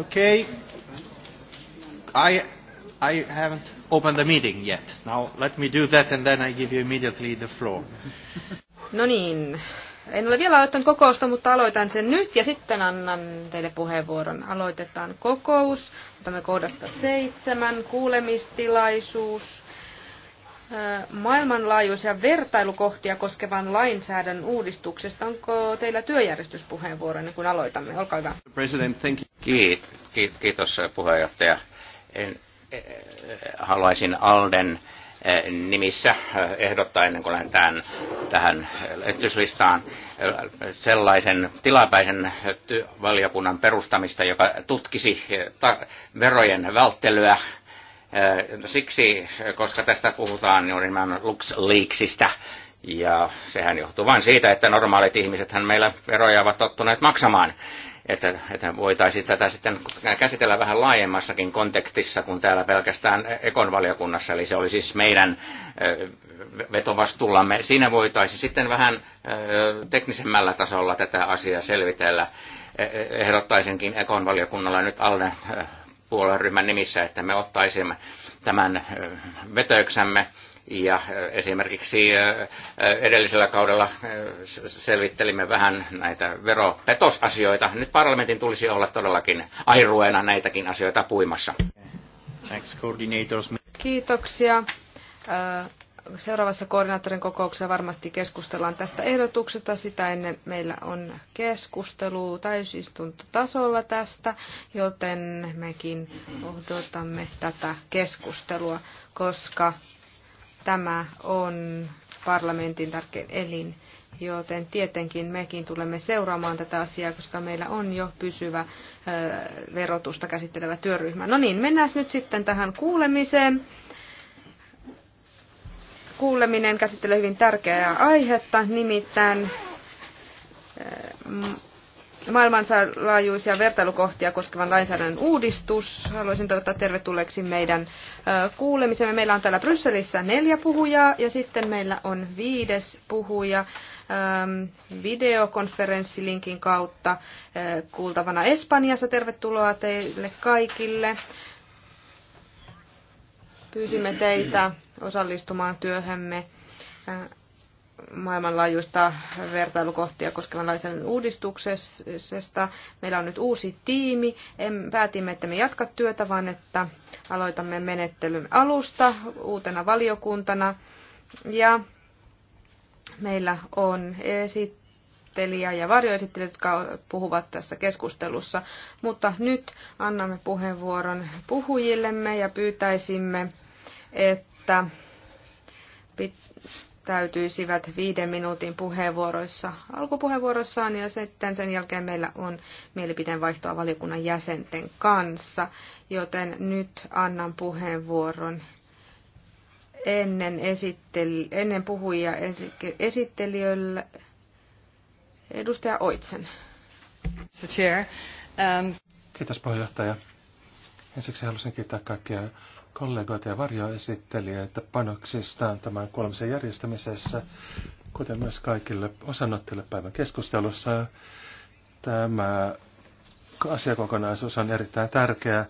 Okay. I, I haven't opened the meeting yet. Now let me do that and then I give you immediately the floor. No niin. En ole vielä aloittanut kokousta, mutta aloitan sen nyt ja sitten annan teille puheenvuoron. Aloitetaan kokous. Otamme kohdasta seitsemän. Kuulemistilaisuus maailmanlaajuisia vertailukohtia koskevan lainsäädännön uudistuksesta. Onko teillä työjärjestyspuheenvuoro ennen kuin aloitamme? Olkaa hyvä. President, thank Kiit, kiit, kiitos puheenjohtaja. En, eh, haluaisin Alden nimissä ehdottaa ennen kuin lähdetään tähän esityslistaan sellaisen tilapäisen valiokunnan perustamista, joka tutkisi verojen välttelyä No siksi, koska tästä puhutaan juuri nimenomaan LuxLeaksista, ja sehän johtuu vain siitä, että normaalit ihmisethän meillä veroja ovat tottuneet maksamaan. Että, että voitaisiin tätä sitten käsitellä vähän laajemmassakin kontekstissa kuin täällä pelkästään ekonvaliokunnassa, eli se oli siis meidän vetovastuullamme. Siinä voitaisiin sitten vähän teknisemmällä tasolla tätä asiaa selvitellä. E, e, ehdottaisinkin ekonvaliokunnalle nyt alle puolueryhmän nimissä, että me ottaisimme tämän vetöyksämme. ja esimerkiksi edellisellä kaudella selvittelimme vähän näitä veropetosasioita. Nyt parlamentin tulisi olla todellakin airuena näitäkin asioita puimassa. Kiitoksia seuraavassa koordinaattorin kokouksessa varmasti keskustellaan tästä ehdotuksesta. Sitä ennen meillä on keskustelu täysistuntotasolla tästä, joten mekin odotamme tätä keskustelua, koska tämä on parlamentin tärkein elin, joten tietenkin mekin tulemme seuraamaan tätä asiaa, koska meillä on jo pysyvä verotusta käsittelevä työryhmä. No niin, mennään nyt sitten tähän kuulemiseen kuuleminen käsittelee hyvin tärkeää aihetta, nimittäin eh, maailmansalaajuisia vertailukohtia koskevan lainsäädännön uudistus. Haluaisin toivottaa tervetulleeksi meidän eh, kuulemisemme. Meillä on täällä Brysselissä neljä puhujaa ja sitten meillä on viides puhuja ehm, videokonferenssilinkin kautta eh, kuultavana Espanjassa. Tervetuloa teille kaikille. Pyysimme teitä osallistumaan työhömme äh, maailmanlaajuista vertailukohtia koskevan lainsäädännön uudistuksesta. Meillä on nyt uusi tiimi. Päätimme, että me jatka työtä, vaan että aloitamme menettelyn alusta uutena valiokuntana. Ja meillä on esit esittelijä ja varjoesittelijät, jotka puhuvat tässä keskustelussa. Mutta nyt annamme puheenvuoron puhujillemme ja pyytäisimme, että täytyisivät viiden minuutin puheenvuoroissa alkupuheenvuorossaan ja sitten sen jälkeen meillä on mielipiteen vaihtoa valiokunnan jäsenten kanssa, joten nyt annan puheenvuoron ennen, esitteli, ennen puhujia esittelijöille Edustaja Oitsen. Um, Kiitos puheenjohtaja. Ensiksi haluaisin kiittää kaikkia kollegoita ja varjoesittelijöitä panoksistaan tämän kuulemisen järjestämisessä, kuten myös kaikille osanottajille päivän keskustelussa. Tämä asiakokonaisuus on erittäin tärkeä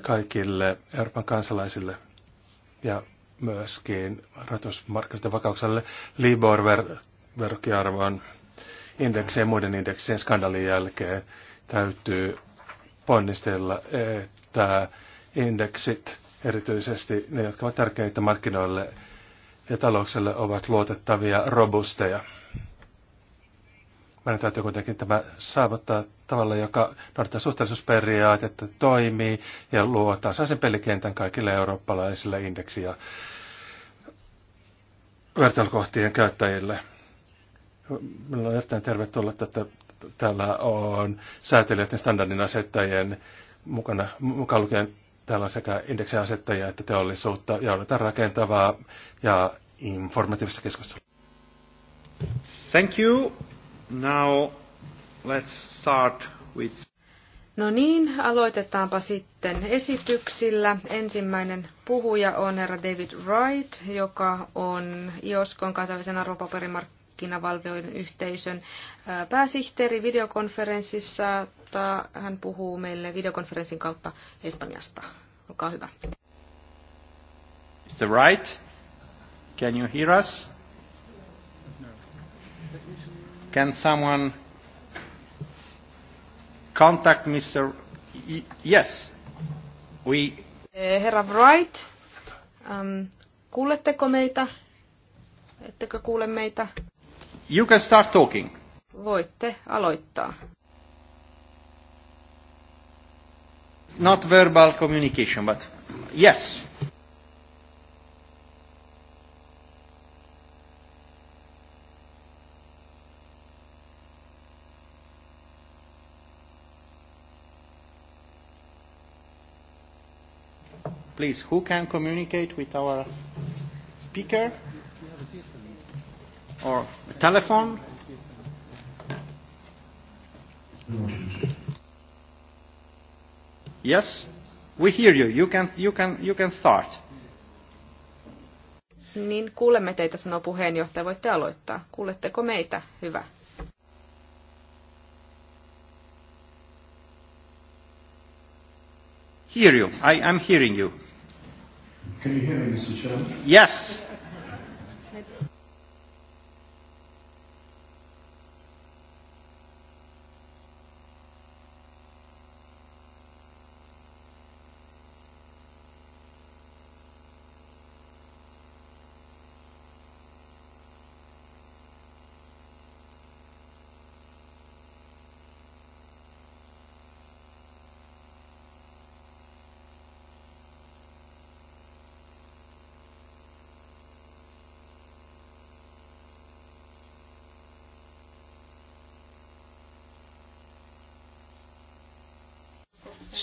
kaikille Euroopan kansalaisille ja myöskin rahoitusmarkkinoiden vakaukselle. Libor-verkkiarvo on indekseen, muiden indeksien skandalin jälkeen täytyy ponnistella, että indeksit, erityisesti ne, jotka ovat tärkeitä markkinoille ja talouksille, ovat luotettavia, robusteja. Meidän täytyy kuitenkin tämä saavuttaa tavalla, joka noudattaa suhteellisuusperiaatetta, toimii ja luo tasaisen pelikentän kaikille eurooppalaisille indeksi- ja vertailukohtien käyttäjille. Minulla on erittäin tervetullut, että täällä on säätelijöiden standardin asettajien mukana, mukaan lukien täällä on sekä asettajia että teollisuutta, ja odotan rakentavaa ja informatiivista keskustelua. Thank you. Now let's start with... No niin, aloitetaanpa sitten esityksillä. Ensimmäinen puhuja on herra David Wright, joka on IOSKon kansainvälisen arvopaperimarkkinoiden markkinavalvojen yhteisön pääsihteeri videokonferenssissa. Hän puhuu meille videokonferenssin kautta Espanjasta. Olkaa hyvä. the Wright, can you hear us? Can someone contact Mr. Yes, we... Eh, herra Wright, um, kuuletteko meitä? Ettekö kuule meitä? You can start talking. Voitte aloittaa. not verbal communication, but yes. Please, who can communicate with our speaker? or telephone. Yes, we hear you. You can, you can, you can start. Niin kuulemme teitä, sanoo puheenjohtaja. Voitte aloittaa. Kuuletteko meitä? Hyvä. Hear you. I am hearing you. Can you hear me, Mr. Chairman? Yes.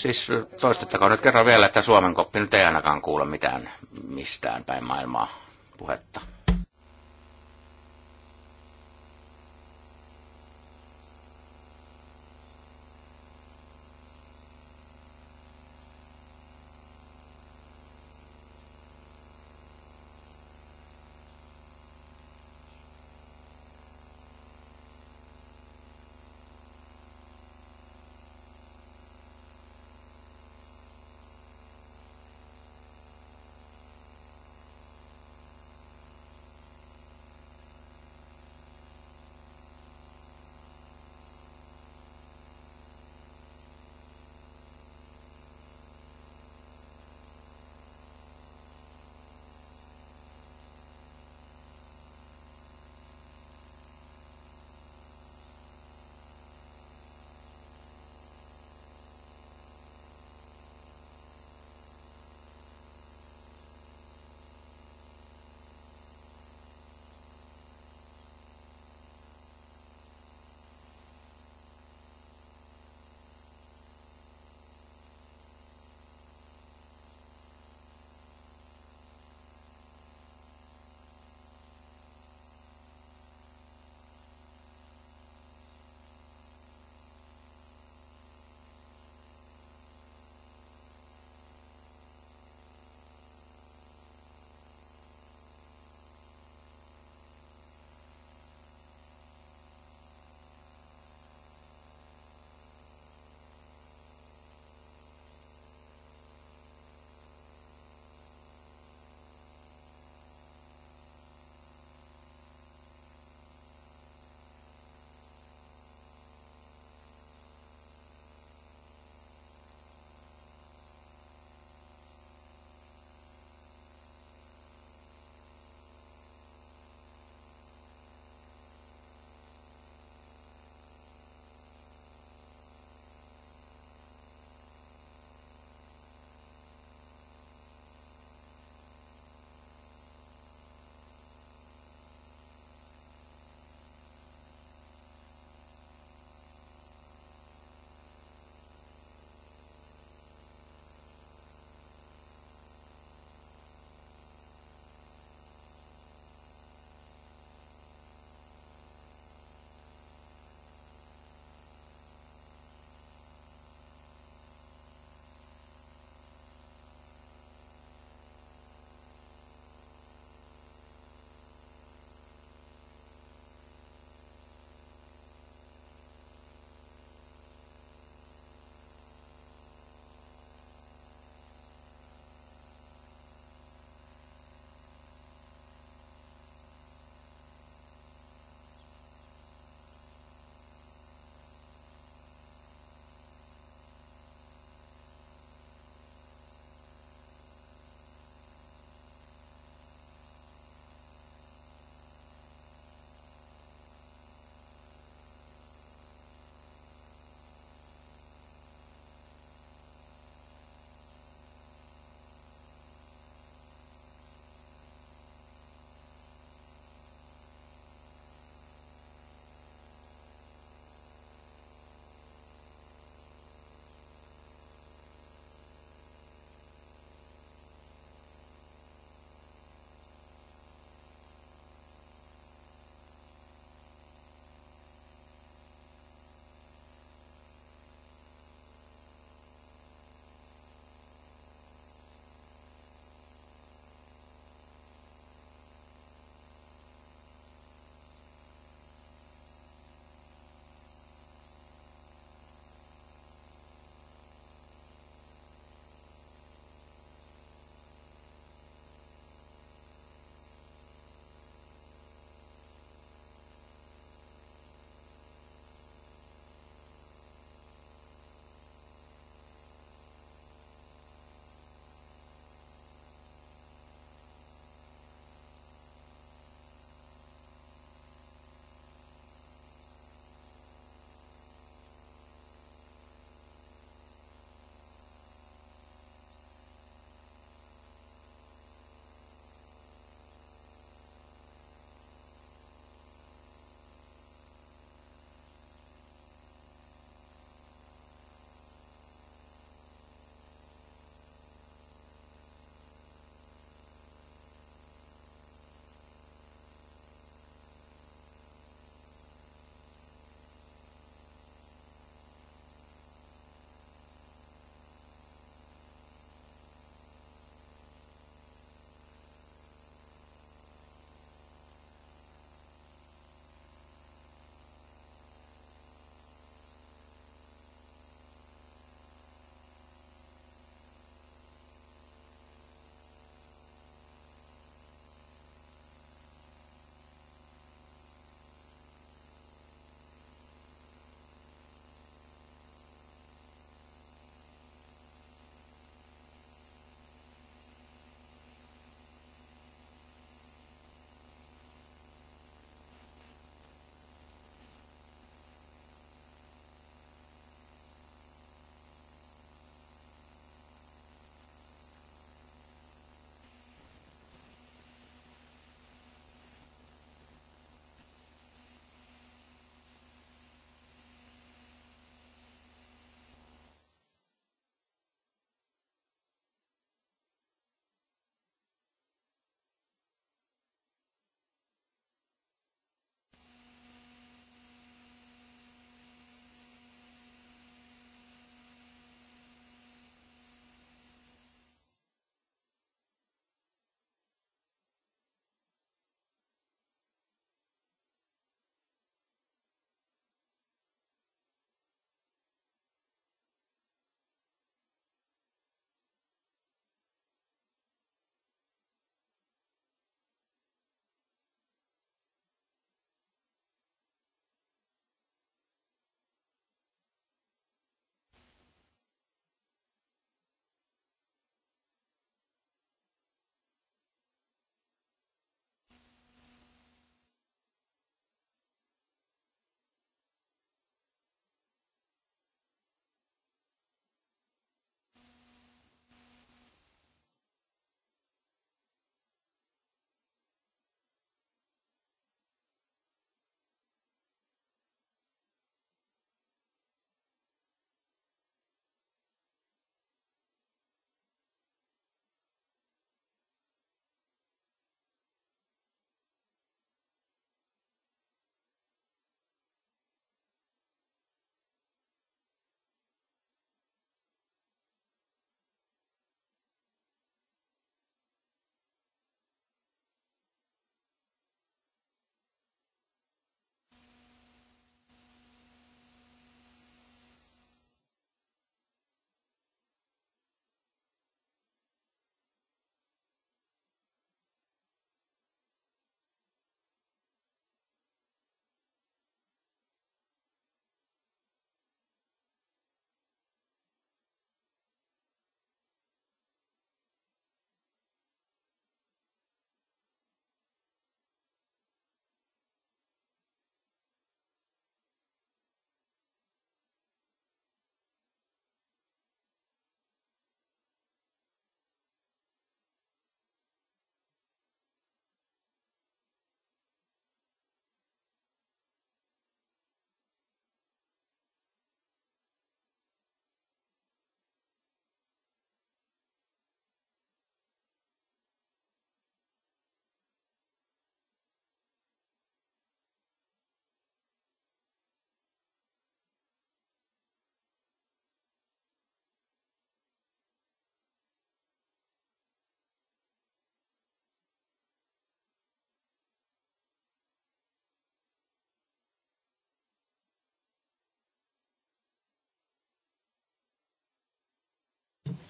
Siis toistettakoon nyt kerran vielä, että Suomen koppi nyt ei ainakaan kuule mitään mistään päin maailmaa puhetta.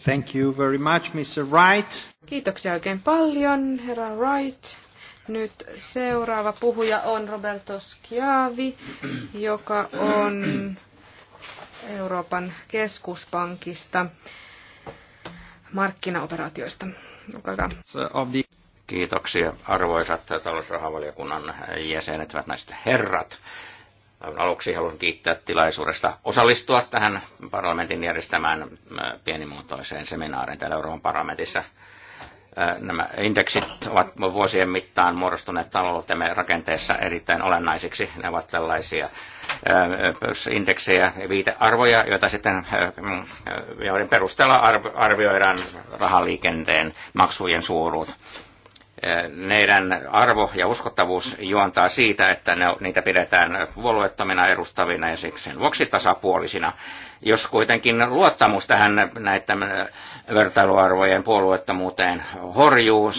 Thank you very much, Mr. Wright. Kiitoksia oikein paljon, herra Wright. Nyt seuraava puhuja on Roberto Schiavi, joka on Euroopan keskuspankista markkinaoperaatioista. Olkaa hyvä. Kiitoksia arvoisat talousrahavaliokunnan jäsenet, hyvät naiset herrat. Aluksi haluan kiittää tilaisuudesta osallistua tähän parlamentin järjestämään äh, pienimuotoiseen seminaariin täällä Euroopan parlamentissa. Äh, nämä indeksit ovat vuosien mittaan muodostuneet taloutemme rakenteessa erittäin olennaisiksi. Ne ovat tällaisia äh, indeksejä ja viitearvoja, joita sitten, joiden perusteella arvioidaan rahaliikenteen maksujen suuruus Neidän arvo ja uskottavuus juontaa siitä, että ne, niitä pidetään puolueettomina edustavina ja siksi sen vuoksi tasapuolisina jos kuitenkin luottamus tähän näiden vertailuarvojen puolueettomuuteen horjuu,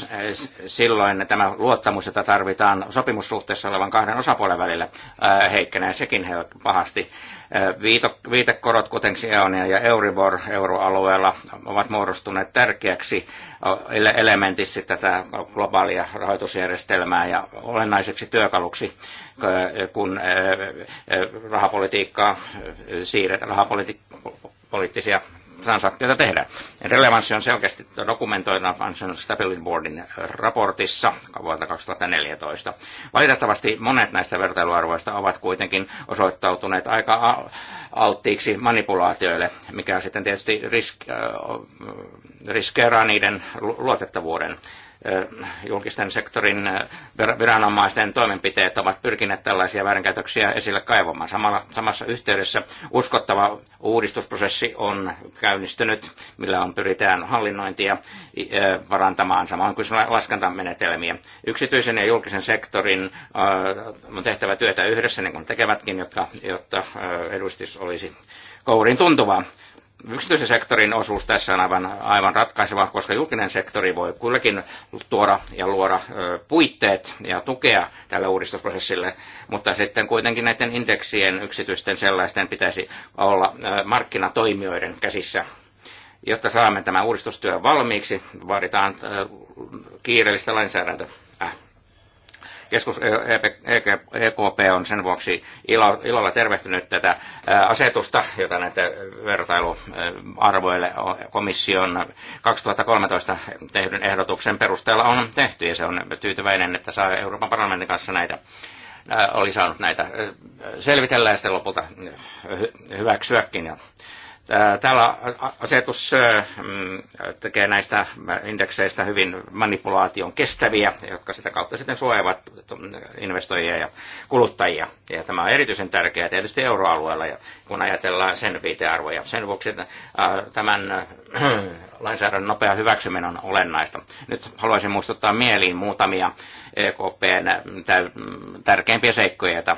silloin tämä luottamus, jota tarvitaan sopimussuhteessa olevan kahden osapuolen välillä, äh, heikkenee sekin pahasti. Äh, viitekorot, kuten Xeonia ja Euribor euroalueella, ovat muodostuneet tärkeäksi äh, elementiksi tätä globaalia rahoitusjärjestelmää ja olennaiseksi työkaluksi Äh, kun äh, äh, rahapolitiikkaa siirretään, rahapoliittisia transaktioita tehdään. Relevanssi on selkeästi dokumentoina Financial Stability Boardin raportissa vuodelta 2014. Valitettavasti monet näistä vertailuarvoista ovat kuitenkin osoittautuneet aika alttiiksi manipulaatioille, mikä sitten tietysti risk, riskeeraa niiden luotettavuuden julkisten sektorin viranomaisten toimenpiteet ovat pyrkineet tällaisia väärinkäytöksiä esille kaivamaan. Samalla, samassa yhteydessä uskottava uudistusprosessi on käynnistynyt, millä on pyritään hallinnointia parantamaan, samoin kuin laskentamenetelmiä. Yksityisen ja julkisen sektorin on tehtävä työtä yhdessä, niin kuin tekevätkin, jotta, jotta edustus olisi kourin tuntuvaa yksityisen sektorin osuus tässä on aivan, aivan ratkaiseva, koska julkinen sektori voi kylläkin tuoda ja luoda puitteet ja tukea tälle uudistusprosessille, mutta sitten kuitenkin näiden indeksien yksityisten sellaisten pitäisi olla markkinatoimijoiden käsissä. Jotta saamme tämän uudistustyön valmiiksi, vaaditaan kiireellistä lainsäädäntöä keskus EKP e- e- e on sen vuoksi ilolla tervehtynyt tätä asetusta, jota näitä vertailuarvoille komission 2013 tehdyn ehdotuksen perusteella on tehty, ja se on tyytyväinen, että saa Euroopan parlamentin kanssa näitä oli saanut näitä selvitellä ja sitten lopulta hyväksyäkin. Ja Täällä asetus mm, tekee näistä indekseistä hyvin manipulaation kestäviä, jotka sitä kautta sitten suojaavat investoijia ja kuluttajia. Ja tämä on erityisen tärkeää tietysti euroalueella, kun ajatellaan sen viitearvoja. Sen vuoksi että tämän lainsäädännön nopea hyväksyminen on olennaista. Nyt haluaisin muistuttaa mieliin muutamia EKPn mm, tärkeimpiä seikkoja, joita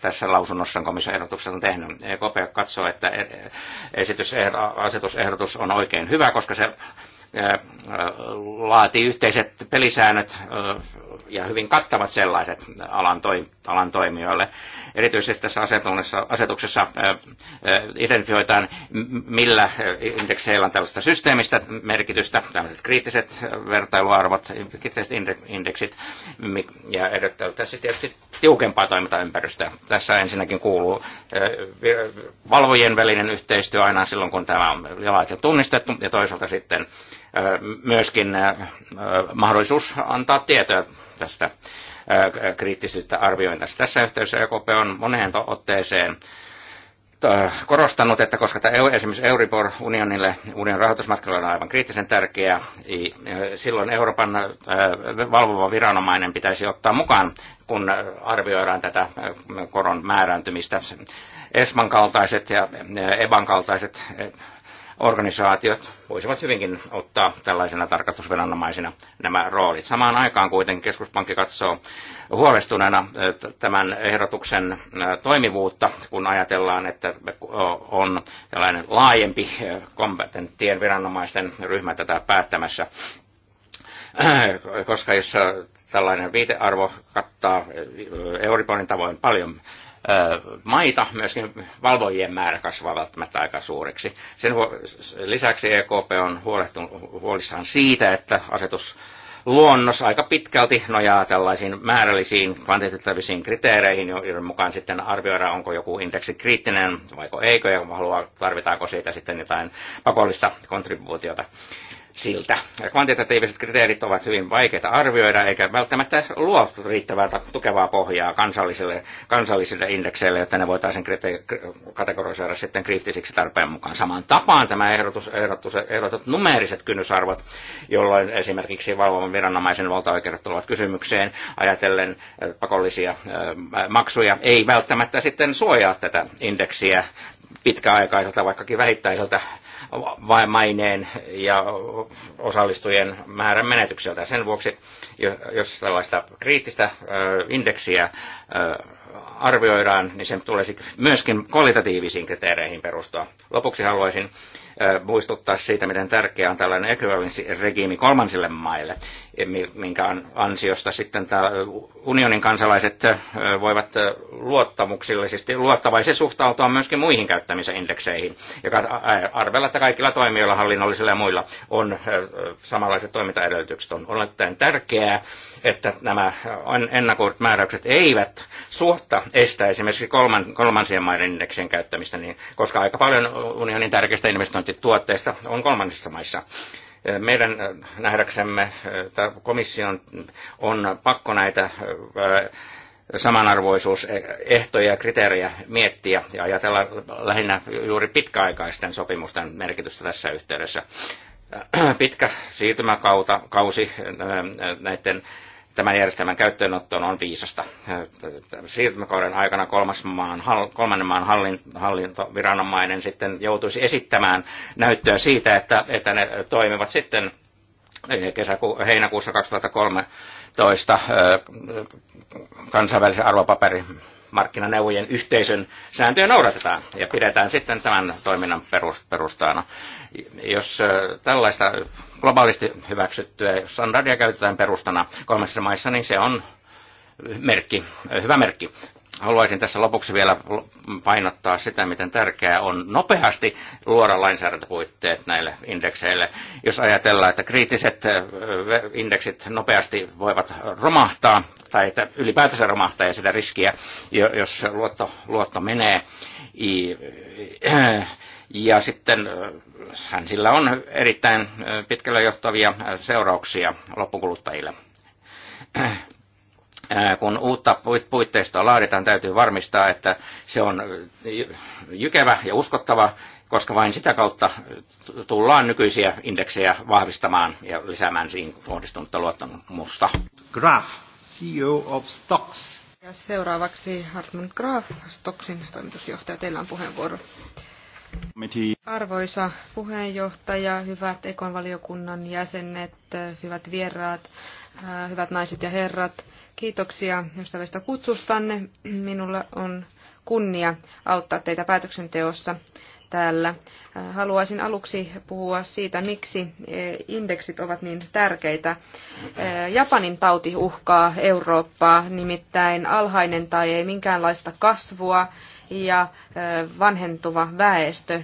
tässä lausunnossa komissio ehdotuksessa on tehnyt. EKP katsoo, että esitysehdotus, on oikein hyvä, koska se laatii yhteiset pelisäännöt ja hyvin kattavat sellaiset alan, toi, alan toimijoille. Erityisesti tässä asetuksessa, asetuksessa identifioitaan, millä indekseillä on tällaista systeemistä merkitystä, tällaiset kriittiset vertailuarvot, kriittiset indeksit, ja tässä tietysti tiukempaa toimintaympäristöä. Tässä ensinnäkin kuuluu valvojien välinen yhteistyö aina silloin, kun tämä on laajalti tunnistettu, ja toisaalta sitten myöskin mahdollisuus antaa tietoa tästä kriittisistä arvioinnista. Tässä yhteydessä EKP on moneen otteeseen korostanut, että koska tämä esimerkiksi Euribor unionille, unionin rahoitusmarkkinoilla on aivan kriittisen tärkeä, silloin Euroopan valvova viranomainen pitäisi ottaa mukaan, kun arvioidaan tätä koron määrääntymistä. ESMAN kaltaiset ja EBAN kaltaiset organisaatiot voisivat hyvinkin ottaa tällaisena tarkastusviranomaisina nämä roolit. Samaan aikaan kuitenkin keskuspankki katsoo huolestuneena tämän ehdotuksen toimivuutta, kun ajatellaan, että on tällainen laajempi kompetenttien viranomaisten ryhmä tätä päättämässä koska jos tällainen viitearvo kattaa Euroopan tavoin paljon maita, myöskin valvojien määrä kasvaa välttämättä aika suureksi. Sen lisäksi EKP on huolissaan siitä, että asetus luonnos aika pitkälti nojaa tällaisiin määrällisiin kvantitatiivisiin kriteereihin, joiden mukaan sitten arvioidaan, onko joku indeksi kriittinen vai eikö, ja haluaa, tarvitaanko siitä sitten jotain pakollista kontribuutiota siltä. Kvantitatiiviset kriteerit ovat hyvin vaikeita arvioida, eikä välttämättä luo riittävää tukevaa pohjaa kansallisille, kansallisille indekseille, jotta ne voitaisiin kategorisoida sitten kriittisiksi tarpeen mukaan. Saman tapaan tämä ehdotus, ehdotus, ehdotut numeeriset kynnysarvot, jolloin esimerkiksi valvovan viranomaisen valtaoikeudet tulevat kysymykseen ajatellen pakollisia maksuja, ei välttämättä sitten suojaa tätä indeksiä pitkäaikaiselta, vaikkakin vähittäiseltä maineen ja osallistujien määrän menetykseltä. Sen vuoksi, jos tällaista kriittistä indeksiä arvioidaan, niin sen tulisi myöskin kvalitatiivisiin kriteereihin perustua. Lopuksi haluaisin muistuttaa siitä, miten tärkeä on tällainen ekvivalenssiregiimi kolmansille maille, e, minkä ansiosta sitten tämä unionin kansalaiset voivat luottamuksellisesti, luottavaisesti suhtautua myöskin muihin käyttämisen indekseihin, joka arvella, että kaikilla toimijoilla, hallinnollisilla ja muilla on samanlaiset toimintaedellytykset. On olettaen tärkeää, että nämä ennakoidut määräykset eivät suotta estä esimerkiksi kolman, kolmansien maiden indeksien käyttämistä, niin, koska aika paljon unionin tärkeistä investoinneista markkinointituotteista on kolmannissa maissa. Meidän nähdäksemme komission on pakko näitä samanarvoisuusehtoja ja kriteerejä miettiä ja ajatella lähinnä juuri pitkäaikaisten sopimusten merkitystä tässä yhteydessä. Pitkä siirtymäkausi näiden tämän järjestelmän käyttöönottoon on viisasta. Siirtymäkauden aikana kolmas maan, kolmannen maan hallintoviranomainen sitten joutuisi esittämään näyttöä siitä, että, että ne toimivat sitten kesäku, heinäkuussa 2013 kansainvälisen arvopaperin markkinaneuvojen yhteisön sääntöjä noudatetaan ja pidetään sitten tämän toiminnan perustana. Jos tällaista globaalisti hyväksyttyä standardia käytetään perustana kolmessa maissa, niin se on merkki, hyvä merkki haluaisin tässä lopuksi vielä painottaa sitä, miten tärkeää on nopeasti luoda lainsäädäntöpuitteet näille indekseille. Jos ajatellaan, että kriittiset indeksit nopeasti voivat romahtaa, tai että ylipäätänsä romahtaa ja sitä riskiä, jos luotto, luotto menee, ja sitten hän sillä on erittäin pitkälle johtavia seurauksia loppukuluttajille kun uutta puitteistoa laaditaan, täytyy varmistaa, että se on jykevä ja uskottava, koska vain sitä kautta tullaan nykyisiä indeksejä vahvistamaan ja lisäämään siihen kohdistunutta luottamusta. Graf, CEO of Stocks. Ja seuraavaksi Hartman Graf, Stocksin toimitusjohtaja, teillä on puheenvuoro. Arvoisa puheenjohtaja, hyvät ekonvaliokunnan jäsenet, hyvät vieraat. Äh, hyvät naiset ja herrat. Kiitoksia ystävistä kutsustanne. Minulla on kunnia auttaa teitä päätöksenteossa täällä. Äh, haluaisin aluksi puhua siitä, miksi äh, indeksit ovat niin tärkeitä. Japanin tauti uhkaa Eurooppaa, nimittäin alhainen tai ei minkäänlaista kasvua ja vanhentuva väestö.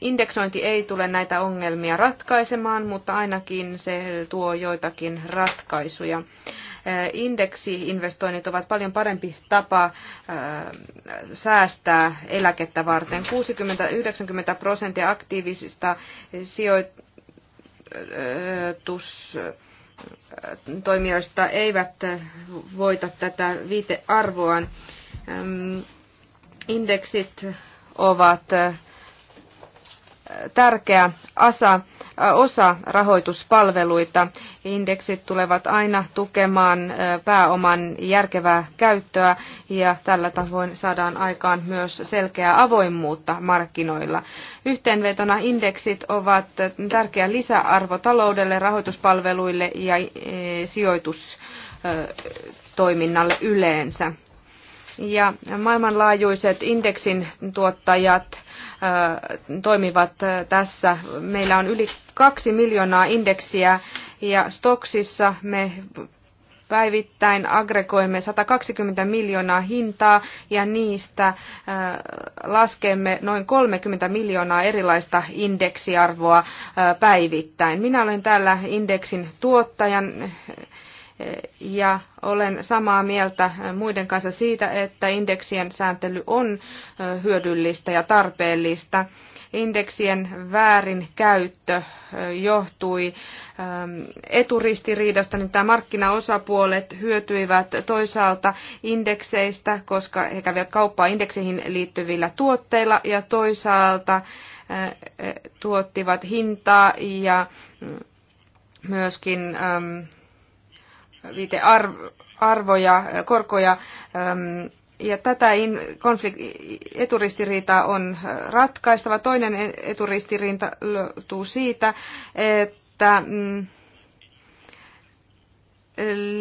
Indeksointi ei tule näitä ongelmia ratkaisemaan, mutta ainakin se tuo joitakin ratkaisuja indeksiinvestoinnit ovat paljon parempi tapa säästää eläkettä varten. 60-90 prosenttia aktiivisista sijoitus toimijoista eivät voita tätä viitearvoa. Indeksit ovat tärkeä osa, osa rahoituspalveluita. Indeksit tulevat aina tukemaan pääoman järkevää käyttöä ja tällä tavoin saadaan aikaan myös selkeää avoimuutta markkinoilla. Yhteenvetona indeksit ovat tärkeä lisäarvo taloudelle, rahoituspalveluille ja e, sijoitustoiminnalle yleensä. Ja maailmanlaajuiset indeksin tuottajat toimivat tässä. Meillä on yli kaksi miljoonaa indeksiä ja Stoksissa me päivittäin agregoimme 120 miljoonaa hintaa ja niistä laskemme noin 30 miljoonaa erilaista indeksiarvoa päivittäin. Minä olen täällä indeksin tuottajan ja olen samaa mieltä muiden kanssa siitä, että indeksien sääntely on hyödyllistä ja tarpeellista. Indeksien väärin käyttö johtui eturistiriidasta, niin tämä markkinaosapuolet hyötyivät toisaalta indekseistä, koska he kävivät kauppaa indekseihin liittyvillä tuotteilla ja toisaalta tuottivat hintaa ja myöskin viitearvoja, korkoja, ähm, ja tätä konflikt, eturistiriitaa on äh, ratkaistava. Toinen e-, eturistiriita löytyy siitä, että että mm,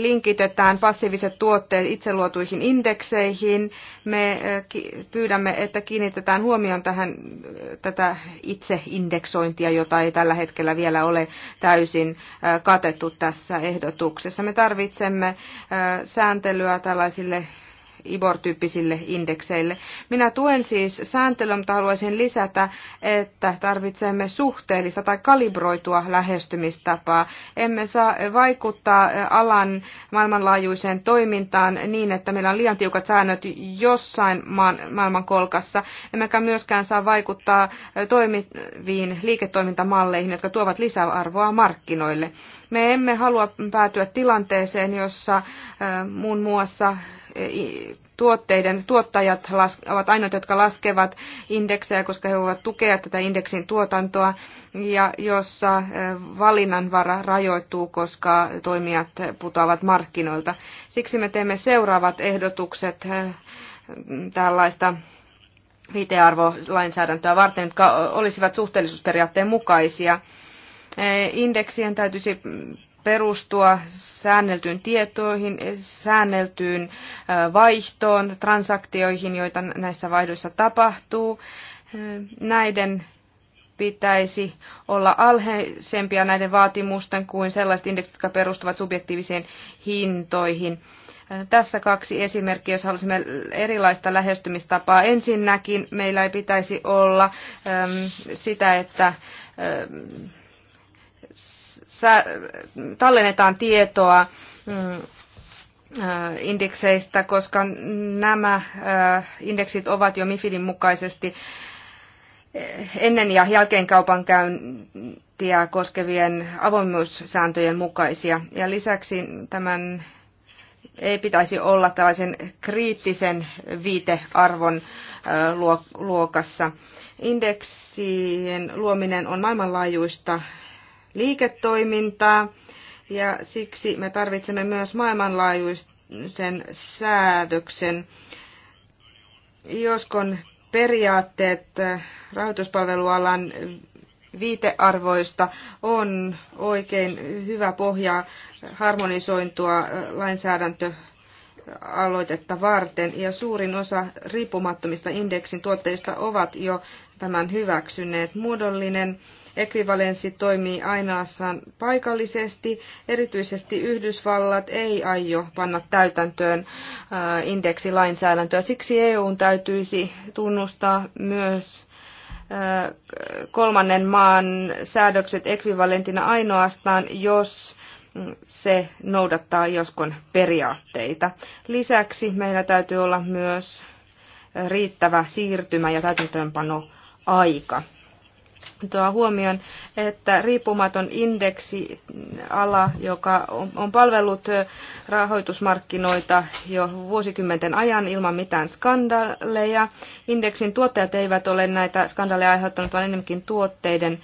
linkitetään passiiviset tuotteet itseluotuihin indekseihin. Me pyydämme, että kiinnitetään huomioon tähän tätä itseindeksointia, jota ei tällä hetkellä vielä ole täysin katettu tässä ehdotuksessa. Me tarvitsemme sääntelyä tällaisille IBOR-tyyppisille indekseille. Minä tuen siis sääntelyä, mutta haluaisin lisätä, että tarvitsemme suhteellista tai kalibroitua lähestymistapaa. Emme saa vaikuttaa alan maailmanlaajuiseen toimintaan niin, että meillä on liian tiukat säännöt jossain maan, maailmankolkassa. Emmekä myöskään saa vaikuttaa toimiviin liiketoimintamalleihin, jotka tuovat lisäarvoa markkinoille. Me emme halua päätyä tilanteeseen, jossa äh, muun muassa äh, tuotteiden tuottajat ovat ainoat, jotka laskevat indeksejä, koska he voivat tukea tätä indeksin tuotantoa, ja jossa äh, valinnanvara rajoittuu, koska toimijat putoavat markkinoilta. Siksi me teemme seuraavat ehdotukset tällaista viitearvolainsäädäntöä varten, jotka olisivat suhteellisuusperiaatteen mukaisia – Indeksien täytyisi perustua säänneltyyn tietoihin, säänneltyyn vaihtoon, transaktioihin, joita näissä vaihdoissa tapahtuu. Näiden pitäisi olla alheisempia näiden vaatimusten kuin sellaiset indeksit, jotka perustuvat subjektiivisiin hintoihin. Tässä kaksi esimerkkiä, jos halusimme erilaista lähestymistapaa. Ensinnäkin meillä ei pitäisi olla sitä, että tallennetaan tietoa mm, äh, indekseistä, koska nämä äh, indeksit ovat jo MIFIDin mukaisesti äh, ennen ja jälkeen kaupankäyntiä koskevien avoimuussääntöjen mukaisia. Ja lisäksi tämän ei pitäisi olla tällaisen kriittisen viitearvon luokassa. Indeksien luominen on maailmanlaajuista liiketoimintaa ja siksi me tarvitsemme myös maailmanlaajuisen säädöksen. Joskon periaatteet rahoituspalvelualan viitearvoista on oikein hyvä pohja harmonisointua lainsäädäntöaloitetta varten ja suurin osa riippumattomista indeksin tuotteista ovat jo tämän hyväksyneet. Muodollinen ekvivalenssi toimii ainoastaan paikallisesti. Erityisesti Yhdysvallat ei aio panna täytäntöön äh, indeksilainsäädäntöä. Siksi EUn täytyisi tunnustaa myös äh, kolmannen maan säädökset ekvivalentina ainoastaan, jos se noudattaa joskon periaatteita. Lisäksi meillä täytyy olla myös riittävä siirtymä ja täytäntöönpano aika tuo huomioon, että riippumaton indeksiala, joka on palvellut rahoitusmarkkinoita jo vuosikymmenten ajan ilman mitään skandaaleja, indeksin tuottajat eivät ole näitä skandaaleja aiheuttaneet, vaan enemmänkin tuotteiden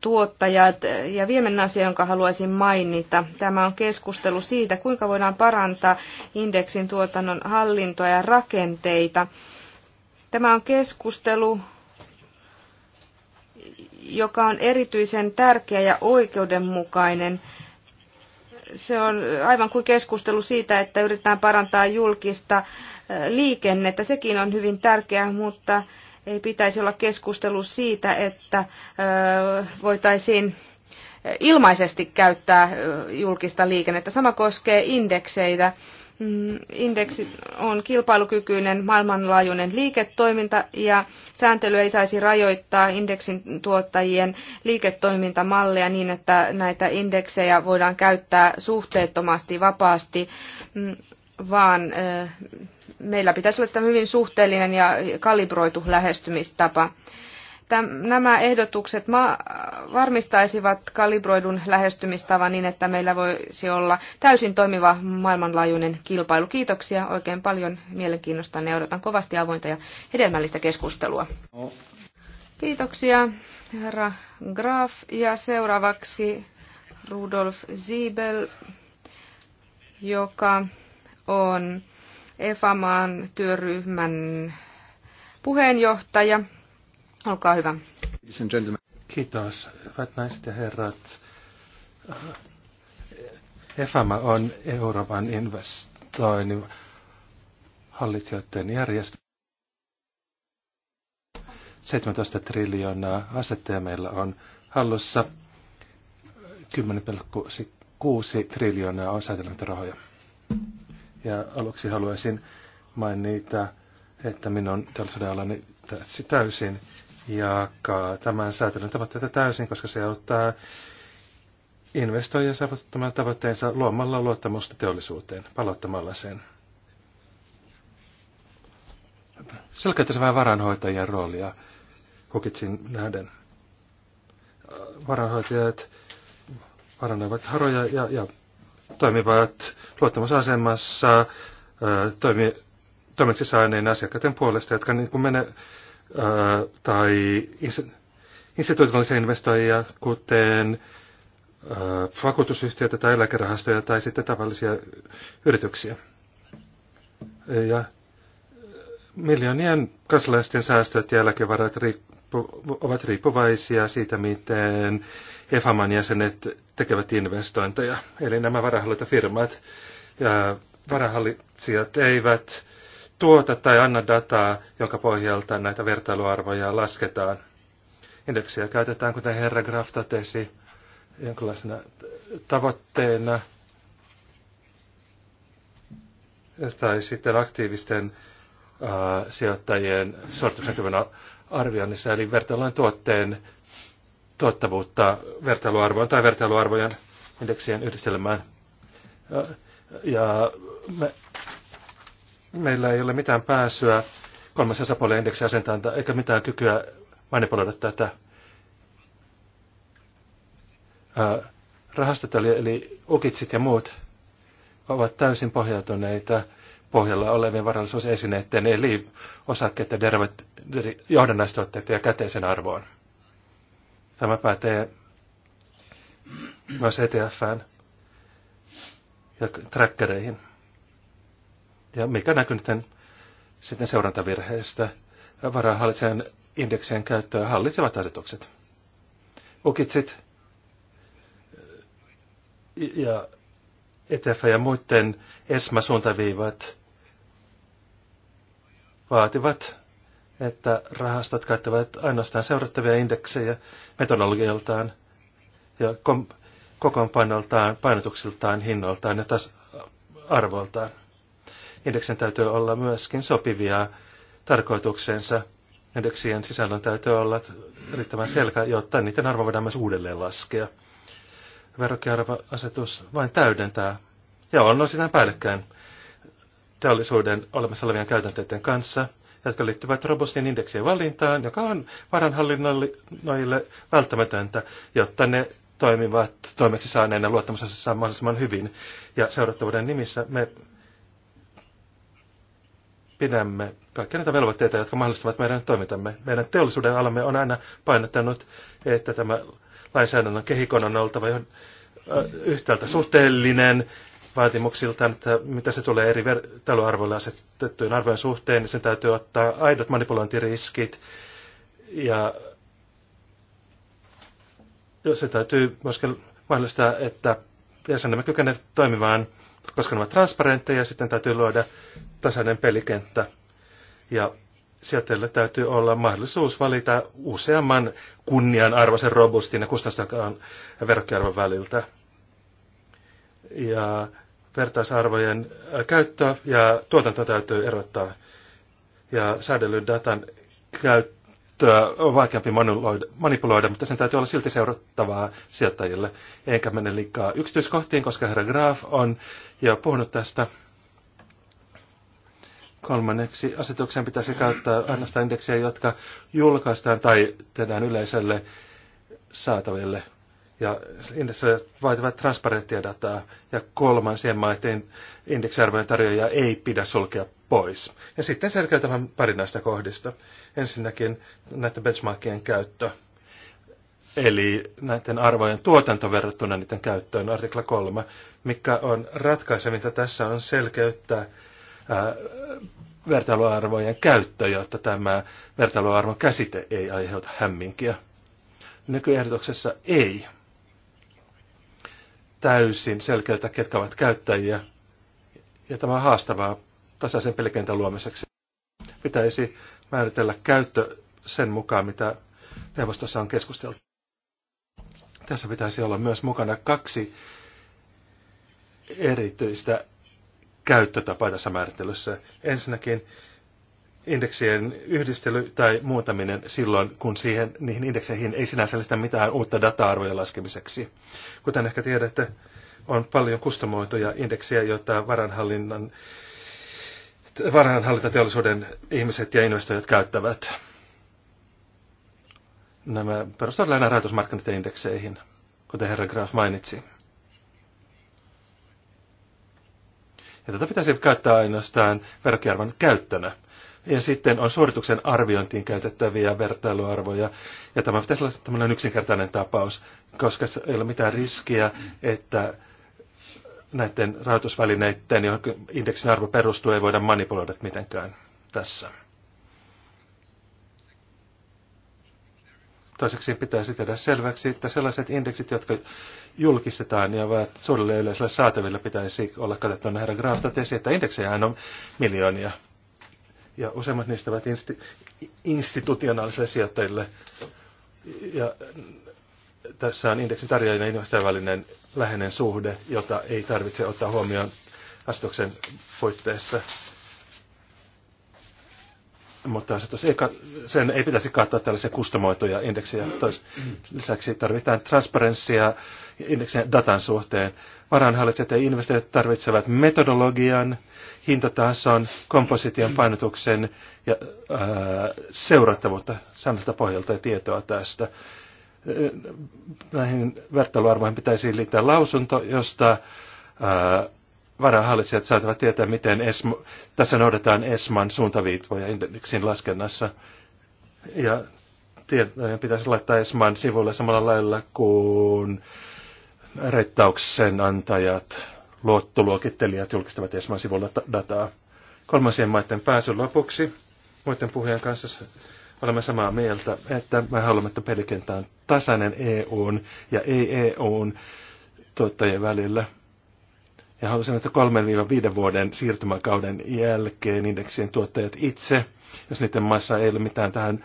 tuottajat. Ja viimeinen asia, jonka haluaisin mainita, tämä on keskustelu siitä, kuinka voidaan parantaa indeksin tuotannon hallintoa ja rakenteita. Tämä on keskustelu, joka on erityisen tärkeä ja oikeudenmukainen. Se on aivan kuin keskustelu siitä, että yritetään parantaa julkista liikennettä. Sekin on hyvin tärkeää, mutta ei pitäisi olla keskustelu siitä, että voitaisiin ilmaisesti käyttää julkista liikennettä. Sama koskee indekseitä. Mm, indeksi on kilpailukykyinen maailmanlaajuinen liiketoiminta ja sääntely ei saisi rajoittaa indeksin tuottajien liiketoimintamalleja niin, että näitä indeksejä voidaan käyttää suhteettomasti vapaasti, mm, vaan eh, meillä pitäisi olla hyvin suhteellinen ja kalibroitu lähestymistapa nämä ehdotukset varmistaisivat kalibroidun lähestymistavan niin, että meillä voisi olla täysin toimiva maailmanlaajuinen kilpailu. Kiitoksia oikein paljon mielenkiinnosta. Ne odotan kovasti avointa ja hedelmällistä keskustelua. Kiitoksia, herra Graf. Ja seuraavaksi Rudolf Siebel, joka on EFAMAan työryhmän puheenjohtaja. Olkaa hyvä. Kiitos, hyvät naiset ja herrat. EFAMA on Euroopan investoinnin hallitsijoiden järjestö. 17 triljoonaa asetteja meillä on hallussa. 10,6 triljoonaa on rahoja. Ja aluksi haluaisin mainita, että minun teollisuuden alani täysin ja tämän säätelyn tavoitteita täysin, koska se auttaa investoijia saavuttamaan tavoitteensa luomalla luottamusta teollisuuteen, palauttamalla sen. Selkeyttäisi vähän varanhoitajien roolia hukitsin nähden. Varanhoitajat varanoivat haroja ja, ja toimivat luottamusasemassa toimi, saaneen asiakkaiden puolesta, jotka niin menevät tai institutionaalisia investoijia, kuten vakuutusyhtiöitä tai eläkerahastoja tai sitten tavallisia yrityksiä. Ja miljoonien kansalaisten säästöt ja eläkevarat riippu, ovat riippuvaisia siitä, miten EFAMan jäsenet tekevät investointeja. Eli nämä varahallinta ja varahallitsijat eivät tuota tai anna dataa, jonka pohjalta näitä vertailuarvoja lasketaan. Indeksiä käytetään, kuten herra Graf totesi, jonkinlaisena tavoitteena tai sitten aktiivisten ää, sijoittajien suoritusnäkymän arvioinnissa, eli vertailujen tuotteen tuottavuutta vertailuarvoon tai vertailuarvojen indeksien yhdistelmään. Ja me meillä ei ole mitään pääsyä kolmas osapuolen indeksiasentaan eikä mitään kykyä manipuloida tätä rahastot, eli ukitsit ja muut, ovat täysin pohjautuneita pohjalla olevien varallisuusesineiden, eli osakkeiden johdannaistuotteiden ja käteisen arvoon. Tämä pätee myös ETFään ja trackereihin ja mikä näkyy sitten, sitten seurantavirheestä. Varainhallitsen indeksien käyttöä hallitsevat asetukset. Ukitsit ja ETF ja muiden ESMA-suuntaviivat vaativat, että rahastot käyttävät ainoastaan seurattavia indeksejä metodologialtaan ja kom- kokoonpanoltaan, painotuksiltaan, hinnoiltaan ja tas- arvoltaan. Indeksin täytyy olla myöskin sopivia tarkoitukseensa. Indeksien sisällön täytyy olla riittävän selkä, jotta niiden arvo voidaan myös uudelleen laskea. Verokkiarvoasetus vain täydentää ja on osittain päällekkäin teollisuuden olemassa olevien käytänteiden kanssa, jotka liittyvät robustin indeksien valintaan, joka on varanhallinnoille välttämätöntä, jotta ne toimivat toimeksi saaneena luottamusasessaan mahdollisimman hyvin. Ja seurattavuuden nimissä me pidämme kaikki näitä velvoitteita, jotka mahdollistavat meidän toimintamme. Meidän teollisuuden alamme on aina painottanut, että tämä lainsäädännön kehikon on oltava ihan yhtäältä suhteellinen vaatimuksiltaan, että mitä se tulee eri taloarvoille asetettujen arvojen suhteen, niin sen täytyy ottaa aidot manipulointiriskit ja se täytyy myöskin mahdollistaa, että jäsenemme kykenevät toimimaan koska ne ovat transparentteja, sitten täytyy luoda tasainen pelikenttä. Ja sieltä täytyy olla mahdollisuus valita useamman kunnianarvoisen robustin ja kustannustakaan verkkiarvon väliltä. Ja vertaisarvojen käyttö ja tuotanto täytyy erottaa. Ja säädellyn datan käyttö on vaikeampi manipuloida, mutta sen täytyy olla silti seurattavaa sijoittajille. Enkä mene liikaa yksityiskohtiin, koska herra Graaf on jo puhunut tästä. Kolmanneksi asetuksen pitäisi käyttää ainoastaan indeksiä, jotka julkaistaan tai tehdään yleiselle saataville. Ja indeksit vaativat transparenttia dataa, ja kolmansien maiden indeksiarvojen tarjoajia ei pidä sulkea pois. Ja sitten selkeytetään vähän pari näistä kohdista. Ensinnäkin näiden benchmarkien käyttö, eli näiden arvojen tuotanto verrattuna niiden käyttöön, artikla 3. Mikä on ratkaisevinta tässä on selkeyttää ää, vertailuarvojen käyttö, jotta tämä käsite ei aiheuta hämminkiä. Nykyehdotuksessa ei täysin selkeytä, ketkä ovat käyttäjiä. Ja tämä on haastavaa tasaisen pelikentän luomiseksi. Pitäisi määritellä käyttö sen mukaan, mitä neuvostossa on keskusteltu. Tässä pitäisi olla myös mukana kaksi erityistä käyttötapaa tässä määrittelyssä. Ensinnäkin indeksien yhdistely tai muuntaminen silloin, kun siihen, niihin indekseihin ei sinänsä ole mitään uutta data arvojen laskemiseksi. Kuten ehkä tiedätte, on paljon kustomoituja indeksejä, joita varanhallinnan varainhallintateollisuuden ihmiset ja investoijat käyttävät. Nämä perustuvat lähinnä rahoitusmarkkinoiden indekseihin, kuten herra Graf mainitsi. Ja tätä pitäisi käyttää ainoastaan verkkiarvon käyttönä. Ja sitten on suorituksen arviointiin käytettäviä vertailuarvoja. Ja tämä pitäisi olla tämmöinen yksinkertainen tapaus, koska ei ole mitään riskiä, että näiden rahoitusvälineiden, johon indeksin arvo perustuu, ei voida manipuloida mitenkään tässä. Toiseksi pitäisi tehdä selväksi, että sellaiset indeksit, jotka julkistetaan ja ovat suurelle yleisölle saatavilla, pitäisi olla katettuna. Herra Graaf totesi, että indeksejä on miljoonia. Ja useimmat niistä ovat insti- institutionaalisille sijoittajille. Ja tässä on indeksitarjoajien ja välinen läheinen suhde, jota ei tarvitse ottaa huomioon asetuksen puitteissa. Mutta asetus ei, sen ei pitäisi kattaa tällaisia kustomoituja indeksejä. Tois, lisäksi tarvitaan transparenssia indeksien datan suhteen. Varanhallitsijat ja investoijat tarvitsevat metodologian, hintatason, komposition painotuksen ja ää, seurattavuutta säännöltä pohjalta ja tietoa tästä näihin vertailuarvoihin pitäisi liittää lausunto, josta varahallitsijat saatavat tietää, miten ESMA, tässä noudataan ESMAn suuntaviitvoja indeksin laskennassa. Ja tietojen pitäisi laittaa ESMAn sivulle samalla lailla kuin reittauksen antajat, luottoluokittelijat julkistavat ESMAn sivulla dataa. Kolmansien maiden pääsy lopuksi muiden puhujan kanssa olemme samaa mieltä, että me haluamme, että pelikenttä on tasainen EUn ja ei-EUn tuottajien välillä. Ja haluaisin, että 3-5 vuoden siirtymäkauden jälkeen indeksien tuottajat itse, jos niiden maassa ei ole mitään tähän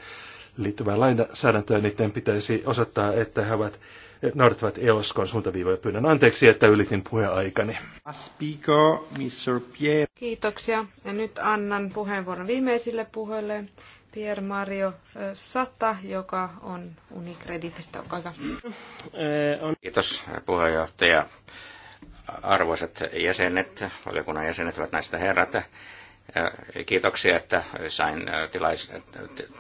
liittyvää lainsäädäntöä, niin niiden pitäisi osoittaa, että he ovat noudattavat EOSKon suuntaviivoja. Pyydän anteeksi, että ylitin puheaikani. Kiitoksia. Ja nyt annan puheenvuoron viimeisille puheille, Pier Mario eh, Sata, joka on Unicreditistä. Olkaa hyvä. Eh, Kiitos puheenjohtaja. Arvoisat jäsenet, valiokunnan jäsenet, hyvät näistä herrat. Kiitoksia, että sain tilais,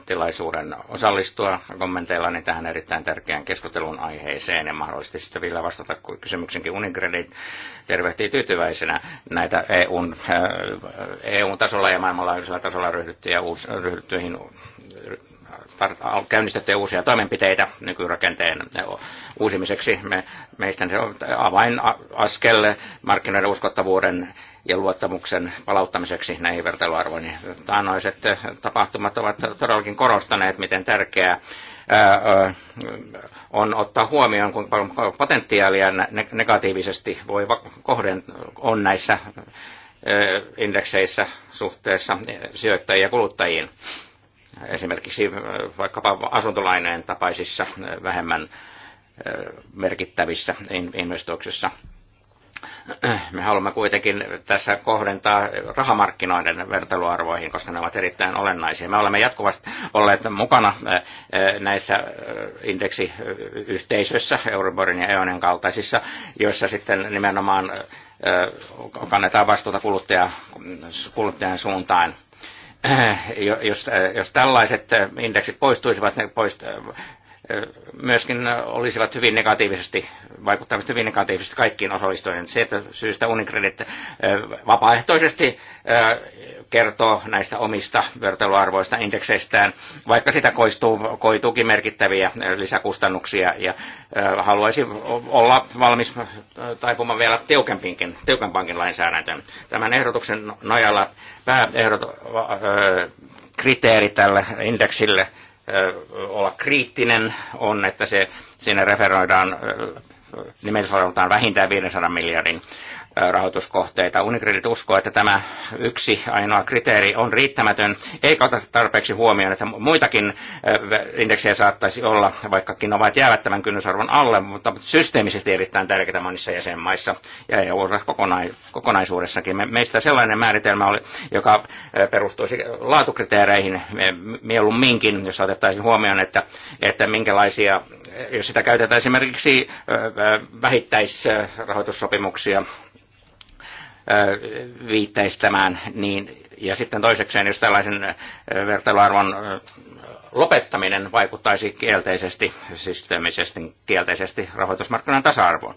tilaisuuden osallistua kommenteillani tähän erittäin tärkeään keskustelun aiheeseen ja mahdollisesti sitten vielä vastata kysymyksenkin Unicredit tervehtii tyytyväisenä näitä EUn, EUn tasolla ja maailmanlaajuisella tasolla ryhdyttyihin käynnistetty uusia toimenpiteitä nykyrakenteen eh, uusimiseksi. Me, meistä se on avainaskel markkinoiden uskottavuuden ja luottamuksen palauttamiseksi näihin vertailuarvoihin. Taanoiset eh, tapahtumat ovat todellakin korostaneet, miten tärkeää on ottaa huomioon, kuinka paljon potentiaalia negatiivisesti voi kohden on näissä indekseissä suhteessa sijoittajiin ja kuluttajiin esimerkiksi äh, vaikkapa asuntolainojen tapaisissa äh, vähemmän äh, merkittävissä investoiksissa. Me haluamme kuitenkin tässä kohdentaa rahamarkkinoiden vertailuarvoihin, koska ne ovat erittäin olennaisia. Me olemme jatkuvasti olleet mukana näissä indeksiyhteisöissä, Euriborin ja EONen kaltaisissa, joissa sitten nimenomaan kannetaan vastuuta kuluttaja, kuluttajan suuntaan Äh, jos, äh, jos tällaiset äh, indeksit poistuisivat, ne poist, myöskin olisivat hyvin negatiivisesti, vaikuttavat hyvin negatiivisesti kaikkiin osallistujien. Se, että syystä Unicredit vapaaehtoisesti kertoo näistä omista vertailuarvoista indekseistään, vaikka sitä koistuu, koituukin merkittäviä lisäkustannuksia ja haluaisi olla valmis taipumaan vielä tiukempinkin, tiukempaankin lainsäädäntöön. Tämän ehdotuksen nojalla pääehdot, tälle indeksille olla kriittinen on, että se, siinä referoidaan nimellisarvoltaan vähintään 500 miljardin rahoituskohteita. Unigrid uskoo, että tämä yksi ainoa kriteeri on riittämätön, eikä ota tarpeeksi huomioon, että muitakin indeksejä saattaisi olla, vaikkakin ovat jäävät tämän kynnysarvon alle, mutta systeemisesti erittäin tärkeitä monissa jäsenmaissa ja EU kokonaisuudessakin. Meistä sellainen määritelmä oli, joka perustuisi laatukriteereihin mieluumminkin, jos otettaisiin huomioon, että, että minkälaisia, jos sitä käytetään esimerkiksi vähittäisrahoitussopimuksia viitteistämään, niin, ja sitten toisekseen, jos tällaisen vertailuarvon lopettaminen vaikuttaisi kielteisesti, systeemisesti kielteisesti rahoitusmarkkinan tasa-arvoon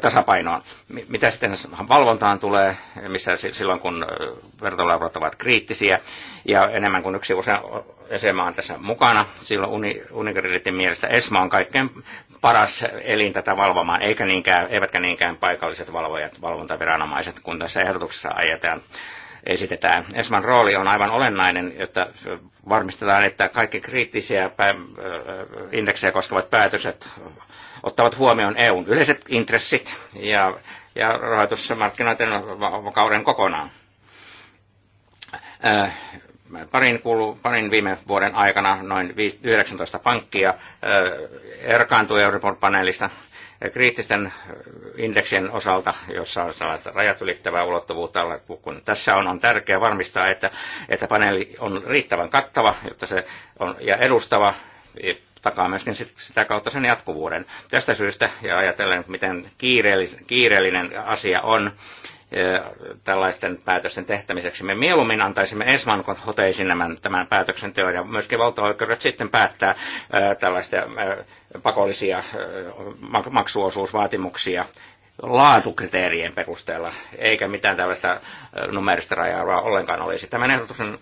tasapainoon. Mitä sitten valvontaan tulee, missä silloin kun vertailuarvot ovat kriittisiä ja enemmän kuin yksi osa ESMA on tässä mukana, silloin uni, mielestä ESMA on kaikkein paras elin tätä valvomaan, eikä niinkään, eivätkä niinkään paikalliset valvojat, valvontaviranomaiset, kun tässä ehdotuksessa ajetaan esitetään. ESMAn rooli on aivan olennainen, jotta varmistetaan, että kaikki kriittisiä indeksejä koskevat päätökset ottavat huomioon EUn yleiset intressit ja, ja rahoitusmarkkinoiden vakauden kokonaan. Äh, parin, kuulu, parin viime vuoden aikana noin 19 pankkia äh, erkaantui Euroopan-paneelista kriittisten äh, indeksien osalta, jossa on sellaista rajat ylittävää ulottuvuutta, kun tässä on, on tärkeää varmistaa, että, että paneeli on riittävän kattava jotta se on, ja edustava takaa myöskin sitä kautta sen jatkuvuuden. Tästä syystä, ja ajatellen, miten kiireellinen asia on tällaisten päätösten tehtämiseksi, me mieluummin antaisimme Esman hoteisiin tämän, tämän päätöksenteon, ja myöskin valtaoikeudet sitten päättää tällaista pakollisia maksuosuusvaatimuksia laatukriteerien perusteella, eikä mitään tällaista numerista rajaa ollenkaan olisi. Tämän ehdotuksen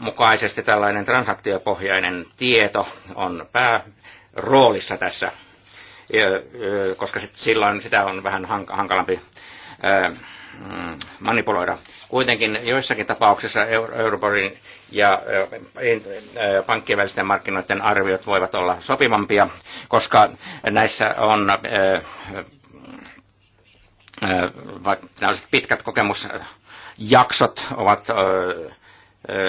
mukaisesti tällainen transaktiopohjainen tieto on pääroolissa tässä, koska sit silloin sitä on vähän hankalampi mm, manipuloida. Kuitenkin joissakin tapauksissa Euroborin ja pankkien välisten markkinoiden arviot voivat olla sopivampia, koska näissä on vaikka pitkät kokemusjaksot ovat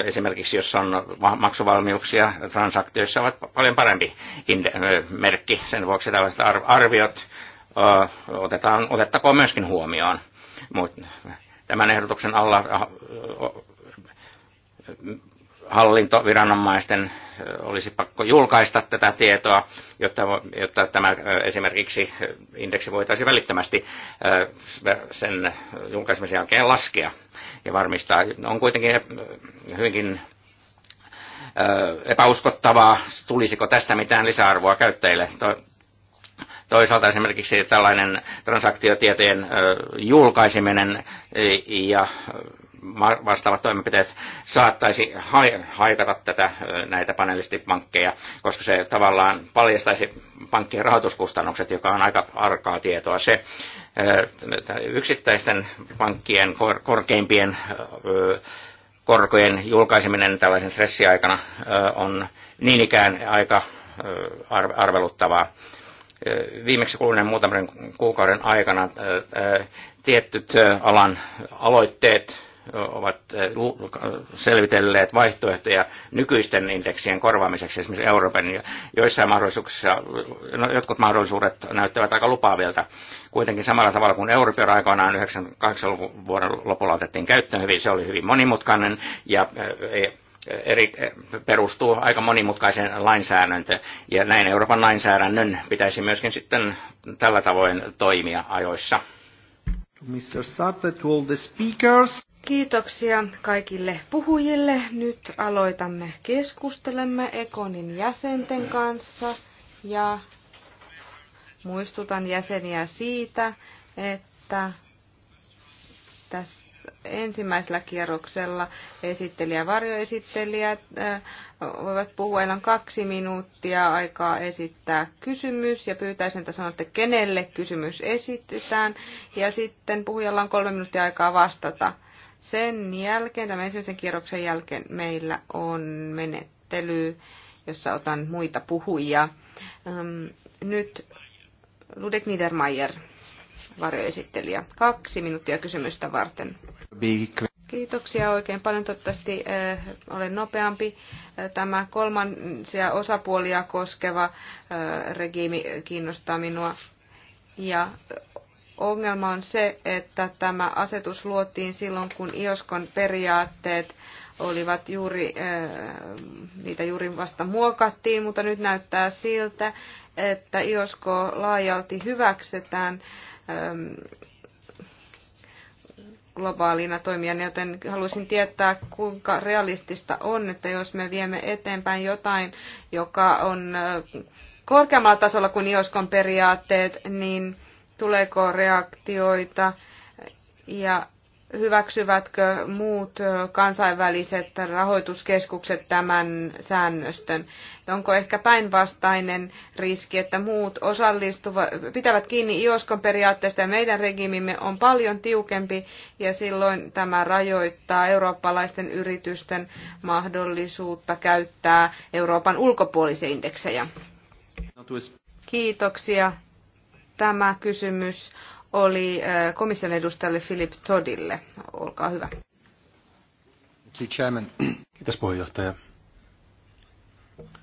esimerkiksi jos on maksuvalmiuksia transaktioissa, ovat paljon parempi merkki. Sen vuoksi tällaiset arviot otetaan, otettakoon myöskin huomioon. Mut tämän ehdotuksen alla hallintoviranomaisten olisi pakko julkaista tätä tietoa, jotta, jotta tämä esimerkiksi indeksi voitaisiin välittömästi sen julkaisemisen jälkeen laskea ja varmistaa. On kuitenkin hyvinkin epäuskottavaa, tulisiko tästä mitään lisäarvoa käyttäjille. Toisaalta esimerkiksi tällainen transaktiotietojen julkaiseminen ja vastaavat toimenpiteet saattaisi haikata tätä, näitä panelistipankkeja, koska se tavallaan paljastaisi pankkien rahoituskustannukset, joka on aika arkaa tietoa. Se yksittäisten pankkien korkeimpien korkojen julkaiseminen tällaisen stressiaikana on niin ikään aika arveluttavaa viimeksi kuluneen muutaman kuukauden aikana tietyt alan aloitteet ovat eh, selvitelleet vaihtoehtoja nykyisten indeksien korvaamiseksi, esimerkiksi Euroopan, ja joissain mahdollisuuksissa, no, jotkut mahdollisuudet näyttävät aika lupaavilta. Kuitenkin samalla tavalla kuin Euroopan aikoinaan 98 vuoden lopulla otettiin käyttöön hyvin, se oli hyvin monimutkainen ja eh, eh, eri, perustuu aika monimutkaiseen lainsäädäntöön, ja näin Euroopan lainsäädännön pitäisi myöskin sitten tällä tavoin toimia ajoissa. Mr. Satte, to all the speakers. Kiitoksia kaikille puhujille. Nyt aloitamme keskustelemme Ekonin jäsenten kanssa ja muistutan jäseniä siitä, että tässä ensimmäisellä kierroksella esittelijä ja varjoesittelijät äh, voivat puhua. Heillä on kaksi minuuttia aikaa esittää kysymys ja pyytäisin, että sanotte, kenelle kysymys esitetään. Ja sitten puhujalla on kolme minuuttia aikaa vastata. Sen jälkeen, tämän ensimmäisen kierroksen jälkeen, meillä on menettely, jossa otan muita puhujia. Nyt Ludek Niedermayer varjoesittelijä. Kaksi minuuttia kysymystä varten. Kiitoksia oikein paljon. Toivottavasti äh, olen nopeampi. Eh, tämä kolmansia osapuolia koskeva äh, regiimi kiinnostaa minua. Ja ongelma on se, että tämä asetus luotiin silloin, kun IOSKON periaatteet olivat juuri, äh, niitä juuri vasta muokattiin, mutta nyt näyttää siltä, että IOSKO laajalti hyväksytään. äh, Ähm, globaalina toimijana, joten haluaisin tietää, kuinka realistista on, että jos me viemme eteenpäin jotain, joka on äh, korkeammalla tasolla kuin IOSKON periaatteet, niin tuleeko reaktioita ja hyväksyvätkö muut kansainväliset rahoituskeskukset tämän säännöstön. Onko ehkä päinvastainen riski, että muut osallistuvat, pitävät kiinni IOSKon periaatteesta ja meidän regimimme on paljon tiukempi ja silloin tämä rajoittaa eurooppalaisten yritysten mahdollisuutta käyttää Euroopan ulkopuolisia indeksejä. Kiitoksia. Tämä kysymys oli äh, komission edustajalle Philip Todille. Olkaa hyvä. Kiitos puheenjohtaja.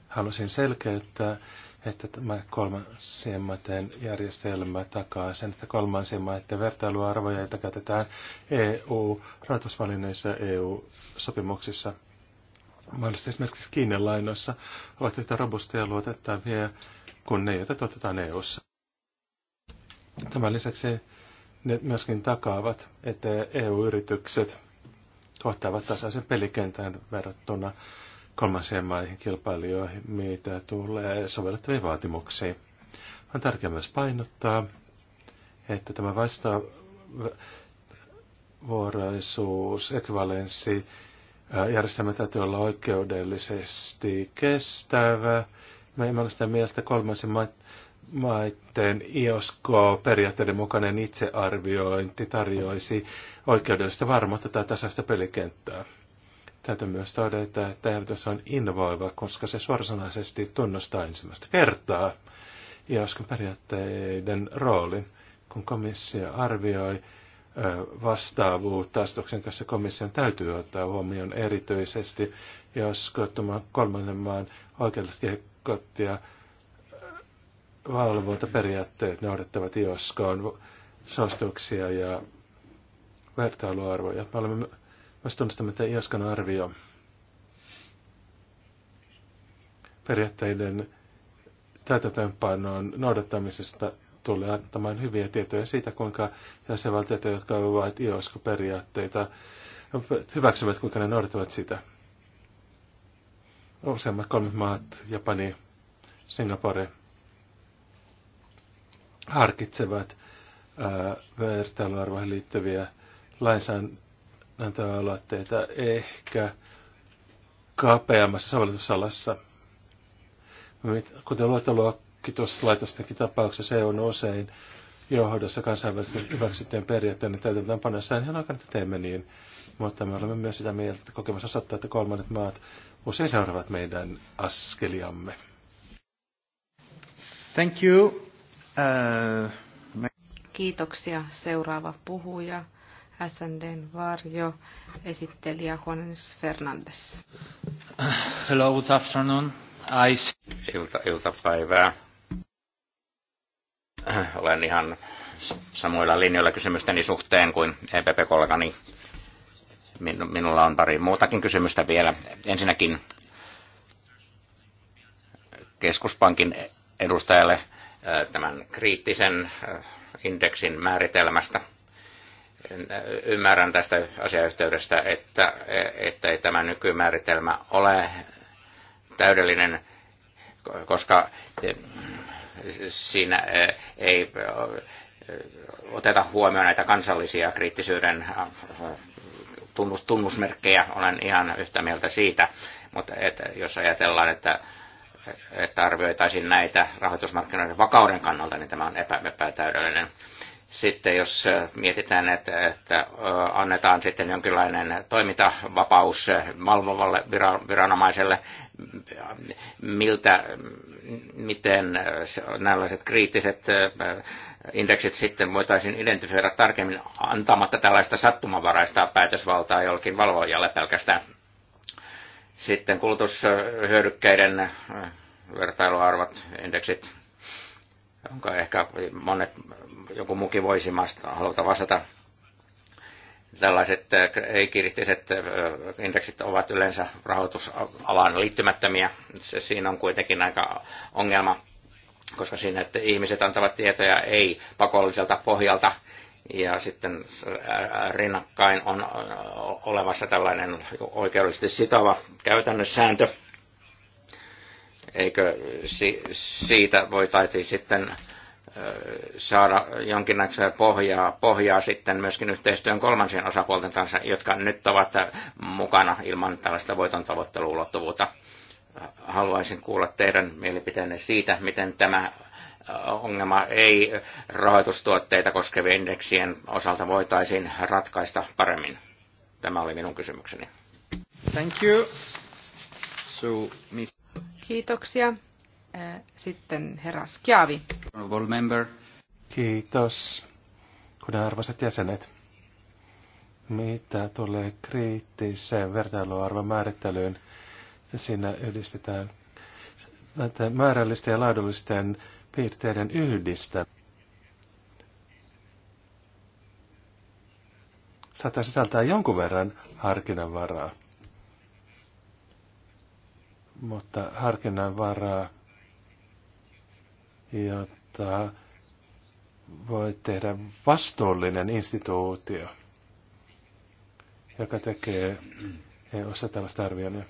Halusin selkeyttää, että tämä kolmansien maiden järjestelmä takaa sen, että kolmansien maiden vertailuarvoja, joita käytetään EU-rahoitusvälineissä EU-sopimuksissa, mahdollisesti esimerkiksi Kiinan lainoissa, ovat yhtä robusteja ja luotettavia kuin ne, joita tuotetaan EU-ssa. Tämän lisäksi ne myöskin takaavat, että EU-yritykset kohtaavat tasaisen pelikentän verrattuna kolmansien maihin kilpailijoihin, mitä tulee sovellettaviin vaatimuksiin. On tärkeää myös painottaa, että tämä vastavuoroisuus, ekvivalenssi, järjestelmä täytyy olla oikeudellisesti kestävä. Me emme ole sitä mieltä kolmansien maiden IOSK-periaatteiden mukainen itsearviointi tarjoaisi oikeudellista varmuutta tai tasaista pelikenttää. Täytyy myös todeta, että ehdotus on innovoiva, koska se suorasanaisesti tunnustaa ensimmäistä kertaa IOSK-periaatteiden roolin, kun komissio arvioi vastaavuutta astuksen kanssa komission täytyy ottaa huomioon erityisesti, jos kolmannen maan oikeudelliset kehikot ja valvontaperiaatteet noudattavat IOSKOon suosituksia ja vertailuarvoja. Me olemme myös tunnistamme, että IOSKON arvio periaatteiden täytäntöönpanoon noudattamisesta tulee antamaan hyviä tietoja siitä, kuinka jäsenvaltiot, jotka ovat IOSKO-periaatteita, hyväksyvät, kuinka ne noudattavat sitä. Useimmat kolme maat, Japani, Singapore, harkitsevat äh, vertailuarvoihin liittyviä lainsäädäntöaloitteita ehkä kapeammassa sovellusalassa. Kuten luottoluokituslaitostenkin tapauksessa se on usein johdossa kansainvälisten hyväksyttyjen periaatteiden niin täytetään panossa ihan aikaan, että teemme niin. Mutta me olemme myös sitä mieltä, että kokemus osoittaa, että kolmannet maat usein seuraavat meidän askeliamme. Thank you. Kiitoksia. Seuraava puhuja, SNDn varjo, esittelijä Juanes Fernandes. Hello, good afternoon. I... Ilta, iltapäivää. Olen ihan samoilla linjoilla kysymysteni suhteen kuin EPP-kollegani. Minulla on pari muutakin kysymystä vielä. Ensinnäkin keskuspankin edustajalle tämän kriittisen indeksin määritelmästä. Ymmärrän tästä asiayhteydestä, että, e, että ei tämä nykymääritelmä ole täydellinen, koska e, siinä e, ei oteta huomioon näitä kansallisia kriittisyyden tunnusmerkkejä. Olen ihan yhtä mieltä siitä, mutta että jos ajatellaan, että että arvioitaisiin näitä rahoitusmarkkinoiden vakauden kannalta, niin tämä on epä, epätäydellinen. Sitten jos äh, mietitään, että, että äh, annetaan sitten jonkinlainen toimintavapaus äh, valvovalle viranomaiselle, miltä, miten nällaiset kriittiset indeksit sitten voitaisiin identifioida tarkemmin antamatta tällaista sattumanvaraista päätösvaltaa jollekin valvojalle pelkästään sitten kulutushyödykkeiden äh, vertailuarvot, indeksit, jonka ehkä monet, joku muki voisi haluta vastata. Tällaiset äh, ei-kirittiset äh, indeksit ovat yleensä rahoitusalan liittymättömiä. Se, siinä on kuitenkin aika ongelma, koska siinä että ihmiset antavat tietoja ei-pakolliselta pohjalta – ja sitten rinnakkain on olemassa tällainen oikeudellisesti sitova käytännössääntö. Eikö siitä voitaisiin sitten saada jonkinlaista pohjaa, pohjaa sitten myöskin yhteistyön kolmansien osapuolten kanssa, jotka nyt ovat mukana ilman tällaista voiton tavoitteluulottuvuutta. Haluaisin kuulla teidän mielipiteenne siitä, miten tämä ongelma ei rahoitustuotteita koskevien indeksien osalta voitaisiin ratkaista paremmin? Tämä oli minun kysymykseni. Thank you. So, miss... Kiitoksia. Sitten herra Skjavi. Member. Kiitos, kuten arvoisat jäsenet. Mitä tulee kriittiseen vertailuarvon määrittelyyn, siinä yhdistetään näiden määrällisten ja laadullisten piirteiden yhdistä. Saattaa sisältää jonkun verran harkinnanvaraa. Mutta harkinnanvaraa, jotta voi tehdä vastuullinen instituutio, joka tekee EU-ssa tällaista arvioinnia.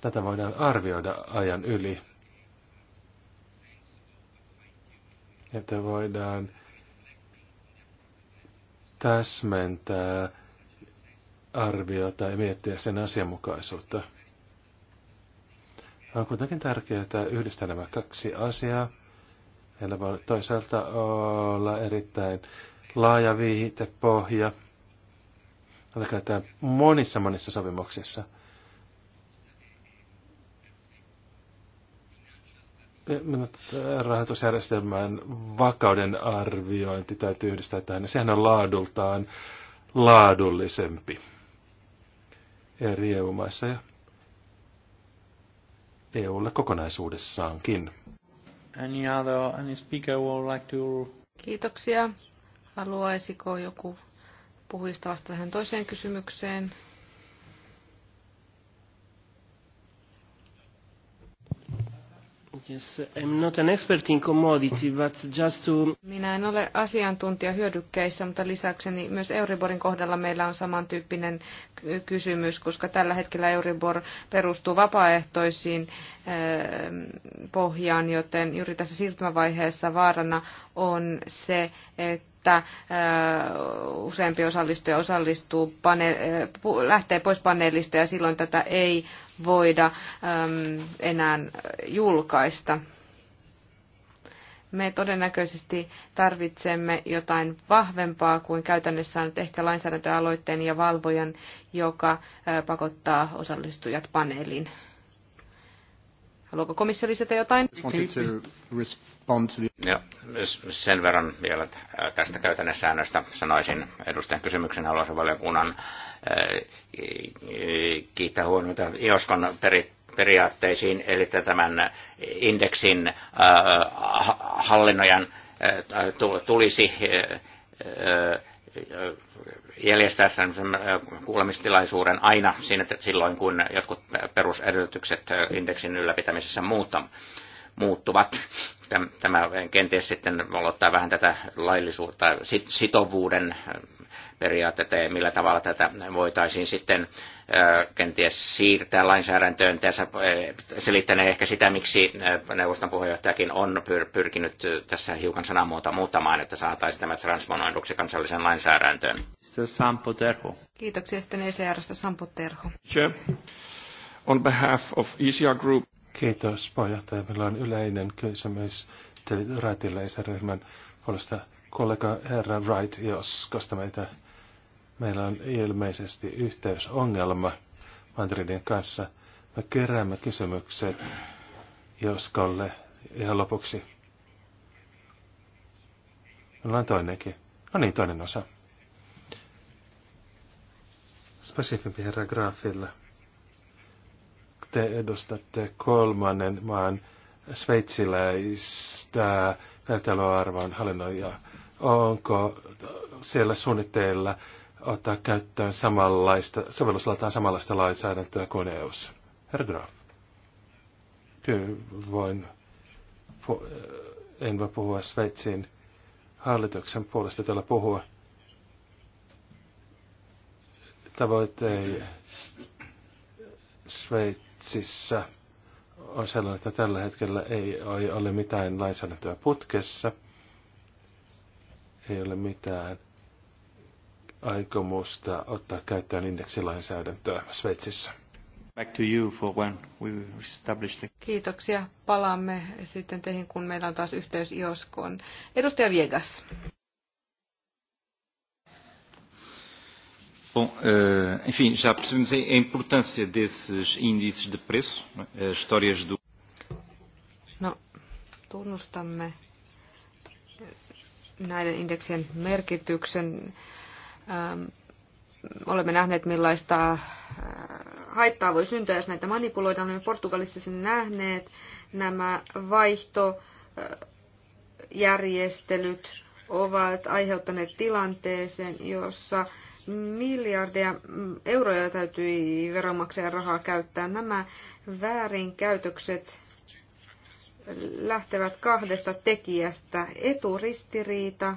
Tätä voidaan arvioida ajan yli. että voidaan täsmentää arviota ja miettiä sen asianmukaisuutta. On kuitenkin tärkeää yhdistää nämä kaksi asiaa. Meillä voi toisaalta olla erittäin laaja viitepohja, jota käytetään monissa monissa sopimuksissa. rahoitusjärjestelmän vakauden arviointi täytyy yhdistää tähän. Niin sehän on laadultaan laadullisempi eri EU-maissa ja EUlle kokonaisuudessaankin. Any other, any speaker would like to... Kiitoksia. Haluaisiko joku puhuista vastata tähän toiseen kysymykseen? Yes, I'm not an expert in commodity, but just to... Minä en ole asiantuntija hyödykkeissä, mutta lisäkseni myös Euriborin kohdalla meillä on samantyyppinen kysymys, koska tällä hetkellä Euribor perustuu vapaaehtoisiin ehm, pohjaan, joten juuri tässä siirtymävaiheessa vaarana on se, että että useampi osallistuja osallistuu, lähtee pois paneelista ja silloin tätä ei voida enää julkaista. Me todennäköisesti tarvitsemme jotain vahvempaa kuin käytännössä on nyt ehkä lainsäädäntöaloitteen ja valvojan, joka pakottaa osallistujat paneeliin. Haluaako komissio lisätä jotain? Joo, sen verran vielä tästä käytännön säännöstä sanoisin edustajan kysymyksen haluaisin valiokunnan kiittää huomiota IOSKon peri, periaatteisiin, eli tämän indeksin hallinnojan tulisi jäljestää sen äh, kuulemistilaisuuden aina siinä, silloin, kun jotkut perusedellytykset äh, indeksin ylläpitämisessä muutta, muuttuvat. Tämä kenties sitten valottaa vähän tätä laillisuutta, sitovuuden äh, periaatteita ja millä tavalla tätä voitaisiin sitten kenties siirtää lainsäädäntöön. Tässä selittäneen ehkä sitä, miksi neuvoston puheenjohtajakin on pyrkinyt tässä hiukan sanamuuta muuttamaan, että saataisiin tämä transmonoiduksi kansalliseen lainsäädäntöön. Sampo Terho. Kiitoksia sitten ECRstä Sampo Terho. On behalf of ECR Group. Kiitos puheenjohtaja. Meillä on yleinen kysymys Ratille ryhmän puolesta kollega herra Wright, jos koska meitä Meillä on ilmeisesti yhteysongelma Madridin kanssa. Me keräämme kysymykset Joskolle ihan lopuksi. Meillä on toinenkin. No niin, toinen osa. Spesifimpi herra graafilla. Te edustatte kolmannen maan sveitsiläistä vertailuarvon hallinnoijaa. Onko siellä suunnitteilla ottaa käyttöön samanlaista, sovelluslataan samanlaista lainsäädäntöä kuin EU-ssa. Herra Graf. Kyllä voin, eh, en voi puhua Sveitsin hallituksen puolesta tällä puhua. Tavoite Sveitsissä on sellainen, että tällä hetkellä ei ole mitään lainsäädäntöä putkessa, ei ole mitään aikomusta ottaa käyttöön indeksilainsäädäntöä Sveitsissä. Back to you for when we establish the... Kiitoksia. Palaamme sitten teihin, kun meillä on taas yhteys IOSKOon. Edustaja Viegas. Bom, uh, enfim, já percebemos a importância desses índices de preço, as eh, histórias do... No, tunnustamme eh, näiden indeksien merkityksen Ähm, olemme nähneet, millaista äh, haittaa voi syntyä, jos näitä manipuloidaan. Olemme Portugalissa sen nähneet. Nämä vaihtojärjestelyt äh, ovat aiheuttaneet tilanteeseen, jossa miljardeja mm, euroja täytyi veronmaksajan rahaa käyttää. Nämä väärinkäytökset lähtevät kahdesta tekijästä. Eturistiriita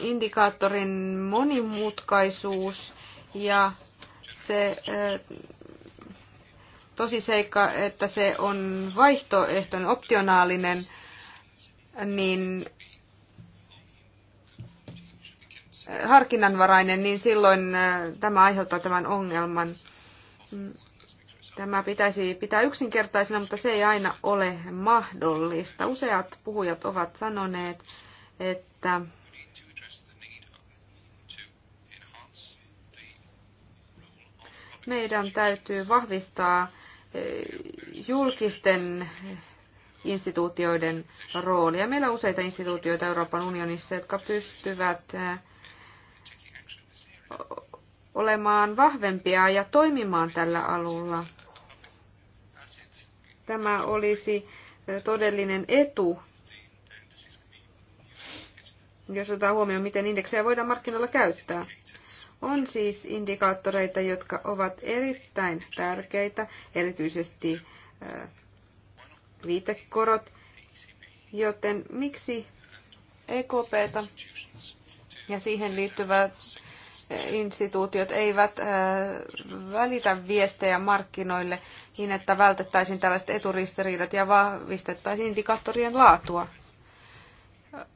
indikaattorin monimutkaisuus ja se eh, tosi seikka, että se on vaihtoehtoinen, optionaalinen, niin eh, harkinnanvarainen, niin silloin eh, tämä aiheuttaa tämän ongelman. Tämä pitäisi pitää yksinkertaisena, mutta se ei aina ole mahdollista. Useat puhujat ovat sanoneet, että Meidän täytyy vahvistaa eh, julkisten instituutioiden roolia. Meillä on useita instituutioita Euroopan unionissa, jotka pystyvät eh, olemaan vahvempia ja toimimaan tällä alulla. Tämä olisi eh, todellinen etu, jos otetaan huomioon, miten indeksejä voidaan markkinoilla käyttää. On siis indikaattoreita, jotka ovat erittäin tärkeitä, erityisesti viitekorot, joten miksi EKPtä ja siihen liittyvät instituutiot eivät välitä viestejä markkinoille niin, että vältettäisiin tällaiset eturistiriidat ja vahvistettaisiin indikaattorien laatua.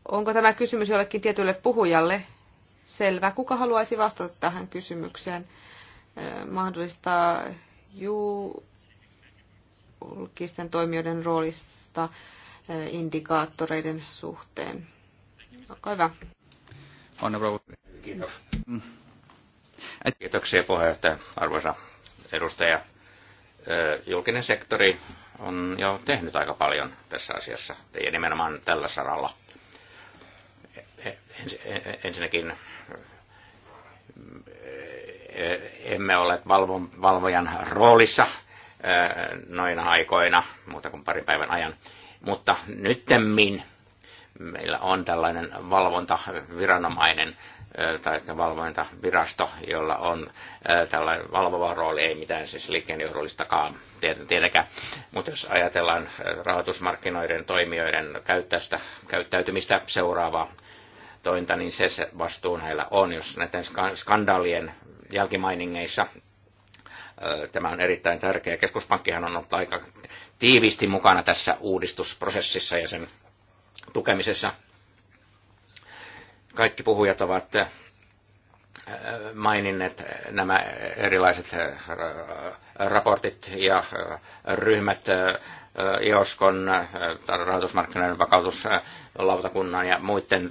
Onko tämä kysymys jollekin tietylle puhujalle? selvä. Kuka haluaisi vastata tähän kysymykseen? Mahdollista julkisten toimijoiden roolista indikaattoreiden suhteen. Olkaa hyvä. Kiitos. Kiitoksia puheenjohtaja, arvoisa edustaja. Julkinen sektori on jo tehnyt aika paljon tässä asiassa, ja nimenomaan tällä saralla. E, e, e, ensinnäkin emme ole valvojan roolissa noina aikoina, muuta kuin parin päivän ajan. Mutta nyttemmin meillä on tällainen valvontaviranomainen tai valvontavirasto, jolla on tällainen valvova rooli, ei mitään siis liikkeenjohdollistakaan tietenkään. Mutta jos ajatellaan rahoitusmarkkinoiden toimijoiden käyttäytymistä seuraavaa tointa, niin se, se vastuun heillä on, jos näiden skandaalien jälkimainingeissa Tämä on erittäin tärkeä. Keskuspankkihan on ollut aika tiivisti mukana tässä uudistusprosessissa ja sen tukemisessa. Kaikki puhujat ovat maininneet nämä erilaiset raportit ja ryhmät Äh, IOSKon äh, rahoitusmarkkinoiden vakautuslautakunnan äh, ja muiden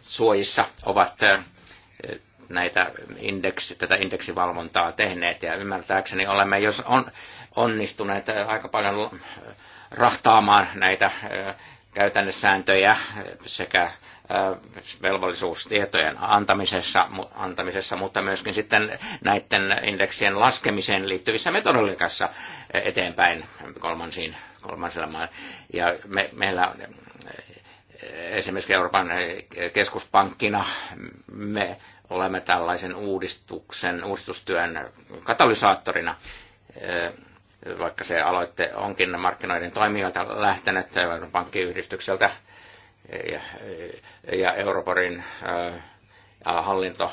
suojissa ovat näitä indeksi, tätä indeksivalvontaa tehneet ja ymmärtääkseni olemme jos on, onnistuneet aika paljon rahtaamaan näitä käytännössääntöjä sekä velvollisuustietojen antamisessa, antamisessa, mutta myöskin sitten näiden indeksien laskemiseen liittyvissä metodologiassa eteenpäin kolmansiin, kolmansilla mailla. Ja me, meillä on esimerkiksi Euroopan keskuspankkina me olemme tällaisen uudistuksen, uudistustyön katalysaattorina vaikka se aloitte onkin markkinoiden toimijoilta lähtenyt äh, pankkiyhdistykseltä äh, ja, äh, ja Europorin hallinto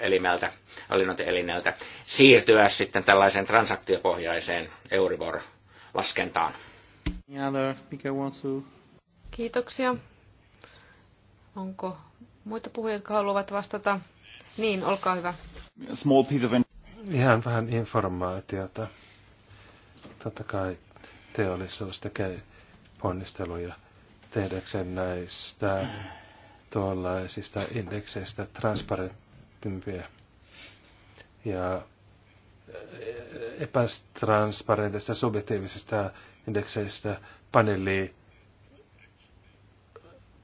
elimeltä, hallinnointielineltä siirtyä sitten tällaiseen transaktiopohjaiseen Euribor-laskentaan. Kiitoksia. Onko muita puhujia, jotka haluavat vastata? Niin, olkaa hyvä. Small piece of Ihan vähän informaatiota Totta kai teollisuus tekee ponnisteluja tehdäkseen näistä tuollaisista indekseistä transparenttimpia ja epätransparentista subjektiivisista indekseistä paneeli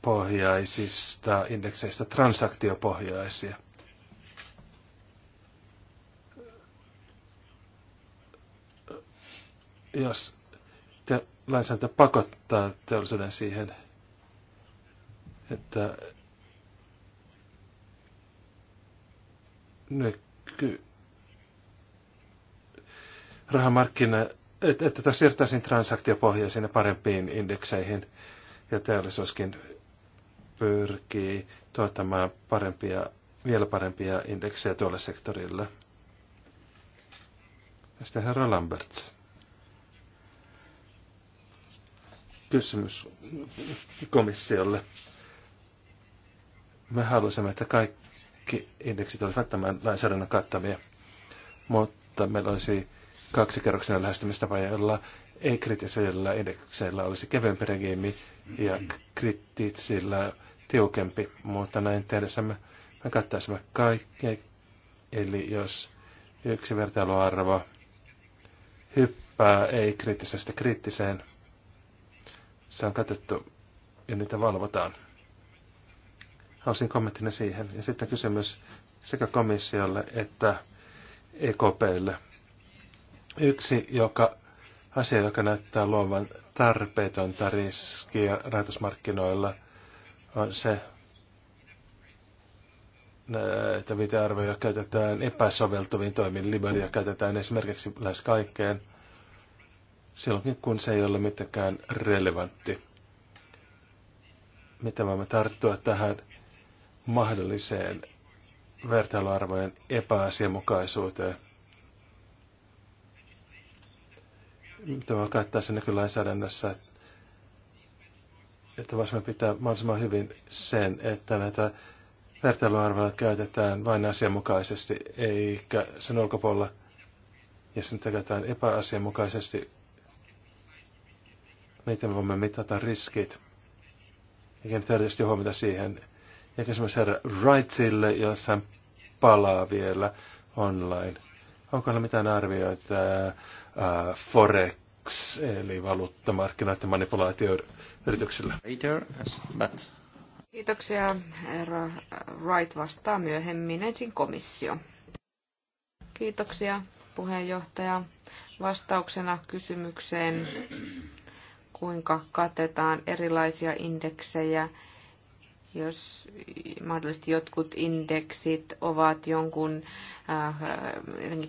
pohjaisista indekseistä transaktiopohjaisia. jos te, lainsäädäntö pakottaa teollisuuden siihen, että nyky rahamarkkina, että, että siirtäisiin transaktiopohjaisiin ja parempiin indekseihin, ja teollisuuskin pyrkii tuottamaan parempia, vielä parempia indeksejä tuolle sektorille, Ja sitten herra Lamberts. kysymys komissiolle. Me haluaisimme, että kaikki indeksit olisivat tämän lainsäädännön kattamia, mutta meillä olisi kerroksena lähestymistapa, jolla ei kritisellä indekseillä olisi kevempi regiimi ja kriittisillä tiukempi, mutta näin tehdessämme me kattaisimme kaikki. Eli jos yksi vertailuarvo hyppää ei-kriittisestä kriittiseen, se on katettu ja niitä valvotaan. Haluaisin kommenttina siihen. Ja sitten kysymys sekä komissiolle että EKPlle. Yksi joka, asia, joka näyttää luovan tarpeetonta riskiä rahoitusmarkkinoilla, on se, että mitä arvoja käytetään epäsoveltuviin toimiin. Liberia käytetään esimerkiksi lähes kaikkeen – silloinkin, kun se ei ole mitenkään relevantti. Mitä voimme tarttua tähän mahdolliseen vertailuarvojen epäasianmukaisuuteen? voimme käyttää sen nykylainsäädännössä, että voisimme pitää mahdollisimman hyvin sen, että näitä vertailuarvoja käytetään vain asianmukaisesti, eikä sen ulkopuolella, ja sen käytetään epäasianmukaisesti miten voimme mitata riskit. Eikä nyt erityisesti huomata siihen. Ja kysymys herra Wrightille, jossa hän palaa vielä online. Onko hänellä mitään arvioita uh, Forex, eli valuuttamarkkinoiden manipulaatioyrityksillä? Kiitoksia. Herra Wright vastaa myöhemmin. Ensin komissio. Kiitoksia puheenjohtaja. Vastauksena kysymykseen kuinka katetaan erilaisia indeksejä, jos mahdollisesti jotkut indeksit ovat jonkun äh,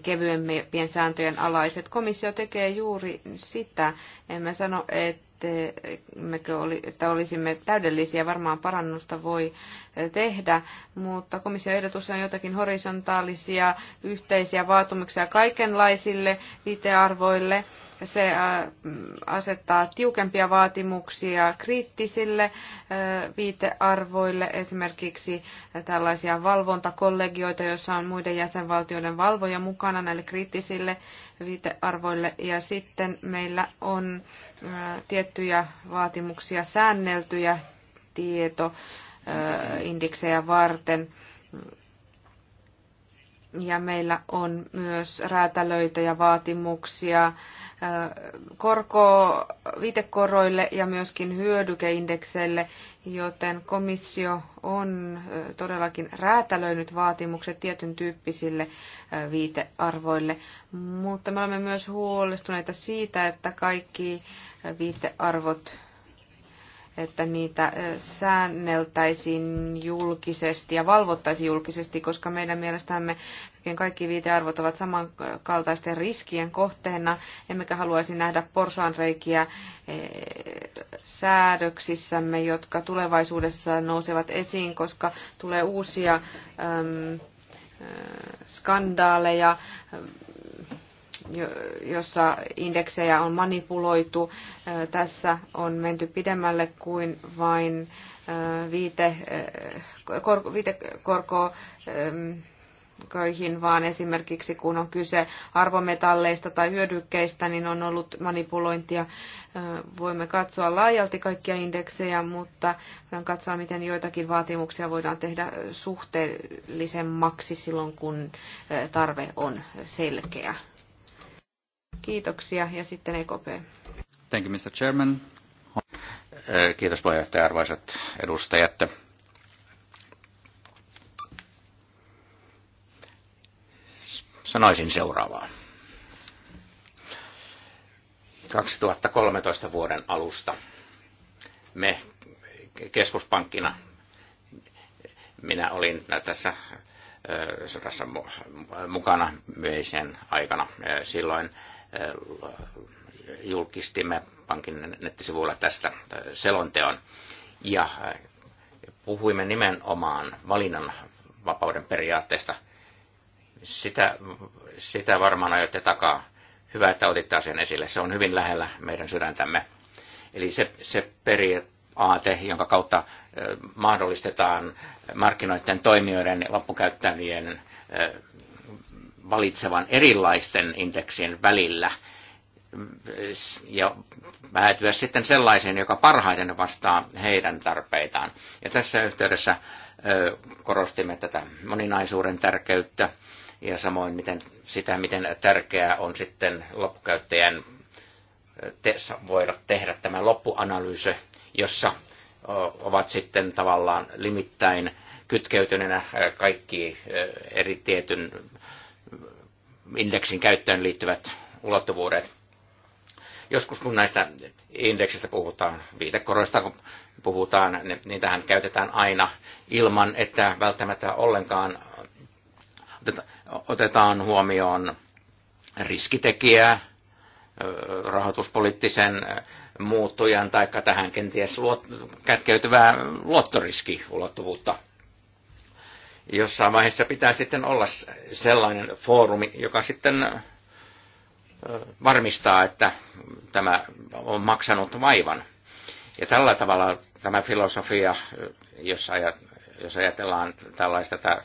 kevyempien sääntöjen alaiset. Komissio tekee juuri sitä. Emme sano, että, oli, että olisimme täydellisiä, varmaan parannusta voi äh, tehdä, mutta komission ehdotus on jotakin horisontaalisia yhteisiä vaatimuksia kaikenlaisille viitearvoille se äh, asettaa tiukempia vaatimuksia kriittisille äh, viitearvoille, esimerkiksi äh, tällaisia valvontakollegioita, joissa on muiden jäsenvaltioiden valvoja mukana näille kriittisille viitearvoille. Ja sitten meillä on tiettyjä vaatimuksia säänneltyjä tietoindiksejä varten. Ja meillä on myös räätälöitöjä vaatimuksia korko, viitekoroille ja myöskin hyödykeindekseille, joten komissio on todellakin räätälöinyt vaatimukset tietyn tyyppisille viitearvoille. Mutta me olemme myös huolestuneita siitä, että kaikki viitearvot että niitä säänneltäisiin julkisesti ja valvottaisiin julkisesti, koska meidän mielestämme kaikki viitearvot ovat samankaltaisten riskien kohteena, emmekä haluaisi nähdä porsaanreikiä säädöksissämme, jotka tulevaisuudessa nousevat esiin, koska tulee uusia skandaaleja jossa indeksejä on manipuloitu. Tässä on menty pidemmälle kuin vain viite, kor, viitekorko köihin, vaan esimerkiksi kun on kyse arvometalleista tai hyödykkeistä, niin on ollut manipulointia. Voimme katsoa laajalti kaikkia indeksejä, mutta voidaan katsoa, miten joitakin vaatimuksia voidaan tehdä suhteellisemmaksi silloin, kun tarve on selkeä. Kiitoksia ja sitten EKP. Thank you, Mr. Chairman. Kiitos puheenjohtaja, arvoisat edustajat. Sanoisin seuraavaa. 2013 vuoden alusta me keskuspankkina, minä olin tässä sodassa mukana myöisen aikana silloin Äh, julkistimme pankin nettisivuilla tästä äh, selonteon. Ja äh, puhuimme nimenomaan valinnan vapauden periaatteesta. Sitä, sitä varmaan ajoitte takaa. Hyvä, että otitte asian esille. Se on hyvin lähellä meidän sydäntämme. Eli se, se periaate, jonka kautta mahdollistetaan markkinoiden toimijoiden ja loppukäyttäjien valitsevan erilaisten indeksien välillä ja päätyä sitten sellaiseen, joka parhaiten vastaa heidän tarpeitaan. Ja tässä yhteydessä korostimme tätä moninaisuuden tärkeyttä ja samoin miten, sitä, miten tärkeää on sitten loppukäyttäjän te, voida tehdä tämä loppuanalyysi, jossa ovat sitten tavallaan limittäin kytkeytyneenä kaikki eri tietyn indeksin käyttöön liittyvät ulottuvuudet. Joskus kun näistä indeksistä puhutaan, viitekoroista kun puhutaan, niin tähän käytetään aina ilman, että välttämättä ollenkaan otetaan huomioon riskitekijää, rahoituspoliittisen muuttujan tai tähän kenties luot, kätkeytyvää luottoriskiulottuvuutta jossain vaiheessa pitää sitten olla sellainen foorumi, joka sitten varmistaa, että tämä on maksanut vaivan. Ja tällä tavalla tämä filosofia, jos, ajatellaan tällaista tätä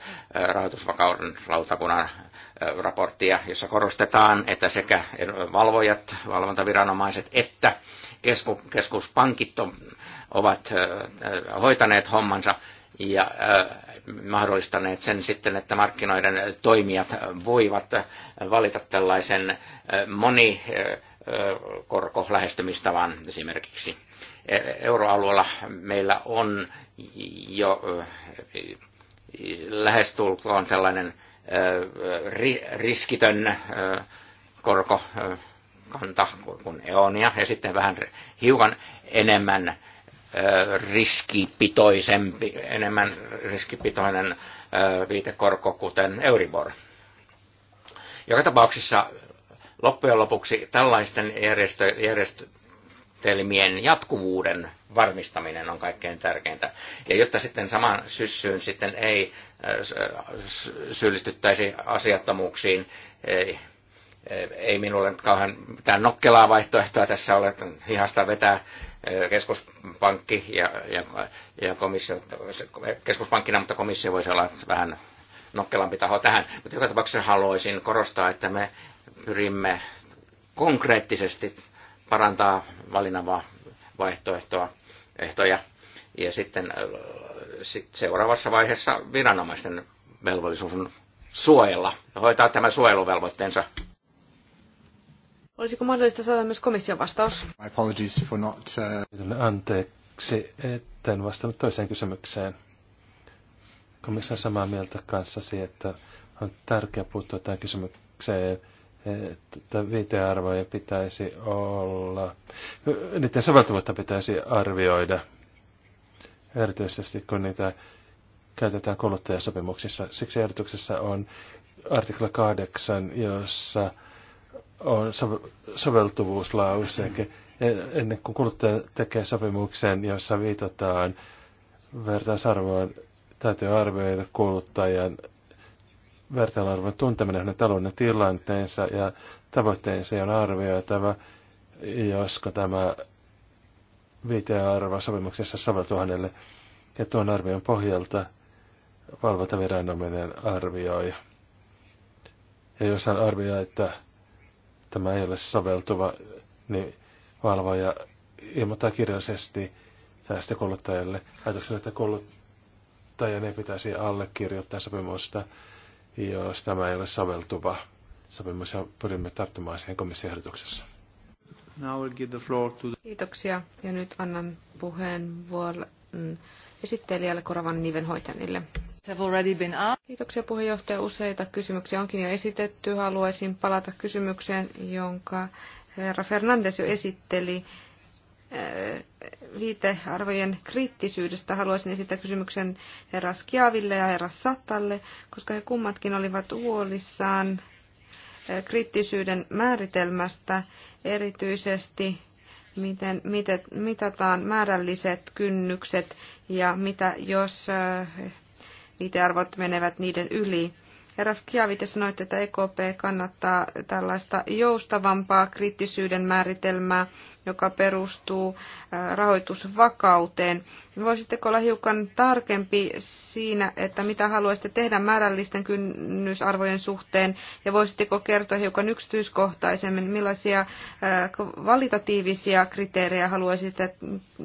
rahoitusvakauden lautakunnan raporttia, jossa korostetaan, että sekä valvojat, valvontaviranomaiset että keskuspankit ovat hoitaneet hommansa, ja äh, mahdollistaneet sen sitten, että markkinoiden toimijat voivat valita tällaisen äh, monikorkolähestymistavan äh, esimerkiksi. E, euroalueella meillä on jo lähestulkoon sellainen riskitön korkokanta kuin Eonia ja sitten vähän hiukan enemmän riskipitoisempi, enemmän riskipitoinen viitekorko, kuten Euribor. Joka tapauksessa loppujen lopuksi tällaisten järjestö, järjestelmien jatkuvuuden varmistaminen on kaikkein tärkeintä. Ja jotta sitten saman syssyyn sitten ei syyllistyttäisi asiattomuuksiin, ei, ei minulle nyt kauhean mitään nokkelaa vaihtoehtoa tässä ole, hihasta vetää keskuspankki ja, ja, ja komissio, keskuspankkina, mutta komissio voisi olla vähän nokkelampi taho tähän. Mutta joka tapauksessa haluaisin korostaa, että me pyrimme konkreettisesti parantaa valinnanvaihtoehtoa ehtoja. Ja sitten sit seuraavassa vaiheessa viranomaisten velvollisuus on suojella ja hoitaa tämä suojeluvelvoitteensa. Olisiko mahdollista saada myös komission vastaus? My apologies for not, uh... Anteeksi, etten vastannut toiseen kysymykseen. Komissio on samaa mieltä kanssasi, että on tärkeää puuttua tähän kysymykseen, että viitearvoja pitäisi olla, niiden soveltuvuutta pitäisi arvioida, erityisesti kun niitä käytetään kuluttajasopimuksissa. Siksi ehdotuksessa on artikla 8, jossa on soveltuvuuslauseke, e, ennen kuin kuluttaja tekee sopimuksen, jossa viitataan vertaisarvoon, täytyy arvioida kuluttajan vertailuarvon tunteminen hänen talouden tilanteensa ja tavoitteensa on arvioitava, josko tämä viitearvo sopimuksessa soveltuu hänelle. Ja tuon arvion pohjalta valvontaviranomainen arvioi. Ja jos hän arvioi, että tämä ei ole soveltuva, niin valvoja ilmoittaa kirjallisesti tästä kuluttajalle ajatuksena, että kuluttajan ei pitäisi allekirjoittaa sopimusta, jos tämä ei ole soveltuva sopimus, ja pyrimme tarttumaan siihen komissiohdotuksessa. Now we'll give the floor to the... Kiitoksia, ja nyt annan puheenvuoron esittelijälle Koravan Niven hoitanille. Kiitoksia puheenjohtaja. Useita kysymyksiä onkin jo esitetty. Haluaisin palata kysymykseen, jonka herra Fernandes jo esitteli eh, viitearvojen kriittisyydestä haluaisin esittää kysymyksen herra Skiaville ja herra Satalle, koska he kummatkin olivat huolissaan eh, kriittisyyden määritelmästä erityisesti miten mitä mitataan määrälliset kynnykset ja mitä jos viitearvot äh, menevät niiden yli. Eräs te sanoitte, että EKP kannattaa tällaista joustavampaa kriittisyyden määritelmää, joka perustuu rahoitusvakauteen. Voisitteko olla hiukan tarkempi siinä, että mitä haluaisitte tehdä määrällisten kynnysarvojen suhteen, ja voisitteko kertoa hiukan yksityiskohtaisemmin, millaisia kvalitatiivisia kriteerejä haluaisitte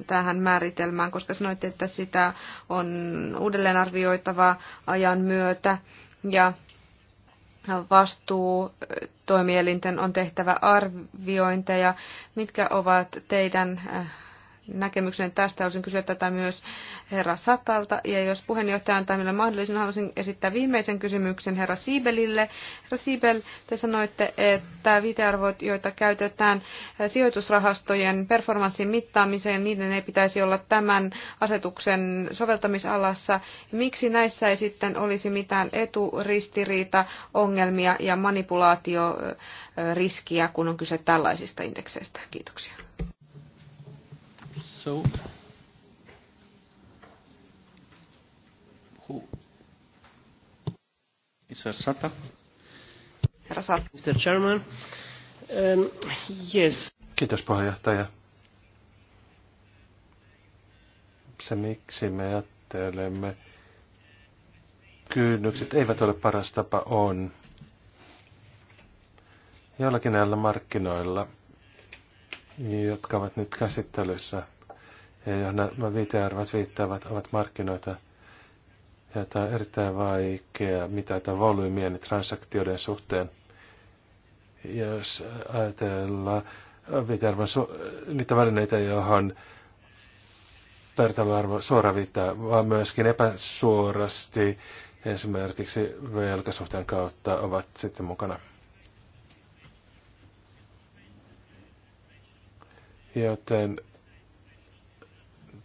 tähän määritelmään, koska sanoitte, että sitä on uudelleenarvioitava ajan myötä ja vastuu äh, toimielinten on tehtävä arviointeja. Mitkä ovat teidän äh, näkemyksen tästä. Olisin kysyä tätä myös herra Satalta. Ja jos puheenjohtaja antaa minulle mahdollisuuden, haluaisin esittää viimeisen kysymyksen herra Siibelille. Herra Siibel, te sanoitte, että viitearvot, joita käytetään sijoitusrahastojen performanssin mittaamiseen, niiden ei pitäisi olla tämän asetuksen soveltamisalassa. Miksi näissä ei sitten olisi mitään eturistiriita, ongelmia ja manipulaatioriskiä, kun on kyse tällaisista indekseistä? Kiitoksia so. Who? Mr. Sata. Herra Sata. Mr. Chairman. Um, yes. Kiitos puheenjohtaja. Se miksi me ajattelemme kynnykset eivät ole paras tapa on. Jollakin näillä markkinoilla, jotka ovat nyt käsittelyssä – ja johon nämä viitearvot viittaavat, ovat markkinoita, tämä on erittäin vaikea mitata volyymien niin ja transaktioiden suhteen. Jos ajatellaan viitearvon niitä välineitä, johon vertailuarvo suora viittaa, vaan myöskin epäsuorasti esimerkiksi velkasuhteen kautta ovat sitten mukana. Joten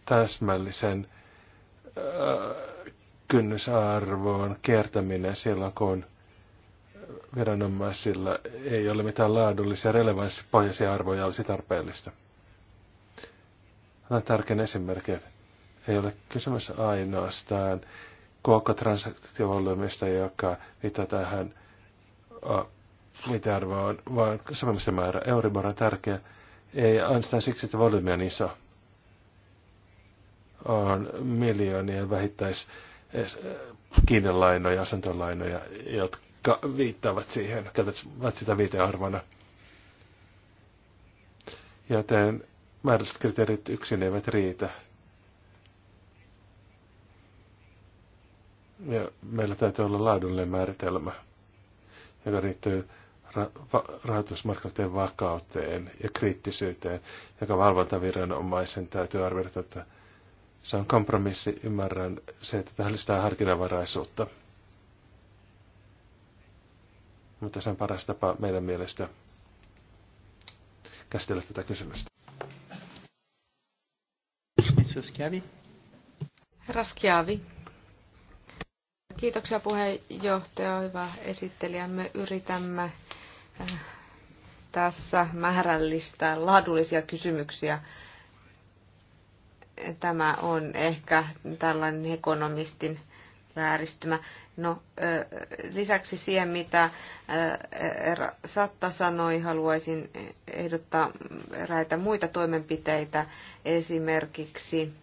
täsmällisen äh, kynnysarvoon kiertäminen silloin, kun viranomaisilla ei ole mitään laadullisia relevanssipohjaisia arvoja olisi tarpeellista. on tärkeä esimerkki, Ei ole kysymys ainoastaan koko transaktiovolyymista, joka viittaa tähän viitearvoon, vaan sopimusten määrä. Euribor on tärkeä. Ei ainoastaan siksi, että volyymi on iso on miljoonia vähittäis kiinnelainoja, asuntolainoja, jotka viittaavat siihen, käytävät sitä viitearvona. Joten määrälliset kriteerit yksin eivät riitä. Ja meillä täytyy olla laadullinen määritelmä, joka liittyy ra- va- rahoitusmarkkinoiden vakauteen ja kriittisyyteen, joka valvontaviranomaisen täytyy arvioida että se on kompromissi, ymmärrän se, että tähän lisää harkinnanvaraisuutta. Mutta se on paras tapa meidän mielestä käsitellä tätä kysymystä. Herra Kiitoksia puheenjohtaja, hyvä esittelijä. Me yritämme eh, tässä määrällistää laadullisia kysymyksiä tämä on ehkä tällainen ekonomistin vääristymä. No, lisäksi siihen, mitä Satta sanoi, haluaisin ehdottaa eräitä muita toimenpiteitä, esimerkiksi,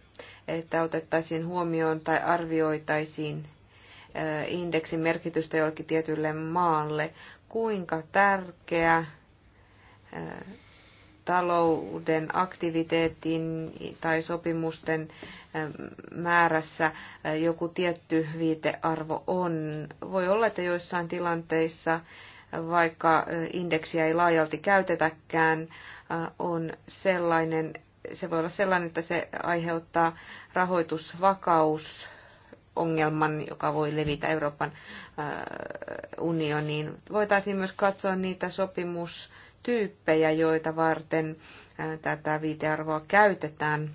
että otettaisiin huomioon tai arvioitaisiin indeksin merkitystä jollekin tietylle maalle, kuinka tärkeä talouden aktiviteetin tai sopimusten ähm, määrässä äh, joku tietty viitearvo on. Voi olla, että joissain tilanteissa, äh, vaikka äh, indeksiä ei laajalti käytetäkään, on sellainen, se voi olla sellainen, että se aiheuttaa rahoitusvakaus ongelman, joka voi levitä Euroopan unioniin. Voitaisiin myös katsoa niitä sopimus tyyppejä, joita varten tätä viitearvoa käytetään.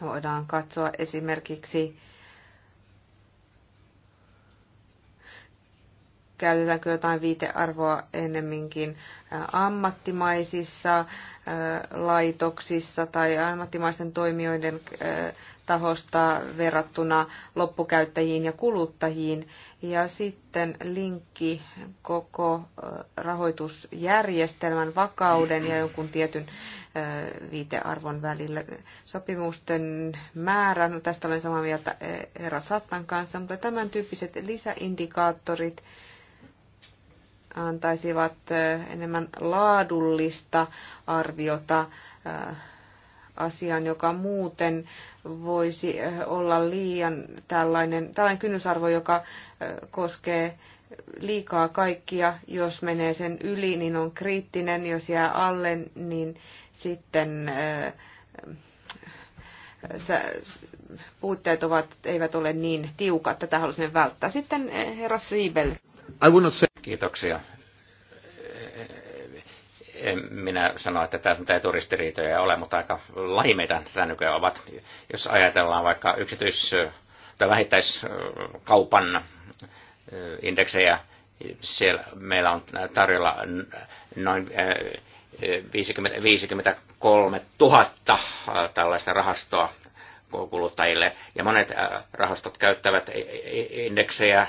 Voidaan katsoa esimerkiksi, käytetäänkö jotain viitearvoa ennemminkin ammattimaisissa laitoksissa tai ammattimaisten toimijoiden tahosta verrattuna loppukäyttäjiin ja kuluttajiin. Ja sitten linkki koko rahoitusjärjestelmän vakauden ja jonkun tietyn viitearvon välillä. Sopimusten määrä, no tästä olen samaa mieltä herra Sattan kanssa, mutta tämän tyyppiset lisäindikaattorit antaisivat enemmän laadullista arviota asiaan, joka muuten voisi eh, olla liian tällainen, tällainen kynnysarvo, joka eh, koskee liikaa kaikkia. Jos menee sen yli, niin on kriittinen. Jos jää alle, niin sitten eh, puutteet ovat, eivät ole niin tiukat. Tätä halusimme välttää. Sitten herra Sriibel. Kiitoksia en minä sano, että tässä mitään turistiriitoja ole, mutta aika laimeita tätä nykyään ovat. Jos ajatellaan vaikka yksityis- tai vähittäiskaupan indeksejä, siellä meillä on tarjolla noin 53 000 tällaista rahastoa kuluttajille. Ja monet rahastot käyttävät indeksejä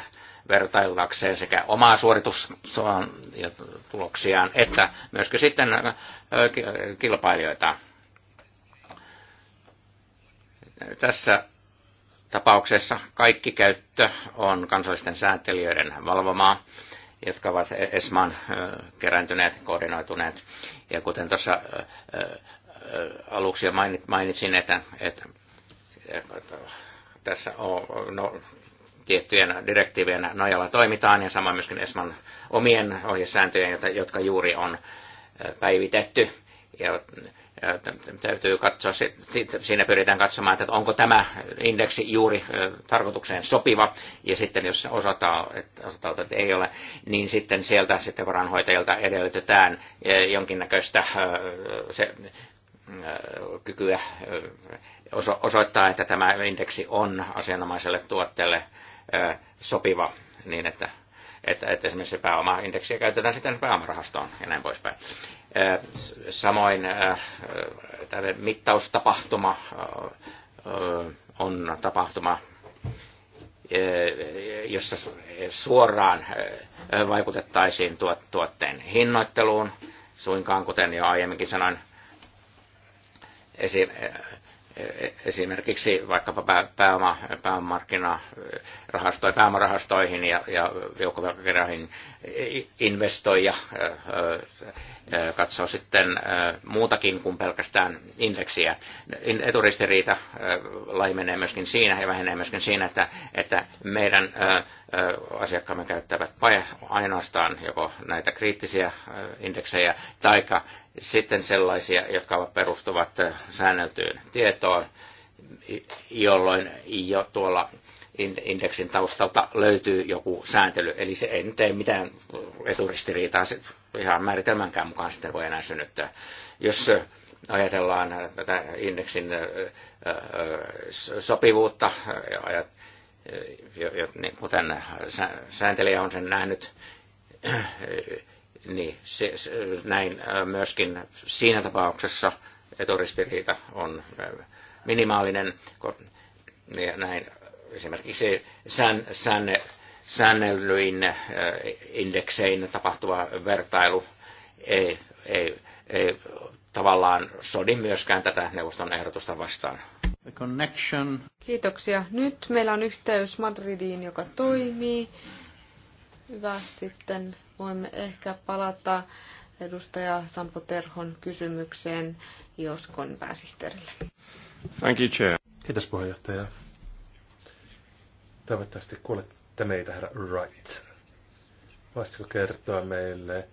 vertaillakseen sekä omaa suoritustaan ja tuloksiaan, että myöskin sitten kilpailijoita. Tässä tapauksessa kaikki käyttö on kansallisten sääntelijöiden valvomaa, jotka ovat ESMAan kerääntyneet, koordinoituneet. Ja kuten tuossa aluksi jo mainitsin, että, että tässä on, no, tiettyjen direktiivien nojalla toimitaan ja samoin myöskin ESMAn omien ohjesääntöjen, jotka juuri on päivitetty. Ja täytyy katsoa, siinä pyritään katsomaan, että onko tämä indeksi juuri tarkoitukseen sopiva, ja sitten jos osataan, että, osataan, että ei ole, niin sitten sieltä sitten varanhoitajilta edellytetään jonkinnäköistä se, kykyä osoittaa, että tämä indeksi on asianomaiselle tuotteelle sopiva niin, että, että, että esimerkiksi pääomaindeksiä käytetään sitten pääomarahastoon ja näin poispäin. Samoin tämä mittaustapahtuma on tapahtuma, jossa suoraan vaikutettaisiin tuotteen hinnoitteluun, suinkaan kuten jo aiemminkin sanoin, esimerkiksi vaikkapa pääoma, rahastoi pääomarahastoihin ja, ja joukkovelkakirjoihin ja katsoo sitten muutakin kuin pelkästään indeksiä. Eturistiriita laimenee myöskin siinä ja vähenee myöskin siinä, että, että meidän asiakkaamme käyttävät ainoastaan joko näitä kriittisiä indeksejä tai sitten sellaisia, jotka perustuvat säänneltyyn tietoon, jolloin jo tuolla indeksin taustalta löytyy joku sääntely. Eli se ei tee mitään eturistiriitaa ihan määritelmänkään mukaan sitten voi enää synnyttää. Jos ajatellaan tätä indeksin sopivuutta, niin kuten sääntelijä on sen nähnyt, niin se, se, näin myöskin siinä tapauksessa eturistiriita on minimaalinen. Ja näin esimerkiksi sään, säänne, säännellyin indeksein tapahtuva vertailu ei, ei, ei tavallaan sodi myöskään tätä neuvoston ehdotusta vastaan The connection. Kiitoksia. Nyt meillä on yhteys Madridiin, joka toimii. Hyvä. Sitten voimme ehkä palata edustaja Sampo Terhon kysymykseen Joskon pääsihteerille. Thank you, Chair. Kiitos puheenjohtaja. Toivottavasti kuulette meitä, herra Wright. Voisitko kertoa meille,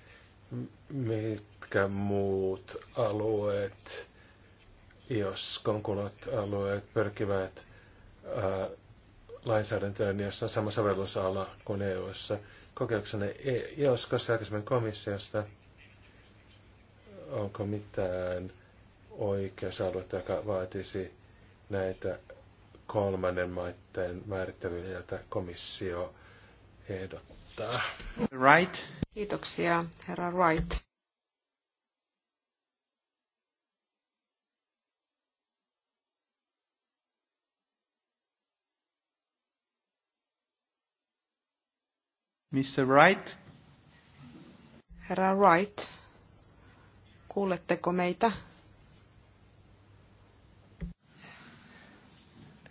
mitkä muut alueet jos konkulat alueet pyrkivät ää, lainsäädäntöön, jossa on sama sovellusala kuin EU-ssa. jos EOSKossa aikaisemmin komissiosta, onko mitään oikeusaluetta, joka vaatisi näitä kolmannen maiden määrittelyjä, joita komissio ehdottaa? Right. Kiitoksia, herra Wright. Mr. Wright? Herra Wright, kuuletteko meitä?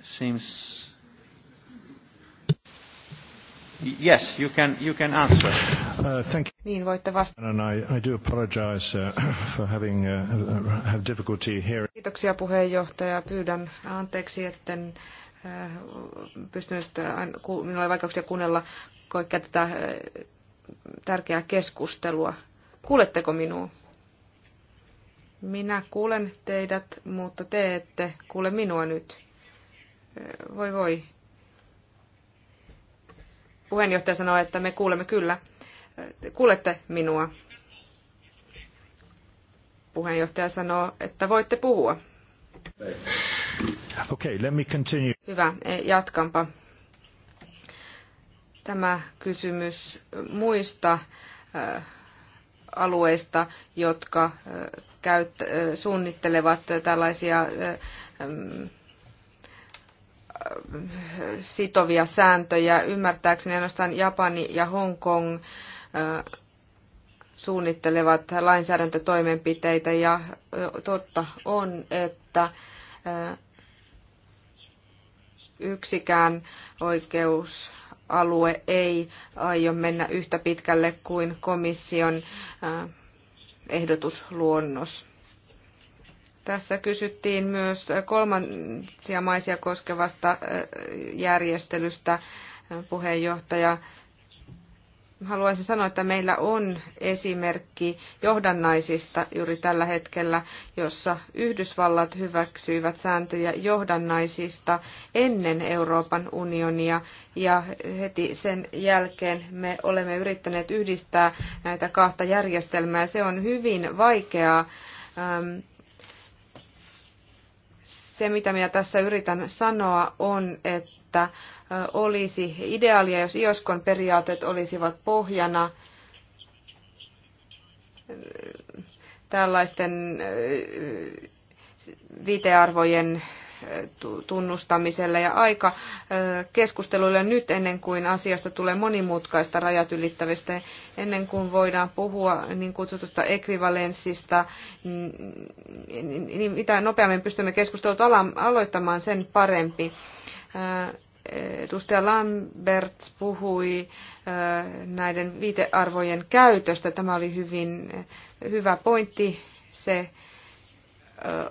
Seems... Yes, you can, you can answer. Uh, thank you. Niin voitte vastata. And I, I do apologize uh, for having uh, uh have difficulty here. Kiitoksia puheenjohtaja. Pyydän anteeksi, etten uh, pystynyt, minulla oli vaikeuksia kuunnella kaikkea tätä tärkeää keskustelua. Kuuletteko minua? Minä kuulen teidät, mutta te ette kuule minua nyt. Voi voi. Puheenjohtaja sanoi, että me kuulemme kyllä. Kuulette minua. Puheenjohtaja sanoo, että voitte puhua. Okay, let me continue. Hyvä, e, jatkanpa tämä kysymys muista äh, alueista, jotka äh, käyt, äh, suunnittelevat tällaisia ähm, sitovia sääntöjä. Ymmärtääkseni ainoastaan Japani ja Hongkong suunnittelevat lainsäädäntötoimenpiteitä ja totta on, että yksikään oikeus alue ei aio mennä yhtä pitkälle kuin komission ehdotusluonnos. Tässä kysyttiin myös kolmansia maisia koskevasta järjestelystä puheenjohtaja haluaisin sanoa, että meillä on esimerkki johdannaisista juuri tällä hetkellä, jossa Yhdysvallat hyväksyivät sääntöjä johdannaisista ennen Euroopan unionia ja heti sen jälkeen me olemme yrittäneet yhdistää näitä kahta järjestelmää. se on hyvin vaikeaa. Se, mitä minä tässä yritän sanoa, on, että olisi ideaalia, jos IOSKON periaatteet olisivat pohjana tällaisten viitearvojen tunnustamiselle ja aika keskusteluille nyt ennen kuin asiasta tulee monimutkaista rajat ylittävistä, ennen kuin voidaan puhua niin kutsutusta ekvivalenssista, niin mitä nopeammin pystymme keskustelut aloittamaan, sen parempi. Edustaja Lambert puhui näiden viitearvojen käytöstä. Tämä oli hyvin hyvä pointti. Se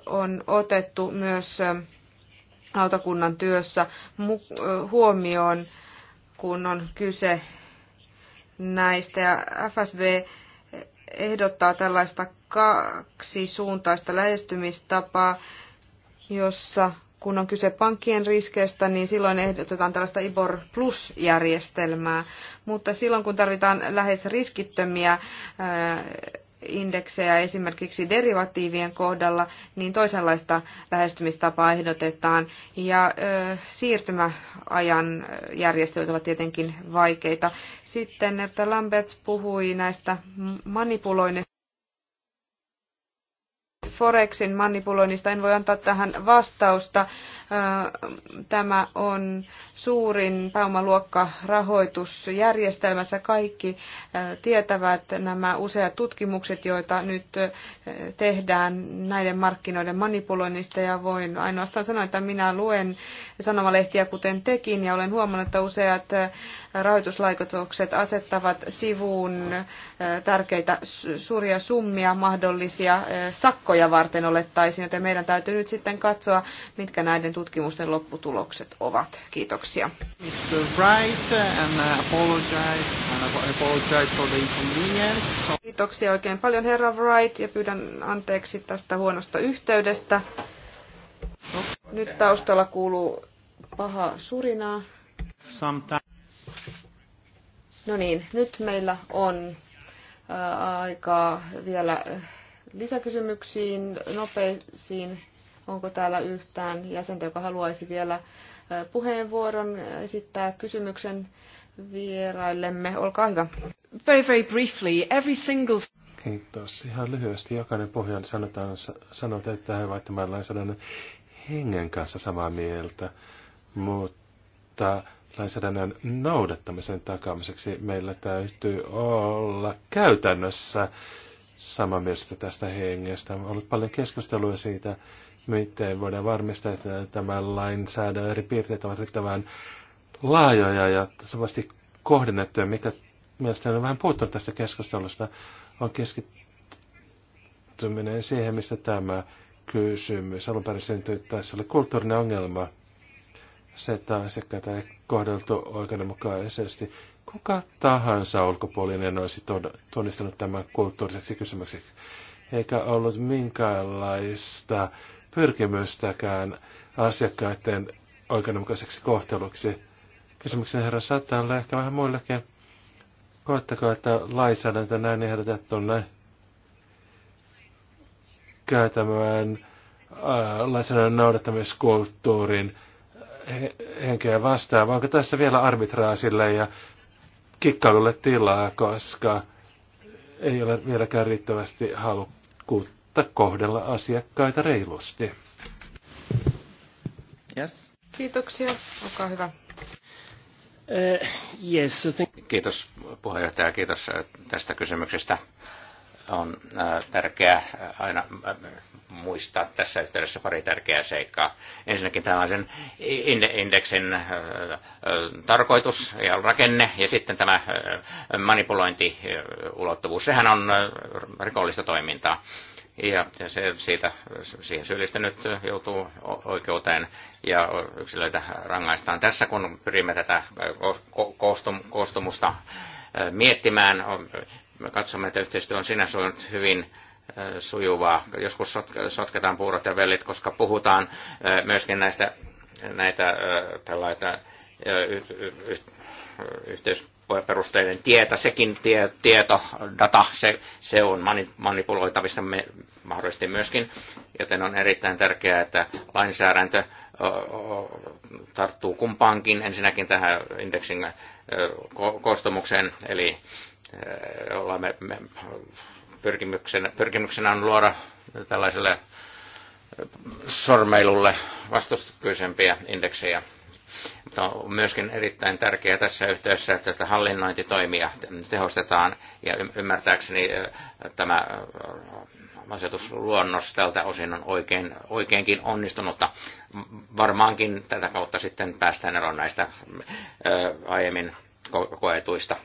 on otettu myös autokunnan työssä huomioon, kun on kyse näistä. Ja FSB ehdottaa tällaista kaksisuuntaista lähestymistapaa, jossa kun on kyse pankkien riskeistä, niin silloin ehdotetaan tällaista IBOR Plus-järjestelmää. Mutta silloin, kun tarvitaan lähes riskittömiä indeksejä esimerkiksi derivatiivien kohdalla, niin toisenlaista lähestymistapaa ehdotetaan. Ja ö, siirtymäajan järjestelyt ovat tietenkin vaikeita. Sitten että Lamberts puhui näistä manipuloinnista Forexin manipuloinnista en voi antaa tähän vastausta, Tämä on suurin pääomaluokka rahoitusjärjestelmässä. Kaikki tietävät nämä useat tutkimukset, joita nyt tehdään näiden markkinoiden manipuloinnista ja voin ainoastaan sanoa, että minä luen sanomalehtiä kuten tekin ja olen huomannut, että useat rahoituslaikotukset asettavat sivuun tärkeitä suuria summia mahdollisia sakkoja varten olettaisiin, joten meidän täytyy nyt sitten katsoa, mitkä näiden tutkimusten lopputulokset ovat. Kiitoksia. Kiitoksia oikein paljon herra Wright ja pyydän anteeksi tästä huonosta yhteydestä. Nyt taustalla kuuluu paha surinaa. No niin, nyt meillä on aikaa vielä lisäkysymyksiin, nopeisiin Onko täällä yhtään jäsentä, joka haluaisi vielä puheenvuoron esittää kysymyksen vieraillemme? Olkaa hyvä. Very, very briefly, every single... Kiitos. Ihan lyhyesti jokainen pohjan sanotaan, sanotaan että he ovat tämän lainsäädännön hengen kanssa samaa mieltä, mutta lainsäädännön noudattamisen takaamiseksi meillä täytyy olla käytännössä samaa mieltä tästä hengestä. On ollut paljon keskustelua siitä, miten voidaan varmistaa, että tämän lainsäädännön eri piirteet ovat riittävän laajoja ja tasavasti kohdennettuja, mikä mielestäni on vähän puuttunut tästä keskustelusta, on keskittyminen siihen, mistä tämä kysymys alun perin syntyi. Tässä oli kulttuurinen ongelma, se, että asiakkaita ei kohdeltu oikeudenmukaisesti. Kuka tahansa ulkopuolinen olisi tunnistanut tämän kulttuuriseksi kysymykseksi, eikä ollut minkäänlaista pyrkimystäkään asiakkaiden oikeudenmukaiseksi kohteluksi. Kysymyksen herra Satalle, ehkä vähän muillekin. Koettakaa, että lainsäädäntö näin ehdotettuna käytämään äh, lainsäädännön noudattamiskulttuurin henkeä vastaan, vai onko tässä vielä arbitraasille ja kikkailulle tilaa, koska ei ole vieläkään riittävästi halukkuutta kohdella asiakkaita reilusti. Yes. Kiitoksia. Olkaa hyvä. Uh, yes, I think... Kiitos puheenjohtaja, kiitos äh, tästä kysymyksestä. On äh, tärkeää äh, aina muistaa tässä yhteydessä pari tärkeää seikkaa. Ensinnäkin tällaisen indeksin tarkoitus ja rakenne ja sitten tämä manipulointiulottuvuus. Sehän on rikollista toimintaa ja se siitä, siihen syyllistynyt joutuu oikeuteen ja yksilöitä rangaistaan. Tässä kun pyrimme tätä koostumusta miettimään, katsomme, että yhteistyö on suunut hyvin sujuvaa. Joskus sotketaan puurot ja vellit, koska puhutaan myöskin näistä näitä tällaita yhteis perusteiden tietä sekin tie, tieto, data, se, se on manipuloitavista me, mahdollisesti myöskin, joten on erittäin tärkeää, että lainsäädäntö tarttuu kumpaankin, ensinnäkin tähän indeksin koostumukseen, eli olemme me, pyrkimyksenä, pyrkimyksenä on luoda tällaiselle sormeilulle vastustuskyisempiä indeksejä mutta on myöskin erittäin tärkeää tässä yhteydessä, että tästä hallinnointitoimia tehostetaan. Ja ymmärtääkseni tämä asetusluonnos tältä osin on oikein, oikeinkin onnistunutta. Varmaankin tätä kautta sitten päästään eroon näistä aiemmin koetuista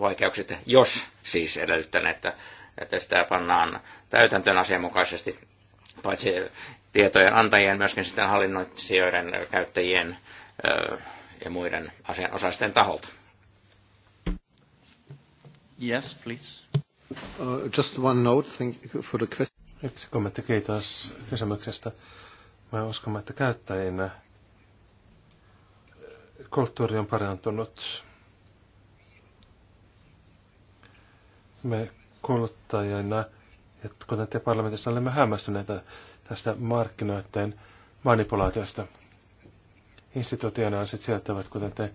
vaikeuksista, jos siis edellytän, että, että sitä pannaan täytäntöön asianmukaisesti paitsi tietojen antajien, myöskin sitten hallinnoitsijoiden, käyttäjien ja muiden asianosaisten taholta. Yes, please. Uh, just one note thank you for the question. Yksi kommentti, kiitos kysymyksestä. Mä uskon, että käyttäjinä kulttuuri on parantunut. Me kuluttajina, että kuten te parlamentissa olemme hämmästyneitä tästä markkinoiden manipulaatiosta – institutionaaliset sijoittavat, kuten te,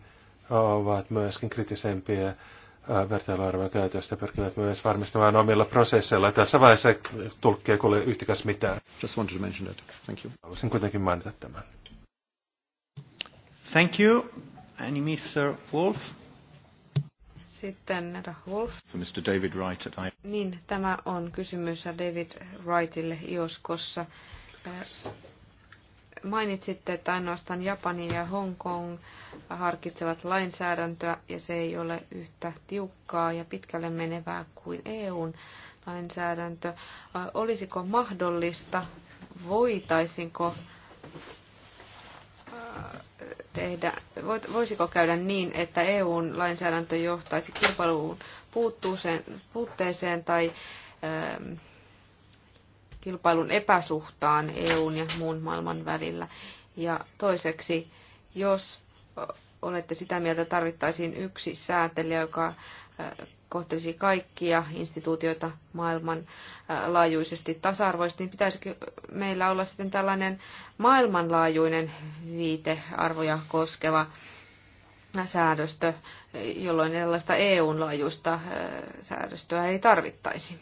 ovat myöskin kritisempiä vertailuarvojen käytöstä, pyrkivät myös varmistamaan omilla prosesseilla. Tässä vaiheessa tulkki ei kuule yhtikäs mitään. Just wanted to mention that. Thank you. Haluaisin kuitenkin mainita tämän. Thank you. Any Mr. Wolf? Sitten herra Wolf. For Mr. David Wright at I... Niin, tämä on kysymys David Wrightille Ioskossa mainitsitte, että ainoastaan Japani ja Hong Kong harkitsevat lainsäädäntöä ja se ei ole yhtä tiukkaa ja pitkälle menevää kuin EUn lainsäädäntö. Olisiko mahdollista, voitaisinko äh, tehdä, voisiko käydä niin, että EUn lainsäädäntö johtaisi kilpailuun puutteeseen tai ähm, kilpailun epäsuhtaan EUn ja muun maailman välillä. Ja toiseksi, jos olette sitä mieltä, että tarvittaisiin yksi säätelijä, joka äh, kohtelisi kaikkia instituutioita maailman äh, laajuisesti tasa-arvoisesti, niin pitäisikö meillä olla sitten tällainen maailmanlaajuinen viitearvoja koskeva säädöstö, jolloin tällaista EUn laajuista äh, säädöstöä ei tarvittaisi?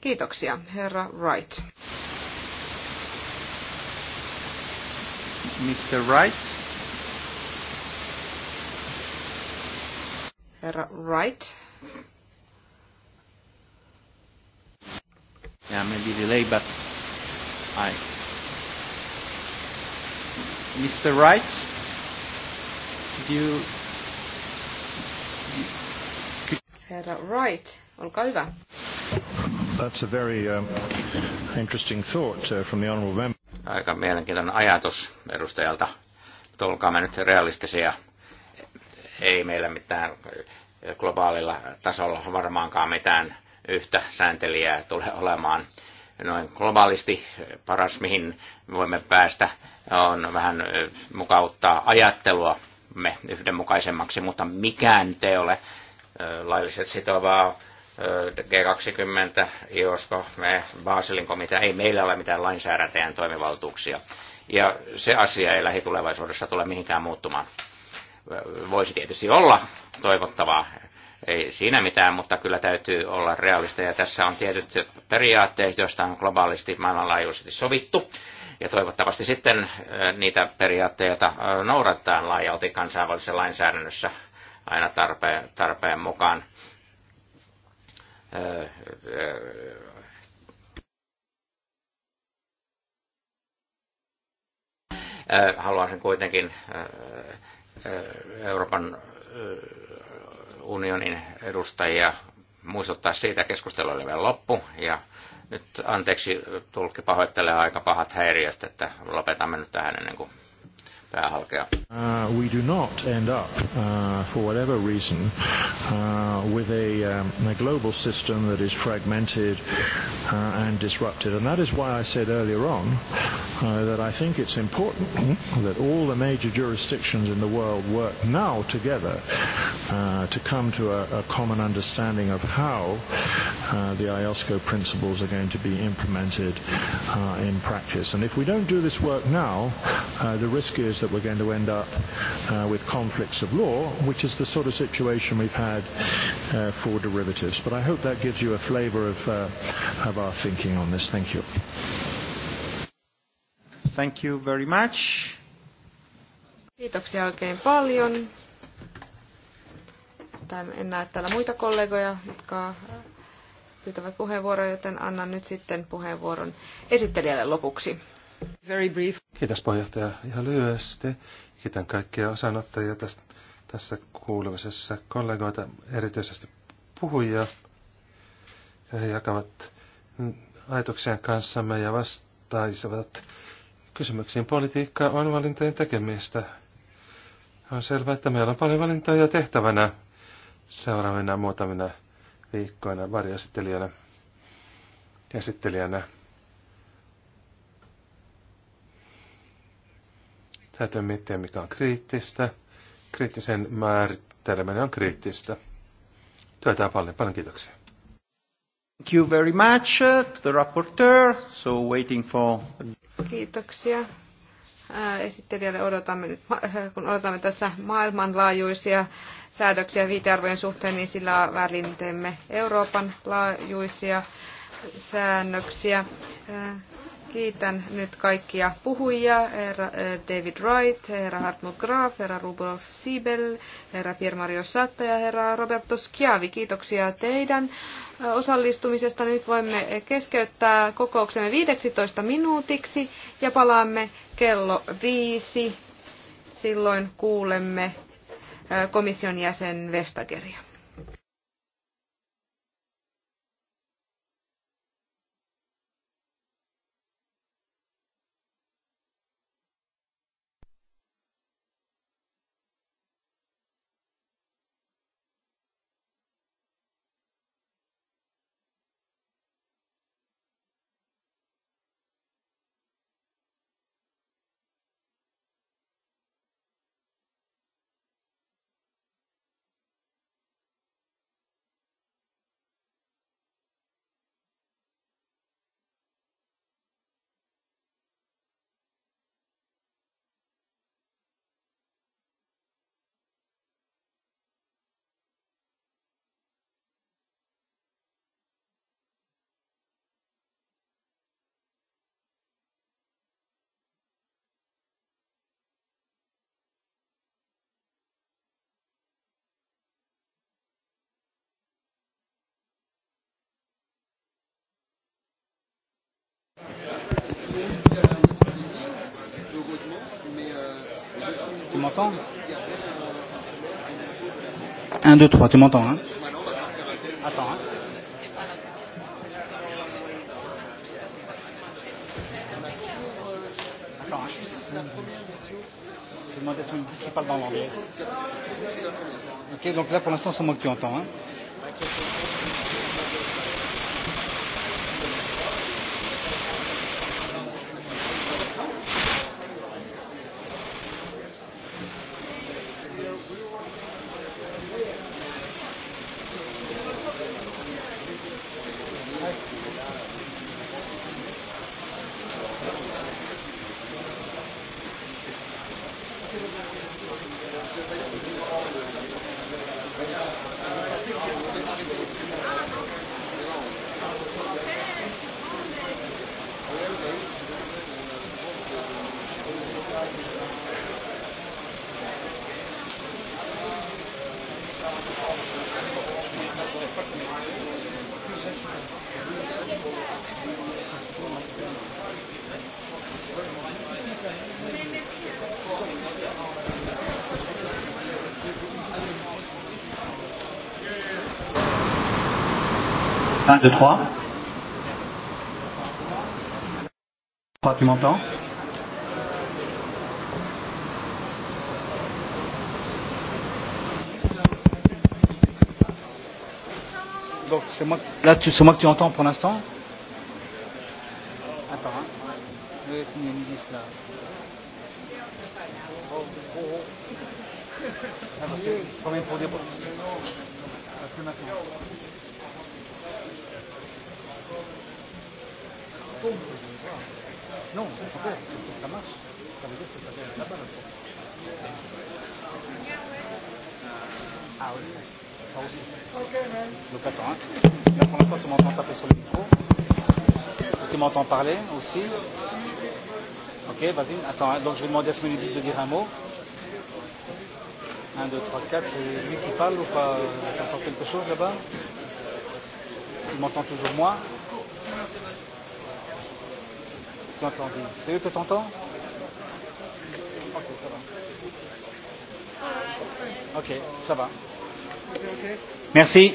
Kiitoksia, herra Wright. Mr. Wright. Herra Wright. Yeah, maybe delay, but I. Mr. Wright, could you... Herra Wright, olkaa hyvä. That's a very uh, interesting thought uh, from the honorable member. Aika mielenkiintoinen ajatus edustajalta. Mutta olkaamme nyt realistisia. Ei meillä mitään globaalilla tasolla varmaankaan mitään yhtä sääntelijää tule olemaan. Noin globaalisti paras, mihin voimme päästä, on vähän mukauttaa ajattelua me yhdenmukaisemmaksi, mutta mikään te ole lailliset sitovaa G20, josko me, Baselin komitea, ei meillä ole mitään lainsäädäntäjän toimivaltuuksia. Ja se asia ei lähitulevaisuudessa tule mihinkään muuttumaan. Voisi tietysti olla toivottavaa, ei siinä mitään, mutta kyllä täytyy olla realista. Ja tässä on tietyt periaatteet, joista on globaalisti maailmanlaajuisesti sovittu. Ja toivottavasti sitten niitä periaatteita noudatetaan laajalti kansainvälisessä lainsäädännössä aina tarpeen, tarpeen mukaan Haluaisin kuitenkin Euroopan unionin edustajia muistuttaa siitä, keskustelu oli vielä loppu ja nyt anteeksi, tulkki pahoittelee aika pahat häiriöt, että lopetamme nyt tähän ennen kuin päähalkea. Uh, we do not end up, uh, for whatever reason, uh, with a, um, a global system that is fragmented uh, and disrupted. And that is why I said earlier on uh, that I think it's important that all the major jurisdictions in the world work now together uh, to come to a, a common understanding of how uh, the IOSCO principles are going to be implemented uh, in practice. And if we don't do this work now, uh, the risk is is that we're going to end up uh, with conflicts of law, which is the sort of situation we've had uh, for derivatives. But I hope that gives you a flavor of uh, of our thinking on this. Thank you. Thank you very much. Kiitoksia oikein paljon. Tän, En näe täällä muita kollegoja, jotka äh, pyytävät puheenvuoroa, joten annan nyt sitten puheenvuoron esittelijälle lopuksi. Very brief. Kiitos puheenjohtaja. Ihan lyhyesti. Kiitän kaikkia osanottajia tästä, tässä kuulemisessa, kollegoita, erityisesti puhujia. Ja he jakavat ajatuksien kanssamme ja vastaisivat kysymyksiin. Politiikka on valintojen tekemistä. On selvää, että meillä on paljon valintoja tehtävänä seuraavina muutamina viikkoina varjoesittelijänä, esittelijänä. Täytyy miettiä, mikä on kriittistä. Kriittisen määritteleminen on kriittistä. Työtään paljon. Paljon kiitoksia. Thank you very much uh, to the rapporteur. So waiting for... Kiitoksia äh, esittelijälle odotamme nyt, äh, kun odotamme tässä maailmanlaajuisia säädöksiä viitearvojen suhteen, niin sillä välin teemme Euroopan laajuisia säännöksiä. Äh, Kiitän nyt kaikkia puhujia, herra eh, David Wright, herra Hartmut Graf, herra Rudolf Siebel, herra Piermario Satta ja herra Roberto Schiavi. Kiitoksia teidän eh, osallistumisesta. Nyt voimme eh, keskeyttää kokouksemme 15 minuutiksi ja palaamme kello viisi. Silloin kuulemme komission jäsen Vestageria. Tu m'entends 1, 2, 3, tu m'entends hein Attends. Hein. Je suis à qui parle dans l'anglais. Ok, donc là pour l'instant c'est moi que tu entends. Hein. de 3. 3, tu m'entends Donc c'est moi, là c'est moi que tu entends pour l'instant Attends, hein. Oui, ah, c'est une 10 oh. Ah, parce que, c'est pas même pour dire... Parce que maintenant... punto je ne vois. Non, c'est pas bon, c'est que ça marche. Ça veut dire que ça vient là-bas, l'info. Ah oui, ça aussi. Donc attends, hein. la première fois tu m'entends taper sur le micro. Tu m'entends parler aussi. Ok, vas-y, attends, hein. donc je vais demander à ce menu 10 de dire un mot. 1, 2, 3, 4, c'est lui qui parle ou pas entends quelque chose là-bas Tu m'entends toujours moi t'entendis. C'est eux que t'entends Ok, ça va. Ok, ça va. Merci.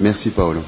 Merci Paolo.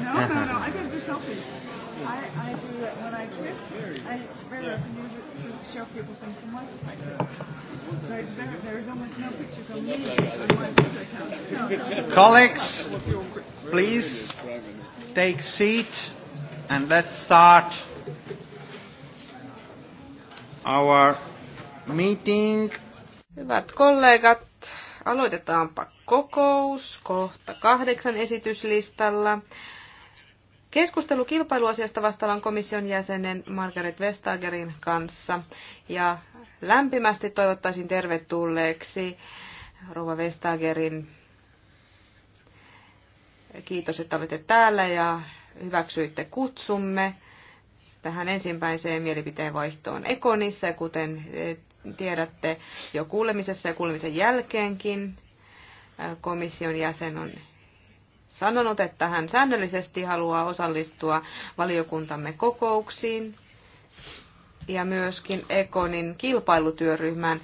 No, no, no, no. I do selfies. I, I do it when I I very often use it to show people things from my perspective. So it's almost no pictures on me on my Colleagues, please take seat and let's start our meeting. Hyvät kollegat, aloitetaanpa kokous kohta kahdeksan esityslistalla keskustelu kilpailuasiasta vastaavan komission jäsenen Margaret Vestagerin kanssa ja lämpimästi toivottaisin tervetulleeksi Rova Vestagerin. Kiitos, että olette täällä ja hyväksyitte kutsumme tähän ensimmäiseen mielipiteen vaihtoon Ekonissa, kuten e, tiedätte jo kuulemisessa ja kuulemisen jälkeenkin. E, komission jäsen on sanonut, että hän säännöllisesti haluaa osallistua valiokuntamme kokouksiin ja myöskin Ekonin kilpailutyöryhmään,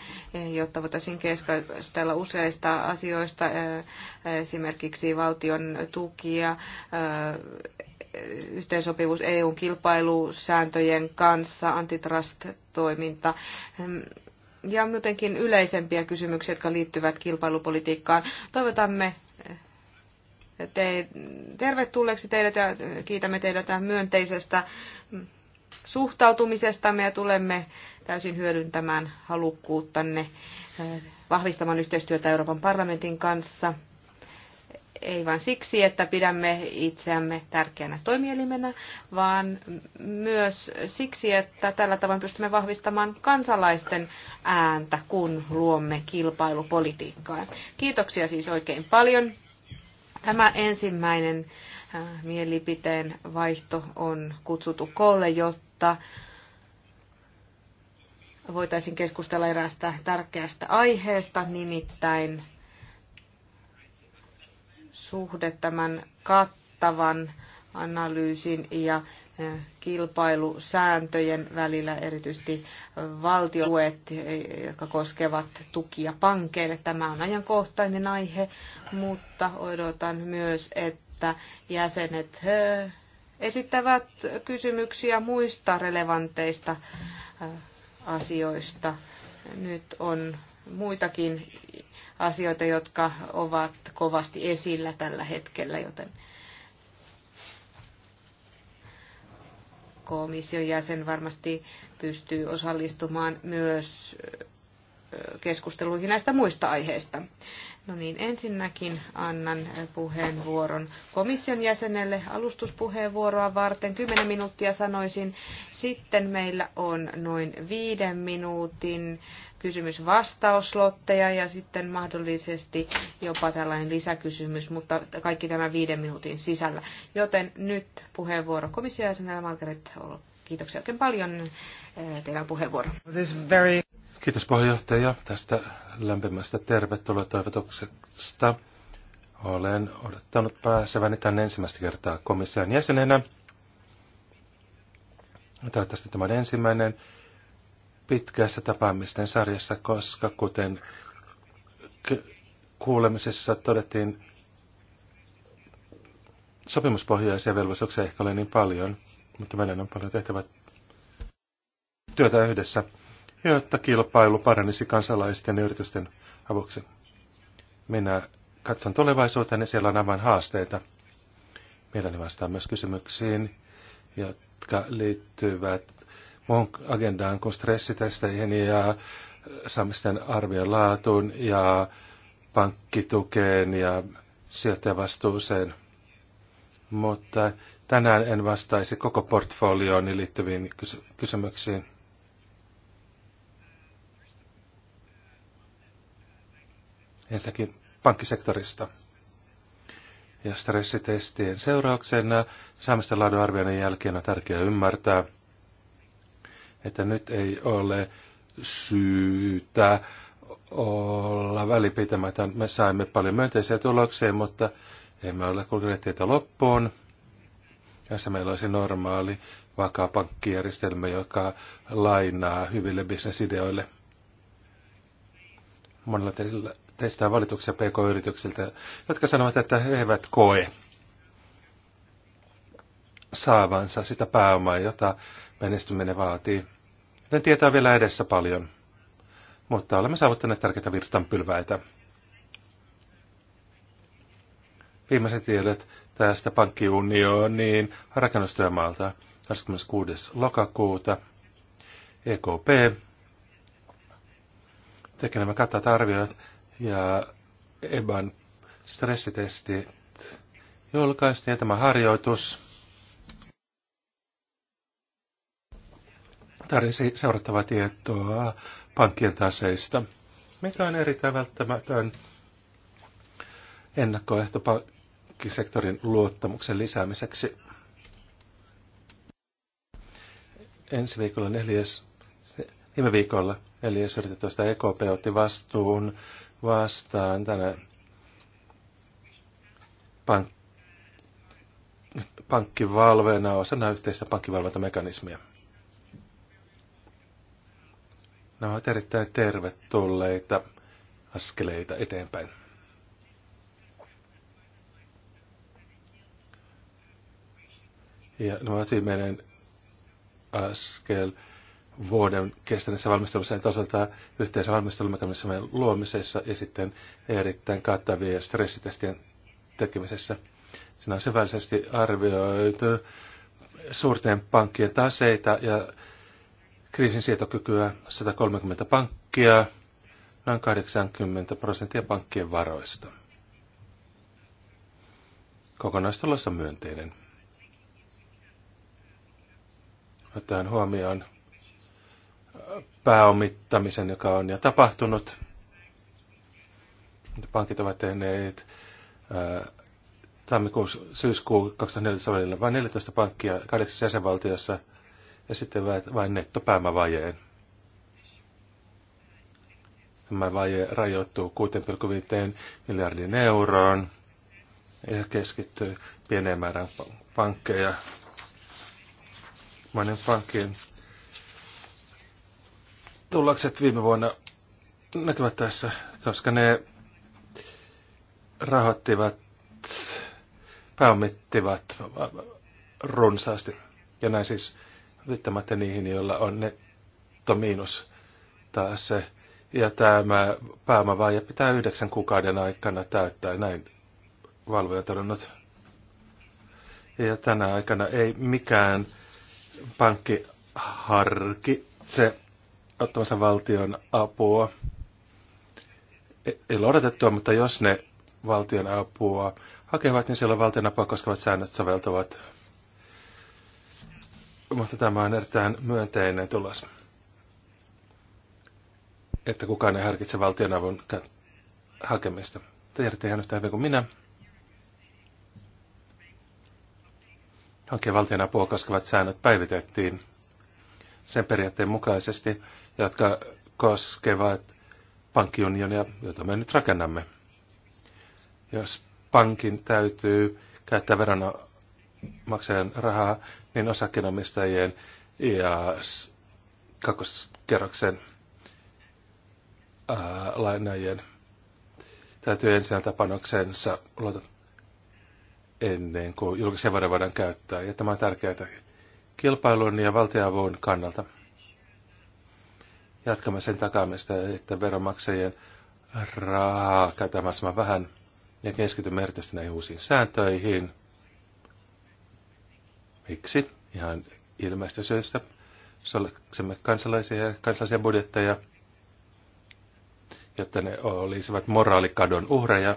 jotta voitaisiin keskustella useista asioista, esimerkiksi valtion tukia, yhteensopivuus EUn kilpailusääntöjen kanssa, antitrust-toiminta ja muutenkin yleisempiä kysymyksiä, jotka liittyvät kilpailupolitiikkaan. Toivotamme te, tervetulleeksi teidät ja kiitämme teidät myönteisestä suhtautumisesta Me tulemme täysin hyödyntämään halukkuuttanne eh, vahvistamaan yhteistyötä Euroopan parlamentin kanssa. Ei vain siksi, että pidämme itseämme tärkeänä toimielimenä, vaan myös siksi, että tällä tavoin pystymme vahvistamaan kansalaisten ääntä, kun luomme kilpailupolitiikkaa. Kiitoksia siis oikein paljon. Tämä ensimmäinen äh, mielipiteen vaihto on kutsuttu koolle, jotta voitaisiin keskustella eräästä tärkeästä aiheesta, nimittäin suhde tämän kattavan analyysin ja kilpailusääntöjen välillä, erityisesti valtiotuet, jotka koskevat tukia pankeille. Tämä on ajankohtainen aihe, mutta odotan myös, että jäsenet esittävät kysymyksiä muista relevanteista asioista. Nyt on muitakin asioita, jotka ovat kovasti esillä tällä hetkellä, joten komission jäsen varmasti pystyy osallistumaan myös keskusteluihin näistä muista aiheista. No niin, ensinnäkin annan puheenvuoron komission jäsenelle alustuspuheenvuoroa varten. Kymmenen minuuttia sanoisin. Sitten meillä on noin viiden minuutin kysymysvastauslotteja ja sitten mahdollisesti jopa tällainen lisäkysymys, mutta kaikki tämä viiden minuutin sisällä. Joten nyt puheenvuoro jäsenellä Margaret Olo. Kiitoksia oikein paljon. Eh, teillä on puheenvuoro. Kiitos puheenjohtaja tästä lämpimästä tervetuloa toivotuksesta. Olen odottanut pääseväni tänne ensimmäistä kertaa komission jäsenenä. Toivottavasti tämä on ensimmäinen pitkässä tapaamisten sarjassa, koska kuten kuulemisessa todettiin, sopimuspohjaisia velvollisuuksia ehkä ole niin paljon, mutta meidän on paljon tehtävä työtä yhdessä, jotta kilpailu paranisi kansalaisten ja yritysten avuksi. Minä katson tulevaisuuteen ja siellä on aivan haasteita. Mielelläni vastaan myös kysymyksiin, jotka liittyvät muun agendaan kuin stressitesteihin ja äh, saamisten arvion laatuun ja pankkitukeen ja sijoittajavastuuseen. Mutta tänään en vastaisi koko portfolioon liittyviin kysymyksiin. Ensinnäkin pankkisektorista. Ja stressitestien seurauksena saamisten laadun arvioinnin jälkeen on tärkeää ymmärtää, että nyt ei ole syytä olla välipitämättä. Me saimme paljon myönteisiä tuloksia, mutta emme ole kulkeneet tietä loppuun. Tässä meillä olisi normaali vakaa pankkijärjestelmä, joka lainaa hyville bisnesideoille. Monilla teillä teistä on valituksia pk-yrityksiltä, jotka sanovat, että he eivät koe saavansa sitä pääomaa, jota menestyminen vaatii. Joten tietää vielä edessä paljon. Mutta olemme saavuttaneet tärkeitä virstanpylväitä. Viimeiset tiedot tästä pankkiunioniin rakennustyömaalta 26. lokakuuta. EKP tekee nämä kattavat arviot ja EBAN stressitestit julkaistiin tämä harjoitus. tarvitsisi seurattavaa tietoa pankkien taseista, mikä on erittäin välttämätön ennakkoehto pankkisektorin luottamuksen lisäämiseksi. Ensi viikolla neljäs, viime viikolla neljäs yritettyistä EKP otti vastuun vastaan tänä pank- pankkivalveena osana yhteistä pankkivalvontamekanismia. Nämä ovat erittäin tervetulleita askeleita eteenpäin. Ja nämä ovat viimeinen askel vuoden kestäneessä valmistelussa ja toisaalta yhteisen valmistelumekanismin luomisessa ja sitten erittäin kattavien stressitestien tekemisessä. Siinä on syvällisesti arvioitu suurten pankkien taseita ja kriisin sietokykyä 130 pankkia, noin 80 prosenttia pankkien varoista. Kokonaistulossa myönteinen. Otetaan huomioon pääomittamisen, joka on jo tapahtunut. Pankit ovat tehneet tammikuussa syyskuun 2014 välillä vain 14 pankkia kahdeksassa jäsenvaltiossa – sitten vain nettopäämävajeen. Tämä vaje rajoittuu 6,5 miljardin euroon ja keskittyy pieneen määrään pankkeja. Monen pankin tulokset viime vuonna näkyvät tässä, koska ne rahoittivat, pääomittivat runsaasti. Ja näin siis viittamatta niihin, joilla on nettomiinus taas se. Ja tämä pääomavaje pitää yhdeksän kuukauden aikana täyttää, näin valvoja todennut. Ja tänä aikana ei mikään pankki harkitse ottamansa valtion apua. E, ei ole odotettua, mutta jos ne valtion apua hakevat, niin silloin valtion apua koskevat säännöt soveltuvat mutta tämä on erittäin myönteinen tulos, että kukaan ei harkitse valtionavun hakemista. Tiedätte ihan yhtä hyvin kuin minä. Hankkeen valtionapua koskevat säännöt päivitettiin sen periaatteen mukaisesti, jotka koskevat pankkiunionia, jota me nyt rakennamme. Jos pankin täytyy käyttää veronmaksajan rahaa, niin osakkeenomistajien ja kakkoskerroksen ää, lainaajien täytyy ensin antaa panoksensa ennen kuin julkisia varoja voidaan käyttää. Ja tämä on tärkeää kilpailun ja valtiavun kannalta. Jatkamme sen takaamista, että veronmaksajien rahaa käytetään vähän ja keskitymme erityisesti näihin uusiin sääntöihin – Miksi? Ihan ilmeistä syystä. Sollaksemme kansalaisia ja kansalaisia budjetteja, jotta ne olisivat moraalikadon uhreja.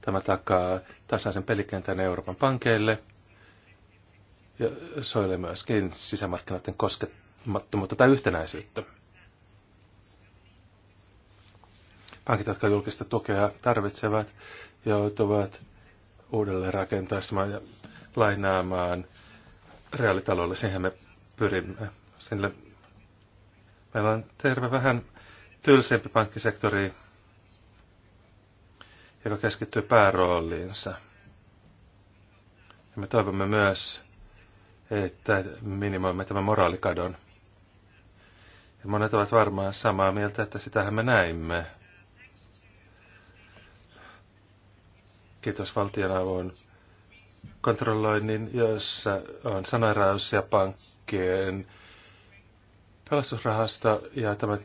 Tämä takaa tasaisen pelikentän Euroopan pankeille ja soilee myöskin sisämarkkinoiden koskemattomuutta tai yhtenäisyyttä. Pankit, jotka julkista tukea tarvitsevat, joutuvat uudelleen rakentamaan lainaamaan reaalitalolle. Siihen me pyrimme. sinne meillä on terve vähän tylsempi pankkisektori, joka keskittyy päärooliinsa. Ja me toivomme myös, että minimoimme tämän moraalikadon. Ja monet ovat varmaan samaa mieltä, että sitähän me näimme. Kiitos valtionavun kontrolloinnin, jossa on sanaraus ja pankkien pelastusrahasto ja tämä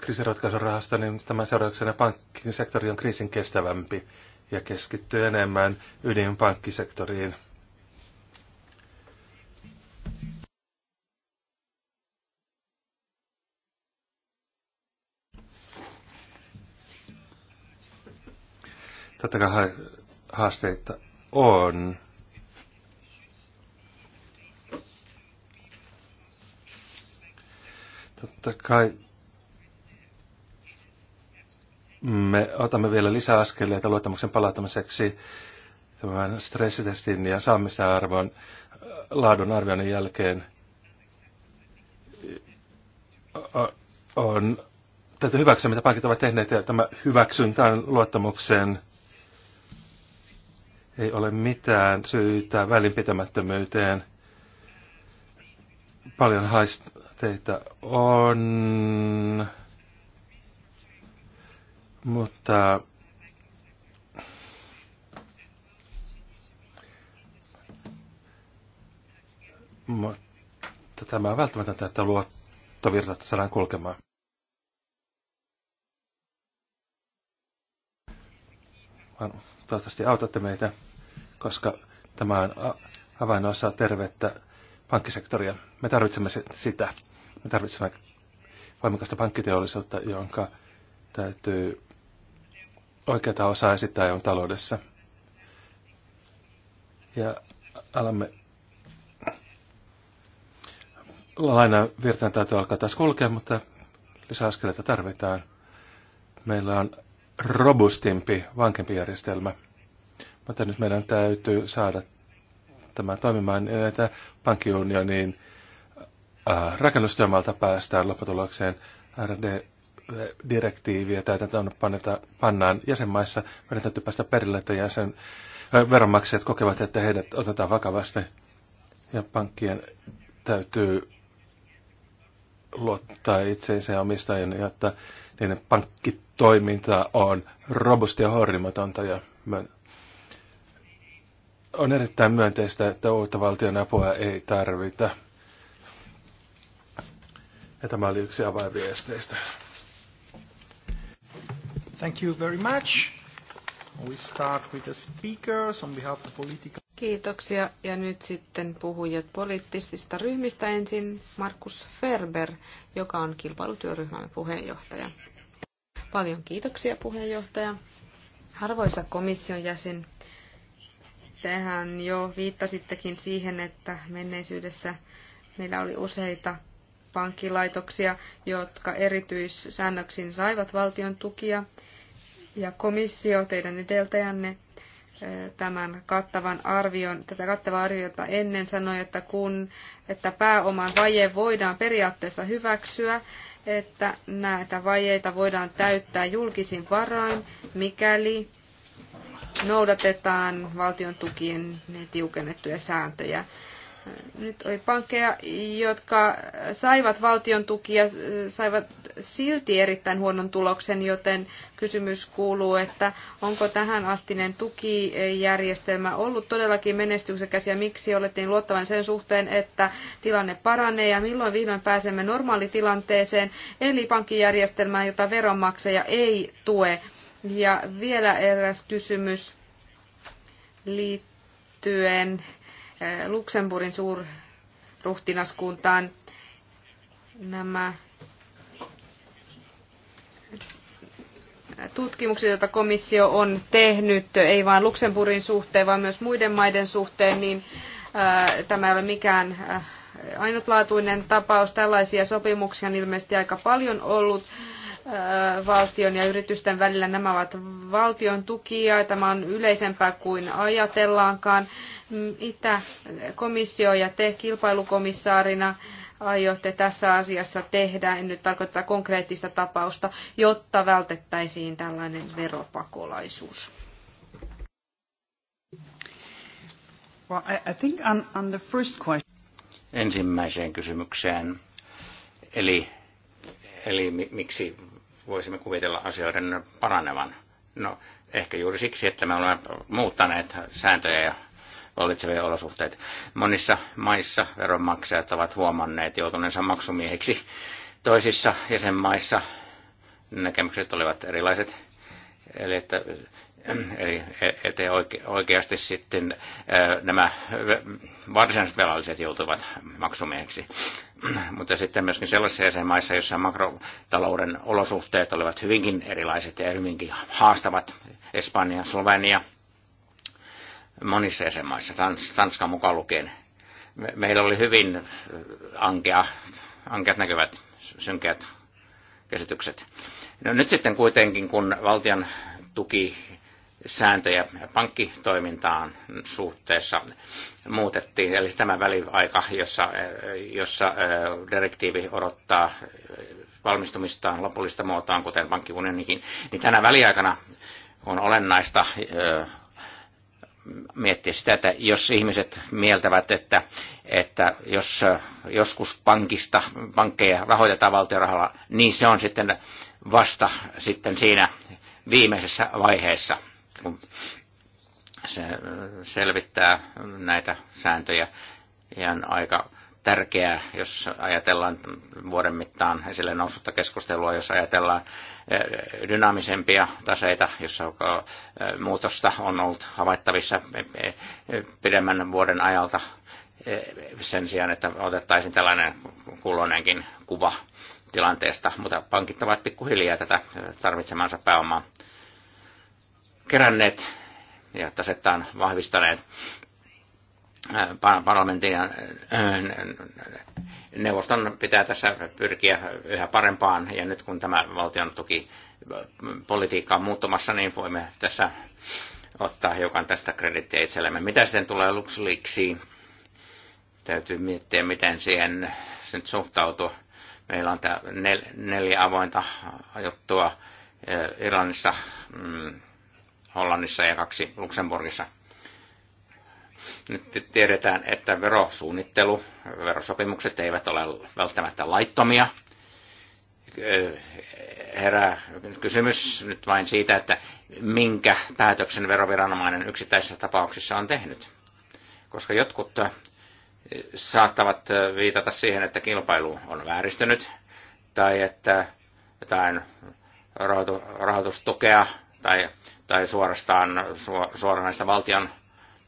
kriisiratkaisurahasto, niin tämän seurauksena pankkin sektori on kriisin kestävämpi ja keskittyy enemmän ydinpankkisektoriin. Totta kai haasteita on Totta kai me otamme vielä lisää askeleita luottamuksen palauttamiseksi tämän stressitestin ja arvon laadun arvioinnin jälkeen. On, täytyy hyväksyä, mitä pankit ovat tehneet, ja tämä hyväksyn on luottamuksen ei ole mitään syytä välinpitämättömyyteen. Paljon haisteita on, mutta mutta tämä on välttämätöntä, että luottovirrat saadaan kulkemaan. Toivottavasti autatte meitä koska tämä on avainosa tervettä pankkisektoria. Me tarvitsemme sitä. Me tarvitsemme voimakasta pankkiteollisuutta, jonka täytyy oikeata osaa esittää on taloudessa. Ja alamme laina virtaan täytyy alkaa taas kulkea, mutta lisäaskeleita tarvitaan. Meillä on robustimpi, vankempi järjestelmä – mutta nyt meidän täytyy saada tämä toimimaan, niin, että pankkiunionin äh, rakennustyömaalta päästään lopputulokseen RD direktiiviä täytäntöön pannaan jäsenmaissa. Meidän täytyy päästä perille, että jäsen, äh, veronmaksajat kokevat, että heidät otetaan vakavasti. Ja pankkien täytyy luottaa itseensä ja omistajien, jotta niiden pankkitoiminta on robustia ja horjumatonta ja myön, on erittäin myönteistä, että uutta valtion apua ei tarvita. Ja tämä oli yksi avainviesteistä. Thank you very much. We start with the speakers on behalf of political... Kiitoksia. Ja nyt sitten puhujat poliittisista ryhmistä ensin Markus Ferber, joka on kilpailutyöryhmämme puheenjohtaja. Paljon kiitoksia puheenjohtaja. Arvoisa komission jäsen, Tehän jo viittasittekin siihen, että menneisyydessä meillä oli useita pankkilaitoksia, jotka erityissäännöksiin saivat valtion tukia. Ja komissio, teidän edeltäjänne, tämän kattavan arvion, tätä kattavaa arviota ennen sanoi, että kun että pääoman vaje voidaan periaatteessa hyväksyä, että näitä vajeita voidaan täyttää julkisin varoin, mikäli noudatetaan valtion tukien tiukennettuja sääntöjä. Nyt oli pankkeja, jotka saivat valtion tukia, saivat silti erittäin huonon tuloksen, joten kysymys kuuluu, että onko tähän astinen tukijärjestelmä ollut todellakin menestyksekäs ja miksi olettiin luottavan sen suhteen, että tilanne paranee ja milloin vihdoin pääsemme normaalitilanteeseen, eli pankkijärjestelmään, jota veronmaksaja ei tue ja vielä eräs kysymys liittyen eh, Luxemburgin suurruhtinaskuntaan. Nämä tutkimukset, joita komissio on tehnyt, ei vain Luxemburgin suhteen, vaan myös muiden maiden suhteen, niin eh, tämä ei ole mikään eh, ainutlaatuinen tapaus. Tällaisia sopimuksia on ilmeisesti aika paljon ollut valtion ja yritysten välillä. Nämä ovat valtion tukia, tämä on yleisempää kuin ajatellaankaan. Mitä mm, komissio ja te kilpailukomissaarina aiotte tässä asiassa tehdä, en nyt tarkoittaa konkreettista tapausta, jotta vältettäisiin tällainen veropakolaisuus? Well, I think on, on the first question. Ensimmäiseen kysymykseen. Eli, eli miksi voisimme kuvitella asioiden paranevan. No, ehkä juuri siksi, että me olemme muuttaneet sääntöjä ja vallitsevia olosuhteita. Monissa maissa veronmaksajat ovat huomanneet joutuneensa maksumiehiksi. Toisissa jäsenmaissa näkemykset olivat erilaiset. Eli että Eli e- e- ettei oikeasti sitten nämä varsinaiset velalliset joutuvat maksumieheksi. Mutta sitten myöskin sellaisissa jäsenmaissa, joissa makrotalouden olosuhteet olivat hyvinkin erilaiset ja hyvinkin haastavat, Espanja, Slovenia, monissa jäsenmaissa, Tanska mukaan lukien, meillä oli hyvin ankea, ankeat näkyvät, synkeät käsitykset. No nyt sitten kuitenkin, kun valtion tuki sääntöjä pankkitoimintaan suhteessa muutettiin. Eli tämä väliaika, jossa, jossa direktiivi odottaa valmistumistaan lopullista muotoaan, kuten pankkiunionikin, niin tänä väliaikana on olennaista miettiä sitä, että jos ihmiset mieltävät, että, että jos joskus pankista, pankkeja rahoitetaan valtiorahalla, niin se on sitten vasta sitten siinä viimeisessä vaiheessa – kun se äh, selvittää näitä sääntöjä ihan aika tärkeää, jos ajatellaan vuoden mittaan esille noussutta keskustelua, jos ajatellaan äh, dynaamisempia taseita, jossa äh, muutosta on ollut havaittavissa pidemmän vuoden ajalta sen sijaan, että otettaisiin tällainen kulloinenkin kuva tilanteesta, mutta pankit ovat pikkuhiljaa tätä tarvitsemansa pääomaa keränneet ja tasettaan vahvistaneet parlamentin ja neuvoston pitää tässä pyrkiä yhä parempaan. Ja nyt kun tämä valtion tuki politiikka on muuttumassa, niin voimme tässä ottaa hiukan tästä kredittiä itsellemme. Mitä sitten tulee LuxLeaksiin? Täytyy miettiä, miten siihen sen suhtautuu. Meillä on tämä nel, neljä avointa juttua Irlannissa. Mm, Hollannissa ja kaksi Luxemburgissa. Nyt tiedetään, että verosuunnittelu, verosopimukset eivät ole välttämättä laittomia. Herää kysymys nyt vain siitä, että minkä päätöksen veroviranomainen yksittäisessä tapauksissa on tehnyt. Koska jotkut saattavat viitata siihen, että kilpailu on vääristynyt tai että jotain rahoitustukea tai, tai suorastaan suoranaista valtion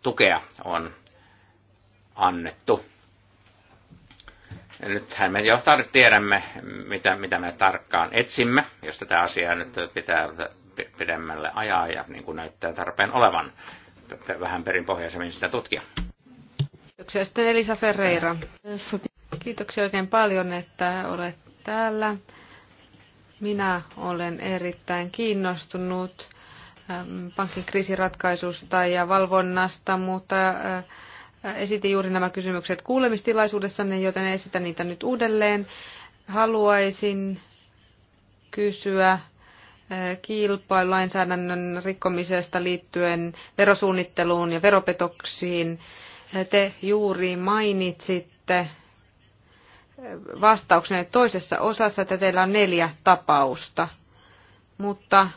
tukea on annettu. Nythän me jo tiedämme, mitä, mitä me tarkkaan etsimme, jos tätä asiaa nyt pitää pidemmälle ajaa ja niin kuin näyttää tarpeen olevan vähän perinpohjaisemmin sitä tutkia. Kiitoksia sitten Elisa Ferreira. Äh, Kiitoksia oikein paljon, että olet täällä. Minä olen erittäin kiinnostunut ähm, pankin kriisiratkaisusta ja valvonnasta, mutta äh, esitin juuri nämä kysymykset kuulemistilaisuudessanne, joten esitän niitä nyt uudelleen. Haluaisin kysyä äh, kilpailulainsäädännön rikkomisesta liittyen verosuunnitteluun ja veropetoksiin. Te juuri mainitsitte vastauksenne toisessa osassa, että teillä on neljä tapausta. Mutta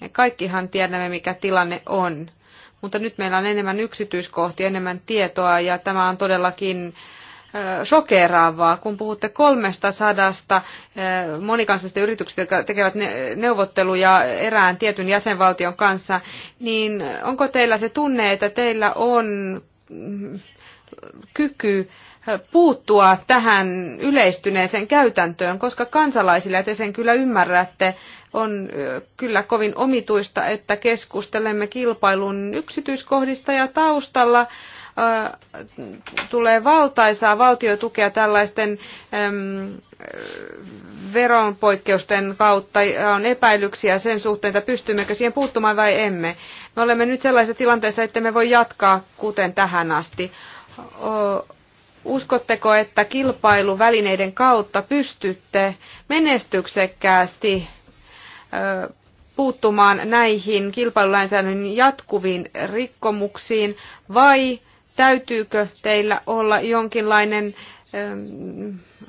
me kaikkihan tiedämme, mikä tilanne on. Mutta nyt meillä on enemmän yksityiskohtia, enemmän tietoa ja tämä on todellakin shokeraavaa, kun puhutte 300 monikansallisista yrityksistä, jotka tekevät neuvotteluja erään tietyn jäsenvaltion kanssa, niin onko teillä se tunne, että teillä on mm, kyky puuttua tähän yleistyneeseen käytäntöön, koska kansalaisille, te sen kyllä ymmärrätte, on kyllä kovin omituista, että keskustelemme kilpailun yksityiskohdista ja taustalla tulee valtaisaa valtiotukea tällaisten äm, veronpoikkeusten kautta ja on epäilyksiä sen suhteen, että pystymmekö siihen puuttumaan vai emme. Me olemme nyt sellaisessa tilanteessa, että me voi jatkaa kuten tähän asti. Uskotteko, että kilpailuvälineiden kautta pystytte menestyksekkäästi puuttumaan näihin kilpailulainsäädännön jatkuviin rikkomuksiin vai täytyykö teillä olla jonkinlainen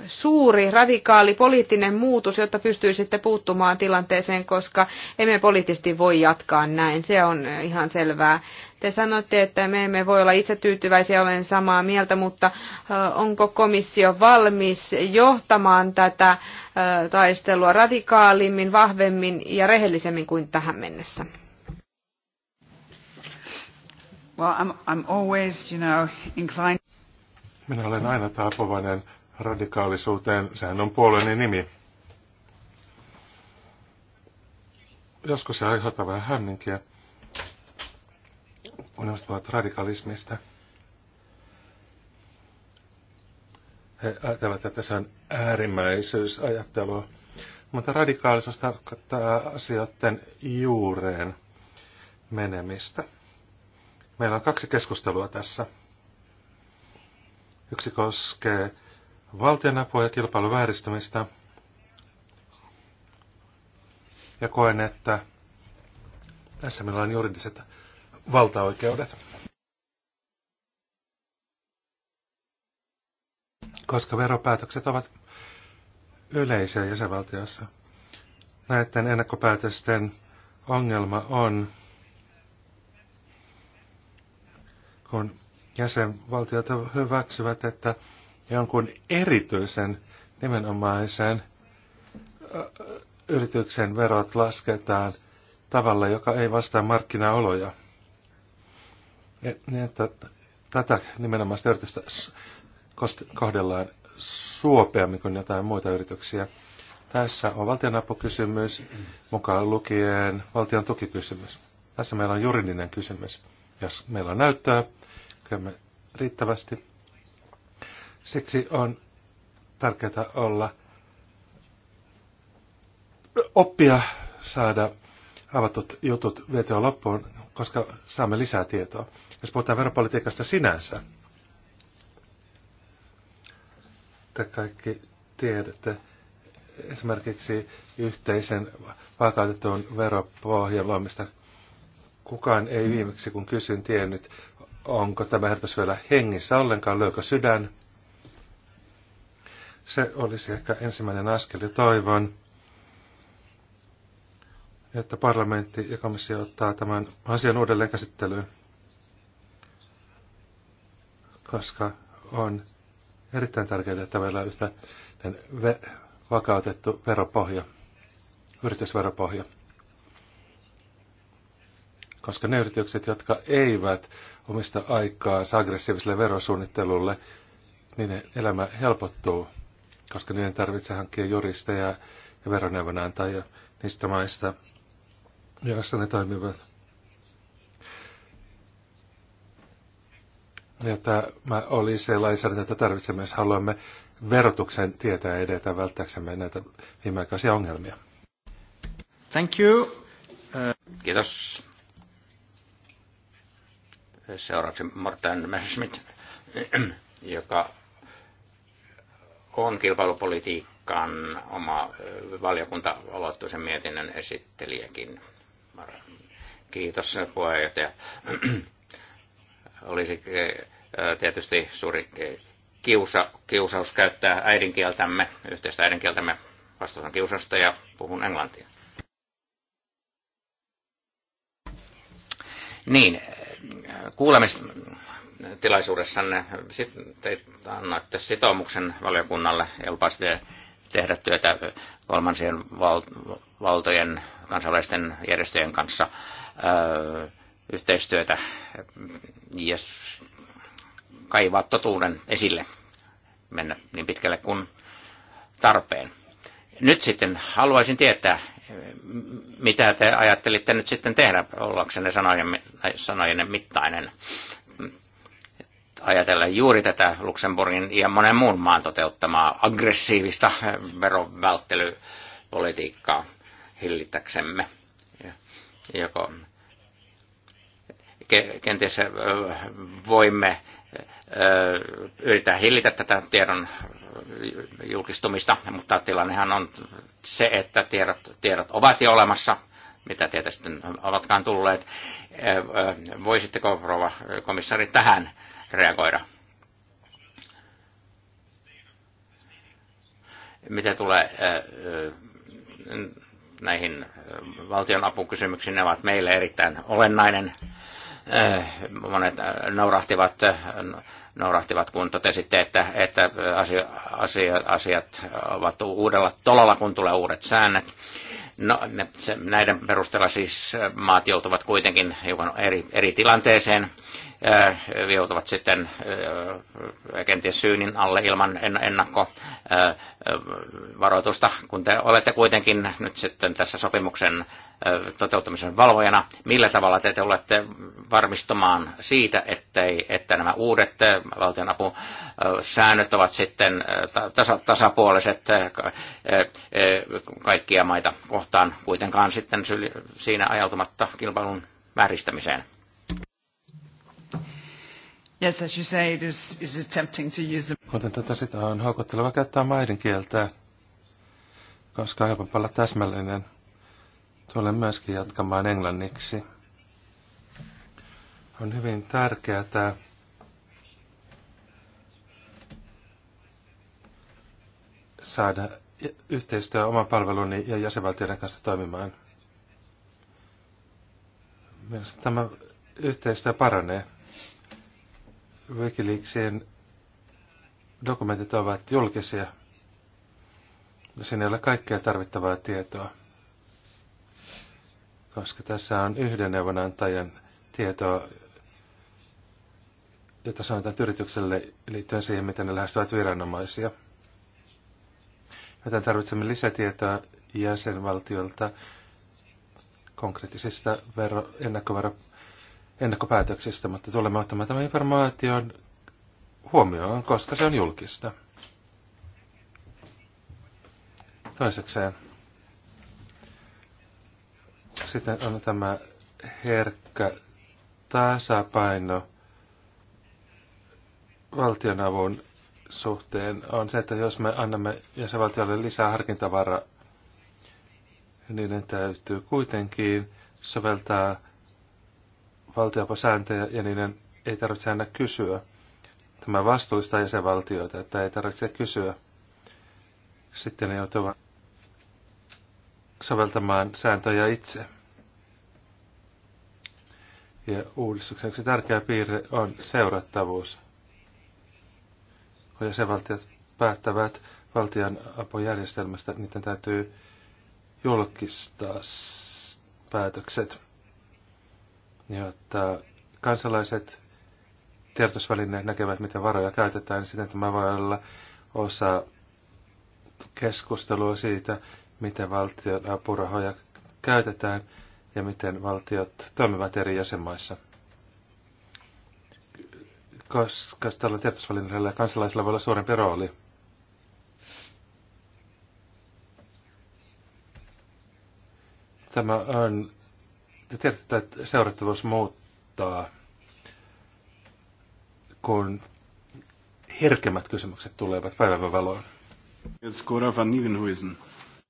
suuri, radikaali poliittinen muutos, jotta pystyisitte puuttumaan tilanteeseen, koska emme poliittisesti voi jatkaa näin. Se on ihan selvää. Te sanotte, että me emme voi olla itsetyytyväisiä, olen samaa mieltä, mutta onko komissio valmis johtamaan tätä taistelua radikaalimmin, vahvemmin ja rehellisemmin kuin tähän mennessä? Well, I'm, I'm always, you know, inclined... Minä olen aina taapuvainen radikaalisuuteen. Sehän on puolueeni nimi. Joskus se aiheuttaa vähän hämminkiä unelmat puhuvat radikalismista. He ajattelevat, että se on äärimmäisyysajattelua. Mutta radikaalisuus tarkoittaa asioiden juureen menemistä. Meillä on kaksi keskustelua tässä. Yksi koskee valtionapua ja kilpailuvääristymistä Ja koen, että tässä meillä on juridiset valtaoikeudet. Koska veropäätökset ovat yleisiä jäsenvaltiossa, näiden ennakkopäätösten ongelma on, kun jäsenvaltiot hyväksyvät, että jonkun erityisen nimenomaisen yrityksen verot lasketaan tavalla, joka ei vastaa markkinaoloja. E, niin että tätä nimenomaan sitä yritystä kohdellaan suopeammin kuin jotain muita yrityksiä. Tässä on valtionapukysymys, mukaan lukien valtion tukikysymys. Tässä meillä on juridinen kysymys. Jos meillä on näyttöä, käymme riittävästi. Siksi on tärkeää olla oppia saada avatut jutut vietyä loppuun, koska saamme lisää tietoa. Jos puhutaan veropolitiikasta sinänsä, te kaikki tiedätte esimerkiksi yhteisen vakautetun veropohjan luomista. Kukaan ei viimeksi, kun kysyn, tiennyt, onko tämä ehdotus vielä hengissä ollenkaan, löykö sydän. Se olisi ehkä ensimmäinen askel ja toivon, että parlamentti ja komissio ottaa tämän asian uudelleen käsittelyyn koska on erittäin tärkeää, että meillä on yhtä ve- vakautettu veropohja, yritysveropohja. Koska ne yritykset, jotka eivät omista aikaa aggressiiviselle verosuunnittelulle, niin ne elämä helpottuu, koska niiden tarvitsee hankkia juristeja ja veroneuvonantajia niistä maista, joissa ne toimivat. Ja tämä oli se lainsäädäntö, että tarvitsemme, jos haluamme verotuksen tietää edetä välttääksemme näitä viimeaikaisia ongelmia. Thank you. Äh. Kiitos. Seuraavaksi Morten Messerschmidt, joka on kilpailupolitiikkaan oma äh, valiokunta aloittuisen mietinnön esittelijäkin. Kiitos puheenjohtaja. Olisi eh, eh, tietysti suuri eh, kiusa, kiusaus käyttää äidinkieltämme, yhteistä äidinkieltämme vastaan kiusasta ja puhun englantia. Niin, kuulemistilaisuudessanne sit, te annoitte sitoumuksen valiokunnalle ja lupasitte tehdä työtä kolmansien valtojen kansalaisten järjestöjen kanssa. Öö, yhteistyötä ja kaivaa totuuden esille, mennä niin pitkälle kuin tarpeen. Nyt sitten haluaisin tietää, mitä te ajattelitte nyt sitten tehdä ollaksenne sanojen mittainen ajatella juuri tätä Luxemburgin ja monen muun maan toteuttamaa aggressiivista verovälttelypolitiikkaa hillittäksemme. Joko kenties voimme yrittää hillitä tätä tiedon julkistumista, mutta tilannehan on se, että tiedot, tiedot ovat jo olemassa, mitä sitten ovatkaan tulleet. Voisitteko, rouva komissari, tähän reagoida? Mitä tulee näihin valtion apukysymyksiin, ne ovat meille erittäin olennainen Äh, monet äh, naurahtivat, äh, naurahtivat kun totesitte, että, että asio, asio, asiat ovat uudella tolalla, kun tulee uudet säännöt. No, näiden perusteella siis maat joutuvat kuitenkin hiukan eri, eri tilanteeseen viutuvat sitten kenties syynin alle ilman ennakkovaroitusta, kun te olette kuitenkin nyt sitten tässä sopimuksen toteuttamisen valvojana. Millä tavalla te, te olette varmistumaan siitä, ettei, että nämä uudet valtionapusäännöt ovat sitten tasa, tasapuoliset kaikkia maita kohtaan kuitenkaan sitten siinä ajautumatta kilpailun vääristämiseen? Yes, as you say, it is, is attempting to use the... Kuten tätä sitä on houkutteleva käyttää maiden kieltä, koska on helpompi olla täsmällinen. Tulen myöskin jatkamaan englanniksi. On hyvin tärkeää, saada yhteistyö oman palveluni ja jäsenvaltioiden kanssa toimimaan. Mielestäni tämä yhteistyö paranee. Wikileaksien dokumentit ovat julkisia. Siinä ei ole kaikkea tarvittavaa tietoa, koska tässä on yhden neuvonantajan tietoa, jota sanotaan yritykselle liittyen siihen, miten ne lähestyvät viranomaisia. Joten tarvitsemme lisätietoa jäsenvaltiolta konkreettisista vero, ennakkovero- ennakkopäätöksistä, mutta tulemme ottamaan tämän informaation huomioon, koska se on julkista. Toisekseen sitten on tämä herkkä tasapaino valtionavun suhteen on se, että jos me annamme jäsenvaltiolle lisää harkintavaraa, niin niiden täytyy kuitenkin soveltaa valtiopasääntöjä ja niiden ei tarvitse aina kysyä. Tämä vastuullista jäsenvaltioita, että ei tarvitse kysyä. Sitten ne joutuvat soveltamaan sääntöjä itse. Ja uudistuksen yksi tärkeä piirre on seurattavuus. Kun jäsenvaltiot päättävät valtion apujärjestelmästä, niiden täytyy julkistaa päätökset jotta kansalaiset tiedotusvälineet näkevät, miten varoja käytetään, niin sitten tämä voi olla osa keskustelua siitä, miten valtion apurahoja käytetään ja miten valtiot toimivat eri jäsenmaissa. Koska tällä tiedotusvälineellä kansalaisilla voi olla suurempi rooli. Tämä on te tiedätte, että seurattavuus muuttaa, kun herkemmät kysymykset tulevat valoon.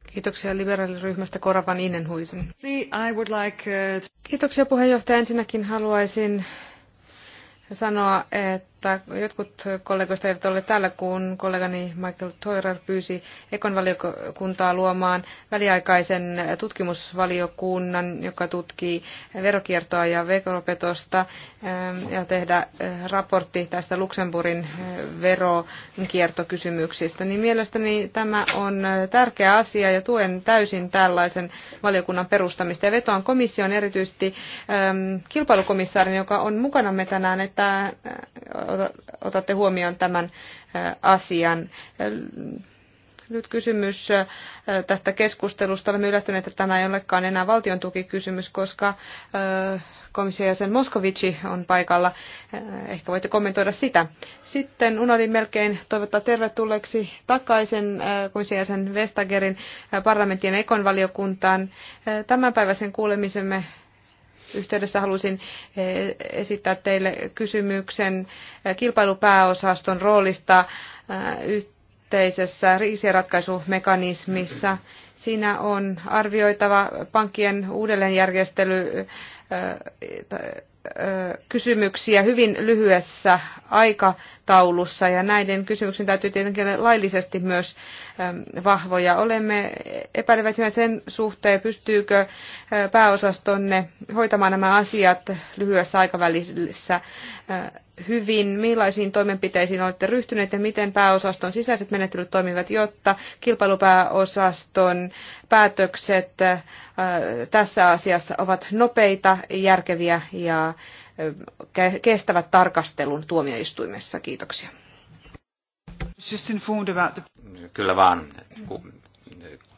Kiitoksia liberaaliryhmästä Koravan Innenhuisen. Uh, Kiitoksia puheenjohtaja. Ensinnäkin haluaisin sanoa, että mutta jotkut kollegoista eivät ole täällä, kun kollegani Michael Toirer pyysi ekonvaliokuntaa valiokuntaa luomaan väliaikaisen tutkimusvaliokunnan, joka tutkii verokiertoa ja veropetosta ähm, ja tehdä äh, raportti tästä Luxemburgin äh, verokiertokysymyksistä. Niin mielestäni tämä on äh, tärkeä asia ja tuen täysin tällaisen valiokunnan perustamista. Ja vetoan komission erityisesti ähm, kilpailukomissaarin, joka on mukanamme tänään, että otatte huomioon tämän asian. Nyt kysymys tästä keskustelusta. Olemme yllättyneet, että tämä ei olekaan enää valtion tukikysymys, koska komission jäsen Moskovici on paikalla. Ehkä voitte kommentoida sitä. Sitten unohdin melkein toivottaa tervetulleeksi takaisin komission jäsen Vestagerin parlamenttien ekonvaliokuntaan. valiokuntaan. Tämänpäiväisen kuulemisemme yhteydessä halusin eh, esittää teille kysymyksen eh, kilpailupääosaston roolista eh, yhteisessä riisienratkaisumekanismissa. Siinä on arvioitava pankkien uudelleenjärjestely kysymyksiä hyvin lyhyessä aikataulussa ja näiden kysymyksien täytyy tietenkin olla laillisesti myös ähm, vahvoja. Olemme epäileväisinä sen suhteen, pystyykö äh, pääosastonne hoitamaan nämä asiat lyhyessä aikavälissä. Äh, hyvin, millaisiin toimenpiteisiin olette ryhtyneet ja miten pääosaston sisäiset menettelyt toimivat, jotta kilpailupääosaston päätökset äh, tässä asiassa ovat nopeita, järkeviä ja äh, kestävät tarkastelun tuomioistuimessa. Kiitoksia. Kyllä vaan.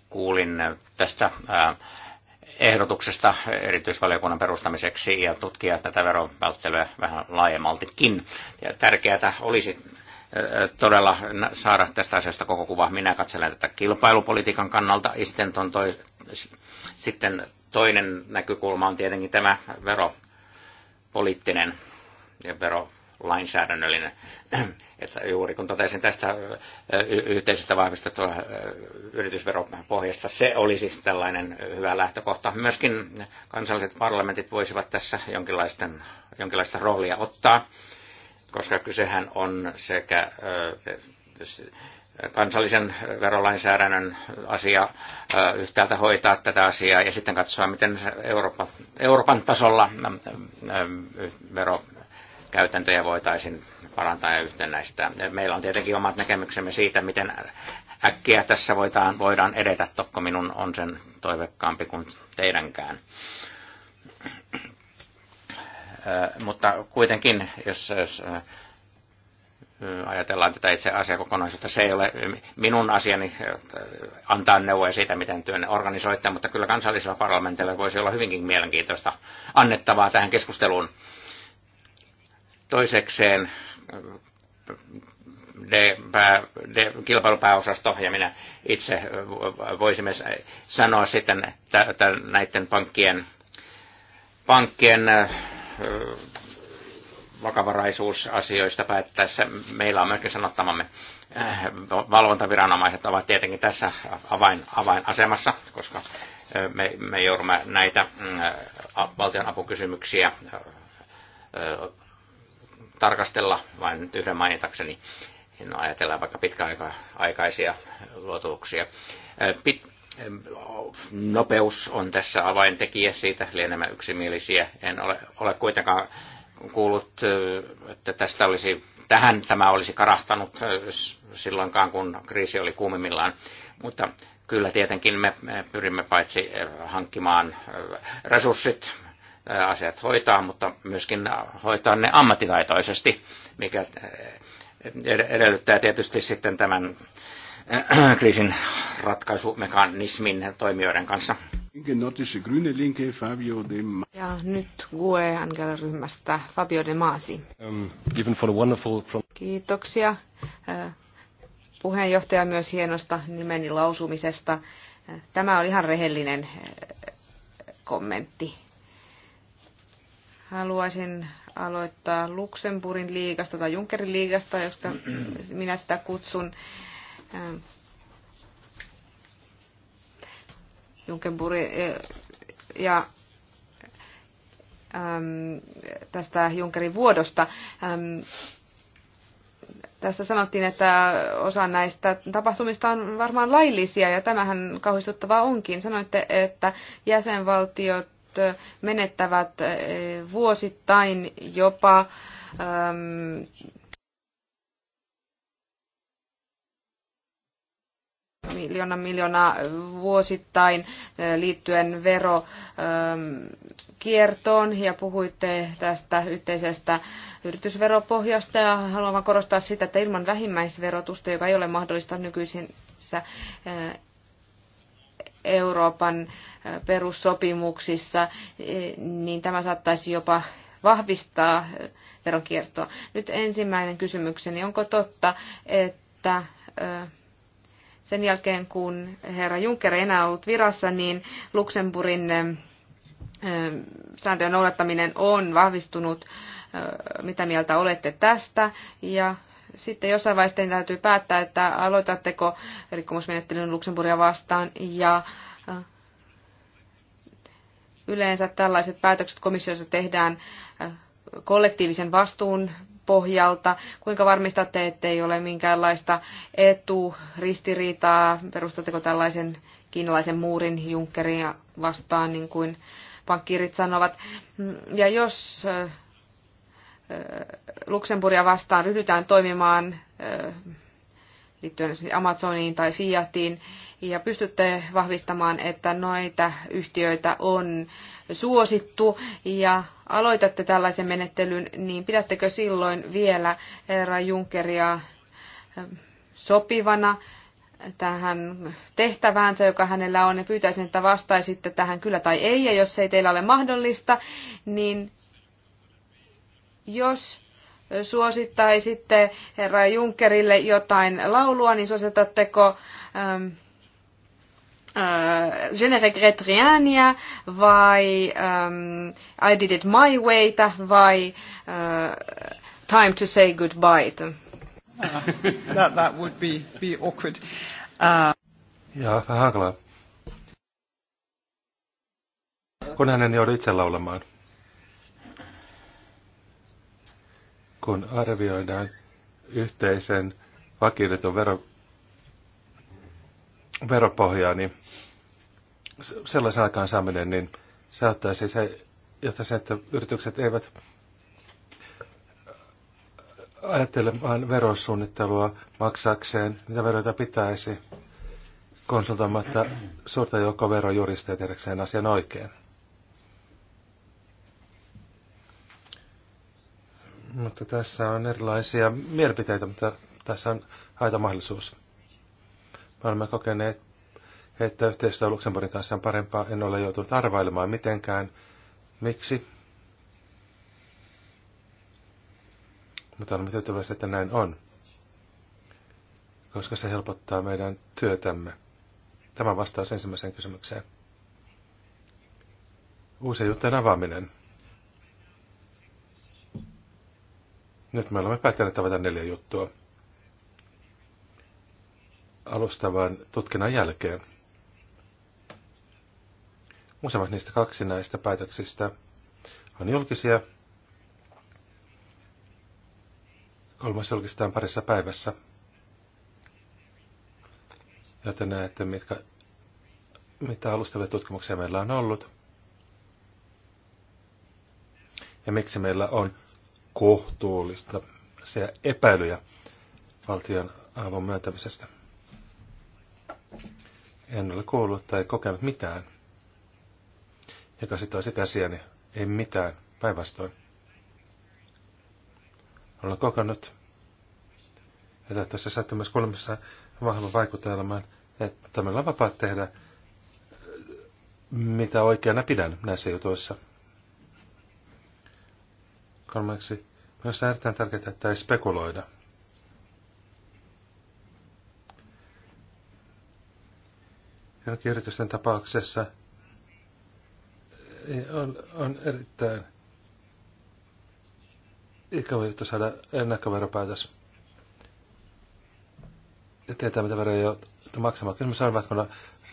Kuulin tästä äh, ehdotuksesta erityisvaliokunnan perustamiseksi ja tutkia tätä verovälttelyä vähän laajemmaltikin. Ja tärkeää olisi todella saada tästä asiasta koko kuva. Minä katselen tätä kilpailupolitiikan kannalta. Sitten, toi, sitten toinen näkökulma on tietenkin tämä veropoliittinen ja vero, lainsäädännöllinen. Että juuri kun totesin tästä yhteisestä vahvistetusta yritysveropohjasta, se olisi tällainen hyvä lähtökohta. Myöskin kansalliset parlamentit voisivat tässä jonkinlaista roolia ottaa, koska kysehän on sekä kansallisen verolainsäädännön asia yhtäältä hoitaa tätä asiaa ja sitten katsoa, miten Eurooppa, Euroopan tasolla vero käytäntöjä voitaisiin parantaa ja yhtenäistää. Meillä on tietenkin omat näkemyksemme siitä, miten äkkiä tässä voidaan, voidaan edetä, tokko minun on sen toivekkaampi kuin teidänkään. Mutta kuitenkin, jos, jos ajatellaan tätä itse asiakokonaisuutta. Se ei ole minun asiani antaa neuvoja siitä, miten työn organisoitte, mutta kyllä kansallisella parlamentilla voisi olla hyvinkin mielenkiintoista annettavaa tähän keskusteluun. Toisekseen de, pää, de, kilpailupääosasto ja minä itse voisimme sanoa sitten että näiden pankkien, pankkien vakavaraisuusasioista päättäessä meillä on myöskin sanottamamme äh, valvontaviranomaiset ovat tietenkin tässä avain, avainasemassa, koska me, me joudumme näitä mm, valtion apukysymyksiä tarkastella, vain nyt yhden mainitakseni. No ajatellaan vaikka pitkäaikaisia luotuuksia. Pit, nopeus on tässä avaintekijä, siitä lienemme yksimielisiä. En ole, ole kuitenkaan kuullut, että tästä olisi, tähän tämä olisi karahtanut silloinkaan, kun kriisi oli kuumimmillaan. Mutta kyllä tietenkin me pyrimme paitsi hankkimaan resurssit asiat hoitaa, mutta myöskin hoitaa ne ammattitaitoisesti, mikä edellyttää tietysti sitten tämän kriisin ratkaisumekanismin toimijoiden kanssa. Ja nyt GUE Angela-ryhmästä Fabio De Masi. Um, Kiitoksia puheenjohtaja myös hienosta nimeni lausumisesta. Tämä oli ihan rehellinen kommentti. Haluaisin aloittaa Luxemburgin liigasta tai Junckerin liigasta, josta minä sitä kutsun. Ähm, Junckerin äh, ja ähm, tästä Junckerin vuodosta. Ähm, tässä sanottiin, että osa näistä tapahtumista on varmaan laillisia ja tämähän kauhistuttavaa onkin. Sanoitte, että jäsenvaltiot menettävät vuosittain jopa ähm, miljoona miljoona vuosittain liittyen verokiertoon ähm, ja puhuitte tästä yhteisestä yritysveropohjasta ja haluan korostaa sitä, että ilman vähimmäisverotusta, joka ei ole mahdollista nykyisissä äh, Euroopan eh, perussopimuksissa, eh, niin tämä saattaisi jopa vahvistaa eh, veronkiertoa. Nyt ensimmäinen kysymykseni, onko totta, että sen jälkeen kun herra Juncker ei enää ollut virassa, niin Luxemburgin sääntöjen noudattaminen on vahvistunut. Mitä mieltä olette tästä? Ja sitten jossain vaiheessa teidän täytyy päättää, että aloitatteko rikkomusmenettelyn Luxemburgia vastaan ja äh, yleensä tällaiset päätökset komissiossa tehdään äh, kollektiivisen vastuun pohjalta? Kuinka varmistatte, ettei ole minkäänlaista eturistiriitaa? Perustatteko tällaisen kiinalaisen muurin Junckeria vastaan, niin kuin pankkiirit sanovat? Ja jos äh, Luxemburgia vastaan ryhdytään toimimaan liittyen esimerkiksi Amazoniin tai Fiatiin, ja pystytte vahvistamaan, että noita yhtiöitä on suosittu ja aloitatte tällaisen menettelyn, niin pidättekö silloin vielä herra Junckeria sopivana tähän tehtäväänsä, joka hänellä on, ja pyytäisin, että vastaisitte tähän kyllä tai ei, ja jos ei teillä ole mahdollista, niin jos suosittaisitte herra Junckerille jotain laulua, niin suositatteko ähm, äh, Je ne regrette rienia vai ähm, I did it my wayta vai äh, Time to say goodbye. Uh, that, that would be, be awkward. Uh... Ja, vähän hankalaa. Kun hänen joudut itse laulamaan. kun arvioidaan yhteisen vakiiliton vero, veropohjaa, niin sellaisen aikaan saaminen, niin saattaisi se, jotta se, että yritykset eivät ajattelemaan verosuunnittelua maksakseen, mitä veroita pitäisi, konsultoimatta suurta joukkoa verojuristeja tehdäkseen asian oikein. Mutta tässä on erilaisia mielipiteitä, mutta tässä on aito mahdollisuus. Me olemme kokeneet, että yhteistyö Luxemburgin kanssa on parempaa. En ole joutunut arvailemaan mitenkään. Miksi? Mutta olemme tyytyväisiä, että näin on. Koska se helpottaa meidän työtämme. Tämä vastaus ensimmäiseen kysymykseen. Uusien juttujen avaaminen. Nyt me olemme päättäneet tavata neljä juttua alustavan tutkinnan jälkeen. Useimmat niistä kaksi näistä päätöksistä on julkisia. Kolmas julkistetaan parissa päivässä. Joten näette, mitkä, mitä alustavia tutkimuksia meillä on ollut. Ja miksi meillä on kohtuullista se epäilyjä valtion avun myöntämisestä. En ole kuullut tai kokenut mitään, joka sitoisi käsiäni. Ei mitään, päinvastoin. Olen kokenut, että tässä saatte myös kuulemassa vahvan vaikutelman, että meillä on vapaat tehdä, mitä oikeana pidän näissä jutuissa – Kolmeksi, myös on erittäin tärkeää, että ei spekuloida. Jonkin yritysten tapauksessa eh, on, on erittäin ikävä juttu saada ennakkoveropäätös. Ja tietää, mitä veroja joutuu maksamaan. Kysymys on, ovatko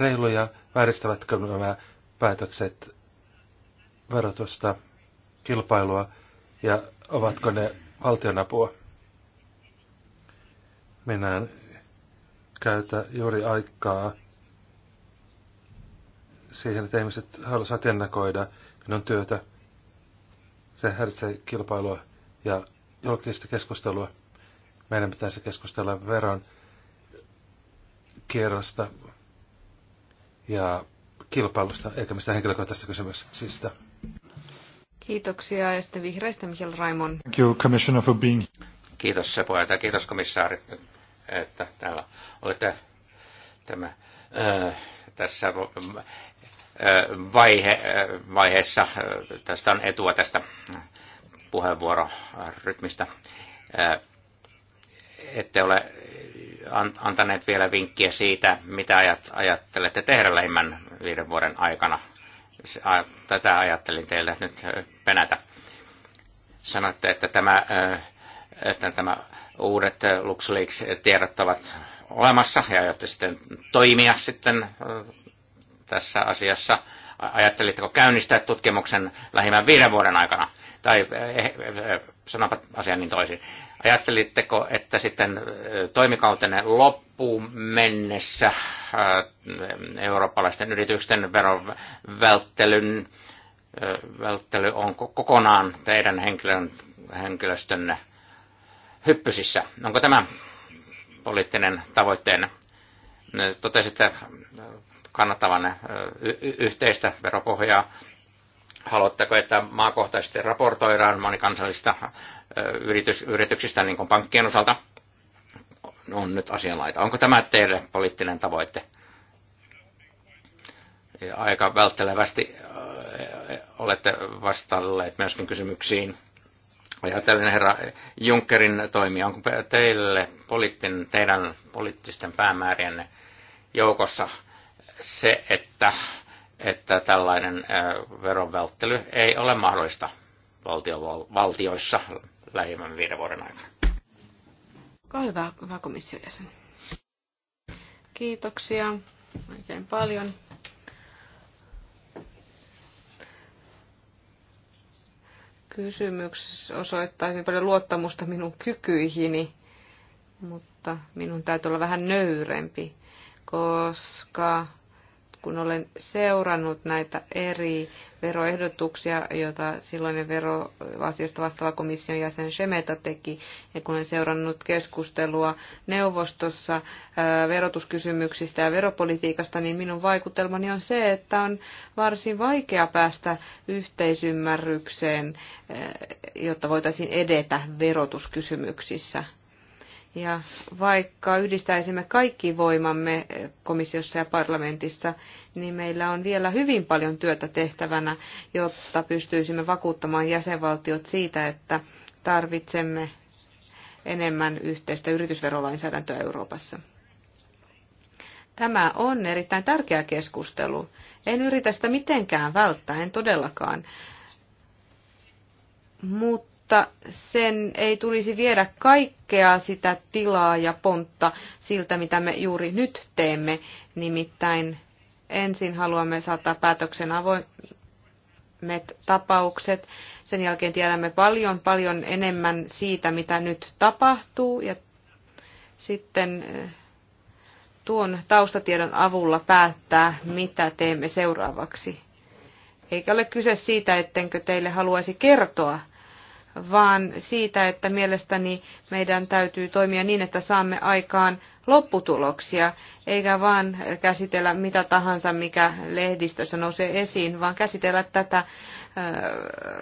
reiluja, vääristävätkö nämä päätökset verotusta, kilpailua – ja ovatko ne valtionapua. Minä en käytä juuri aikaa siihen, että ihmiset haluaisivat ennakoida minun työtä. Se häiritsee kilpailua ja julkista keskustelua. Meidän pitäisi keskustella veron kierrosta ja kilpailusta, eikä mistään henkilökohtaisesta kysymyksistä. Kiitoksia ja sitten vihreistä Michel Raimon. Thank you, Commissioner for being. Kiitos se ja kiitos komissaari, että täällä olette tämä, äh, tässä äh, vaihe, äh, vaiheessa. tästä on etua tästä puheenvuororytmistä. ette ole antaneet vielä vinkkiä siitä, mitä ajattelette tehdä lähimmän viiden vuoden aikana tätä ajattelin teille nyt penätä. Sanoitte, että tämä, että tämä uudet LuxLeaks-tiedot ovat olemassa ja jotta sitten toimia sitten tässä asiassa Ajattelitteko käynnistää tutkimuksen lähimmän viiden vuoden aikana? Tai eh, eh, eh, sanonpa asian niin toisin. Ajattelitteko, että sitten toimikautenne loppuun mennessä eurooppalaisten yritysten veron välttelyn, välttely on kokonaan teidän henkilön, henkilöstönne hyppysissä? Onko tämä poliittinen tavoitteenne? Totesitte kannattavan yhteistä veropohjaa. Haluatteko, että maakohtaisesti raportoidaan monikansallisista yritys, yrityksistä niin kuin pankkien osalta? On nyt asianlaita. Onko tämä teille poliittinen tavoite? Ja aika välttelevästi olette vastailleet myöskin kysymyksiin. Ajatellen herra Junckerin toimia, onko teille poliittinen, teidän poliittisten päämäärienne joukossa se, että, että tällainen veronvälttely ei ole mahdollista valtio, valtioissa lähimmän viiden vuoden aikana. Olkaa hyvä, hyvä komission jäsen. Kiitoksia oikein paljon. Kysymys osoittaa hyvin paljon luottamusta minun kykyihini, mutta minun täytyy olla vähän nöyrempi, koska kun olen seurannut näitä eri veroehdotuksia, joita silloinen veroasiasta vastaava komission jäsen Shemeta teki, ja kun olen seurannut keskustelua neuvostossa verotuskysymyksistä ja veropolitiikasta, niin minun vaikutelmani on se, että on varsin vaikea päästä yhteisymmärrykseen, jotta voitaisiin edetä verotuskysymyksissä. Ja vaikka yhdistäisimme kaikki voimamme komissiossa ja parlamentissa, niin meillä on vielä hyvin paljon työtä tehtävänä, jotta pystyisimme vakuuttamaan jäsenvaltiot siitä, että tarvitsemme enemmän yhteistä yritysverolainsäädäntöä Euroopassa. Tämä on erittäin tärkeä keskustelu. En yritä sitä mitenkään välttää, en todellakaan. Mutta mutta sen ei tulisi viedä kaikkea sitä tilaa ja pontta siltä, mitä me juuri nyt teemme. Nimittäin ensin haluamme saattaa päätöksen avoimet tapaukset. Sen jälkeen tiedämme paljon, paljon enemmän siitä, mitä nyt tapahtuu. Ja sitten eh, tuon taustatiedon avulla päättää, mitä teemme seuraavaksi. Eikä ole kyse siitä, ettenkö teille haluaisi kertoa vaan siitä, että mielestäni meidän täytyy toimia niin, että saamme aikaan lopputuloksia, eikä vaan käsitellä mitä tahansa, mikä lehdistössä nousee esiin, vaan käsitellä tätä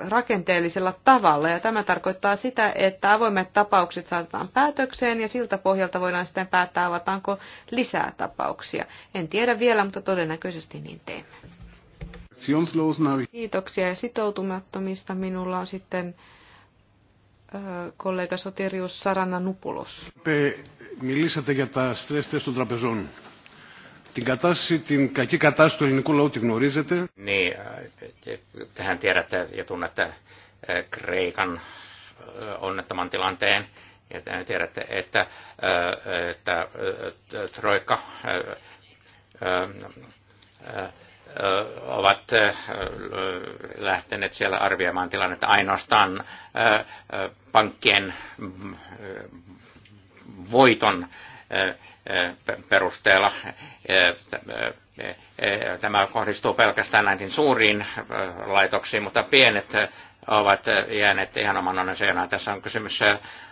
rakenteellisella tavalla. Ja tämä tarkoittaa sitä, että avoimet tapaukset saatetaan päätökseen ja siltä pohjalta voidaan sitten päättää, avataanko lisää tapauksia. En tiedä vielä, mutta todennäköisesti niin teemme. Kiitoksia ja sitoutumattomista. Minulla on sitten kollega Sotirius Είπε, Μιλήσατε για τα στρες τεστ των τραπεζών. Την, κατάσταση, την κακή κατάσταση του ελληνικού λαού τη γνωρίζετε. Niin, tähän tiedätte για τον Kreikan onnettoman tilanteen. Ja tiedätte, että, että, että Troika ovat lähteneet siellä arvioimaan tilannetta ainoastaan pankkien voiton perusteella. Tämä kohdistuu pelkästään näihin suuriin laitoksiin, mutta pienet ovat jääneet ihan oman onnensa Tässä on kysymys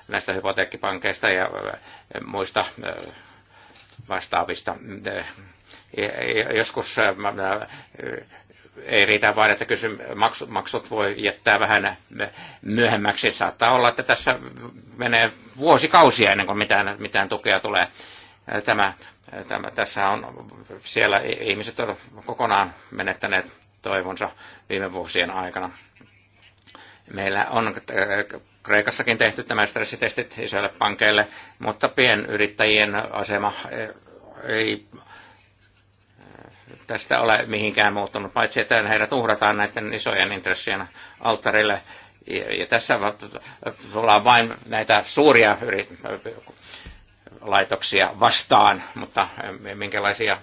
näistä hypoteekkipankeista ja muista vastaavista Joskus äh, äh, ei riitä vain, että kysy, maksut voi jättää vähän äh, myöhemmäksi. Saattaa olla, että tässä menee vuosikausia ennen kuin mitään, mitään tukea tulee. Tämä, tämä, tässä on siellä ihmiset ovat kokonaan menettäneet toivonsa viime vuosien aikana. Meillä on Kreikassakin tehty tämä stressitestit isoille pankeille, mutta pienyrittäjien asema ei tästä ole mihinkään muuttunut, paitsi että heidät uhrataan näiden isojen intressien alttarille. Ja tässä tullaan vain näitä suuria laitoksia vastaan, mutta eh, minkälaisia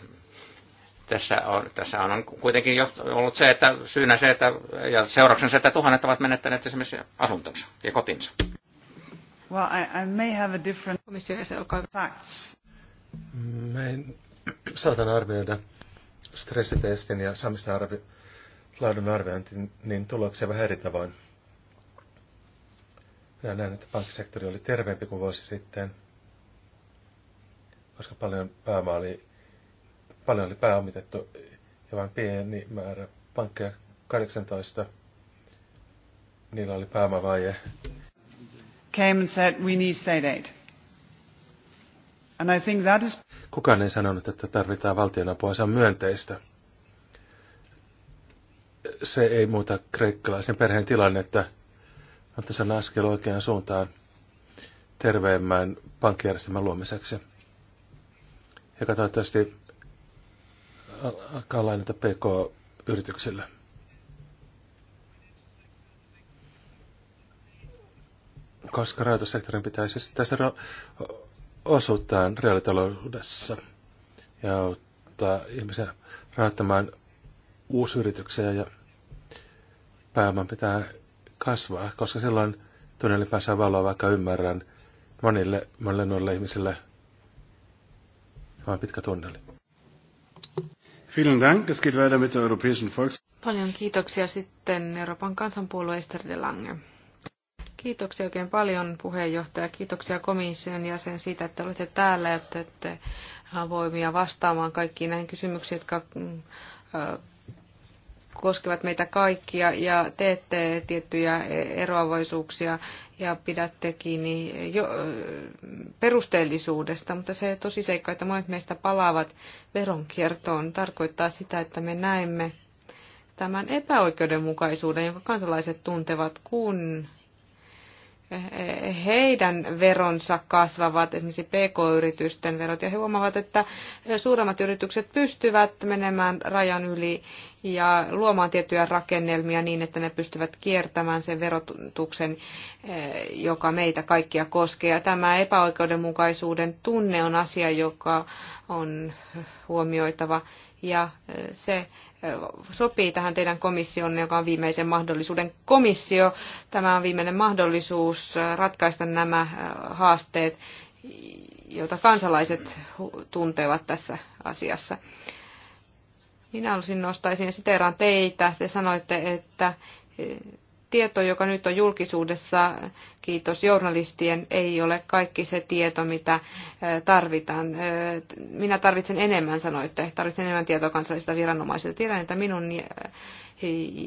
tässä on, tässä on kuitenkin jo ollut se, että syynä se, että, ja seurauksena se, että tuhannet ovat menettäneet esimerkiksi asuntonsa ja kotinsa. Well, I, I may have a different... Facts. Mä en saatan arvioida stressitestin ja saamista arvi, laadun arviointiin niin tuloksia vähän eri tavoin. Minä näen, että pankkisektori oli terveempi kuin vuosi sitten, koska paljon pääoma oli, paljon oli pääomitettu ja vain pieni määrä pankkeja 18. Niillä oli pääomavaje. Came and said, we need state aid. And I think that is... Kukaan ei sanonut, että tarvitaan valtionapua, se on myönteistä. Se ei muuta kreikkalaisen perheen tilannetta, mutta se on askel oikeaan suuntaan terveemmän pankkijärjestelmän luomiseksi, joka toivottavasti alkaa lainata PK-yrityksille. Koska rahoitussektorin pitäisi tästä osuuttaan reaalitaloudessa ja auttaa ihmisiä rahoittamaan uusyrityksiä ja pääoman pitää kasvaa, koska silloin tunnelin päässä valoa, vaikka ymmärrän monille, monille nuorille ihmisille Vain pitkä tunneli. Paljon kiitoksia sitten Euroopan kansanpuolueesta Lange. Kiitoksia oikein paljon puheenjohtaja. Kiitoksia komission jäsen siitä, että olette täällä, että olette avoimia vastaamaan kaikkiin näihin kysymyksiin, jotka koskevat meitä kaikkia ja teette tiettyjä eroavaisuuksia ja pidätte kiinni jo, perusteellisuudesta, mutta se tosiseikka, että monet meistä palaavat veronkiertoon, tarkoittaa sitä, että me näemme tämän epäoikeudenmukaisuuden, jonka kansalaiset tuntevat, kun heidän veronsa kasvavat, esimerkiksi PK-yritysten verot, ja he huomaavat, että suuremmat yritykset pystyvät menemään rajan yli ja luomaan tiettyjä rakennelmia niin, että ne pystyvät kiertämään sen verotuksen, eh, joka meitä kaikkia koskee. Ja tämä epäoikeudenmukaisuuden tunne on asia, joka on huomioitava ja se sopii tähän teidän komissionne, joka on viimeisen mahdollisuuden komissio. Tämä on viimeinen mahdollisuus ratkaista nämä haasteet, joita kansalaiset tuntevat tässä asiassa. Minä halusin nostaa esiin, siteeraan teitä. Te sanoitte, että tieto, joka nyt on julkisuudessa, kiitos journalistien, ei ole kaikki se tieto, mitä tarvitaan. Minä tarvitsen enemmän, sanoitte, tarvitsen enemmän tietoa kansallisista viranomaisilta. Tiedän, että minun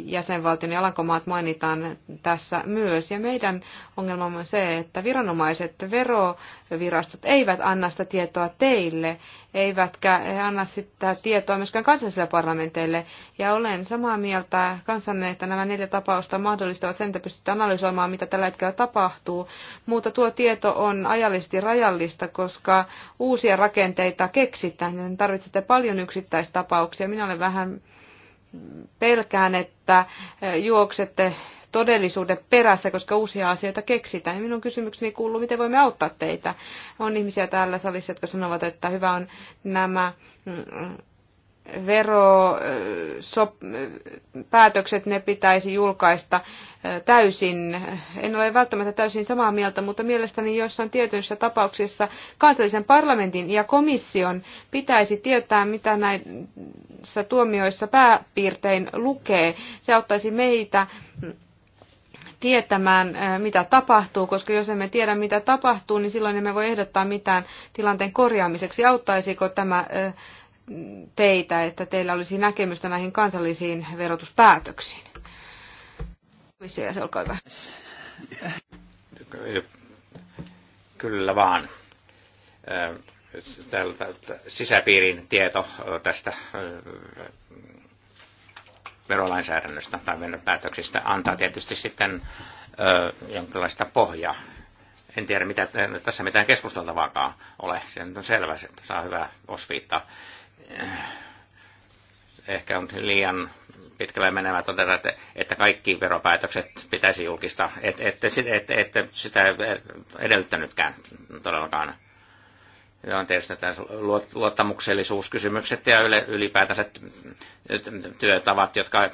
jäsenvaltion ja alankomaat mainitaan tässä myös. Ja meidän ongelmamme on se, että viranomaiset verovirastot eivät anna sitä tietoa teille, eivätkä anna sitä tietoa myöskään kansallisille parlamenteille. Ja olen samaa mieltä kansanne, että nämä neljä tapausta mahdollistavat sen, että pystytte analysoimaan, mitä tällä hetkellä tapahtuu. Mutta tuo tieto on ajallisesti rajallista, koska uusia rakenteita keksitään. Tarvitsette paljon yksittäistapauksia. Minä olen vähän pelkään, että juoksette todellisuuden perässä, koska uusia asioita keksitään. Minun kysymykseni kuuluu, miten voimme auttaa teitä. On ihmisiä täällä salissa, jotka sanovat, että hyvä on nämä mm, veropäätökset ne pitäisi julkaista täysin. En ole välttämättä täysin samaa mieltä, mutta mielestäni joissain tietyissä tapauksissa kansallisen parlamentin ja komission pitäisi tietää, mitä näissä tuomioissa pääpiirtein lukee. Se auttaisi meitä tietämään, mitä tapahtuu, koska jos emme tiedä, mitä tapahtuu, niin silloin emme voi ehdottaa mitään tilanteen korjaamiseksi. Auttaisiko tämä teitä, että teillä olisi näkemystä näihin kansallisiin verotuspäätöksiin. Missä se olkaa hyvä. Kyllä vaan. Tältä sisäpiirin tieto tästä verolainsäädännöstä tai päätöksistä antaa tietysti sitten jonkinlaista pohjaa. En tiedä, mitä tässä mitään keskusteltavaakaan ole. Se on selvä, että saa hyvää osviittaa ehkä on liian pitkälle menevä todeta, että, että kaikki veropäätökset pitäisi julkistaa. että et, et, et, et sitä edellyttänytkään todellakaan. Se on tietysti tämä luottamuksellisuuskysymykset ja ylipäätänsä työtavat, jotka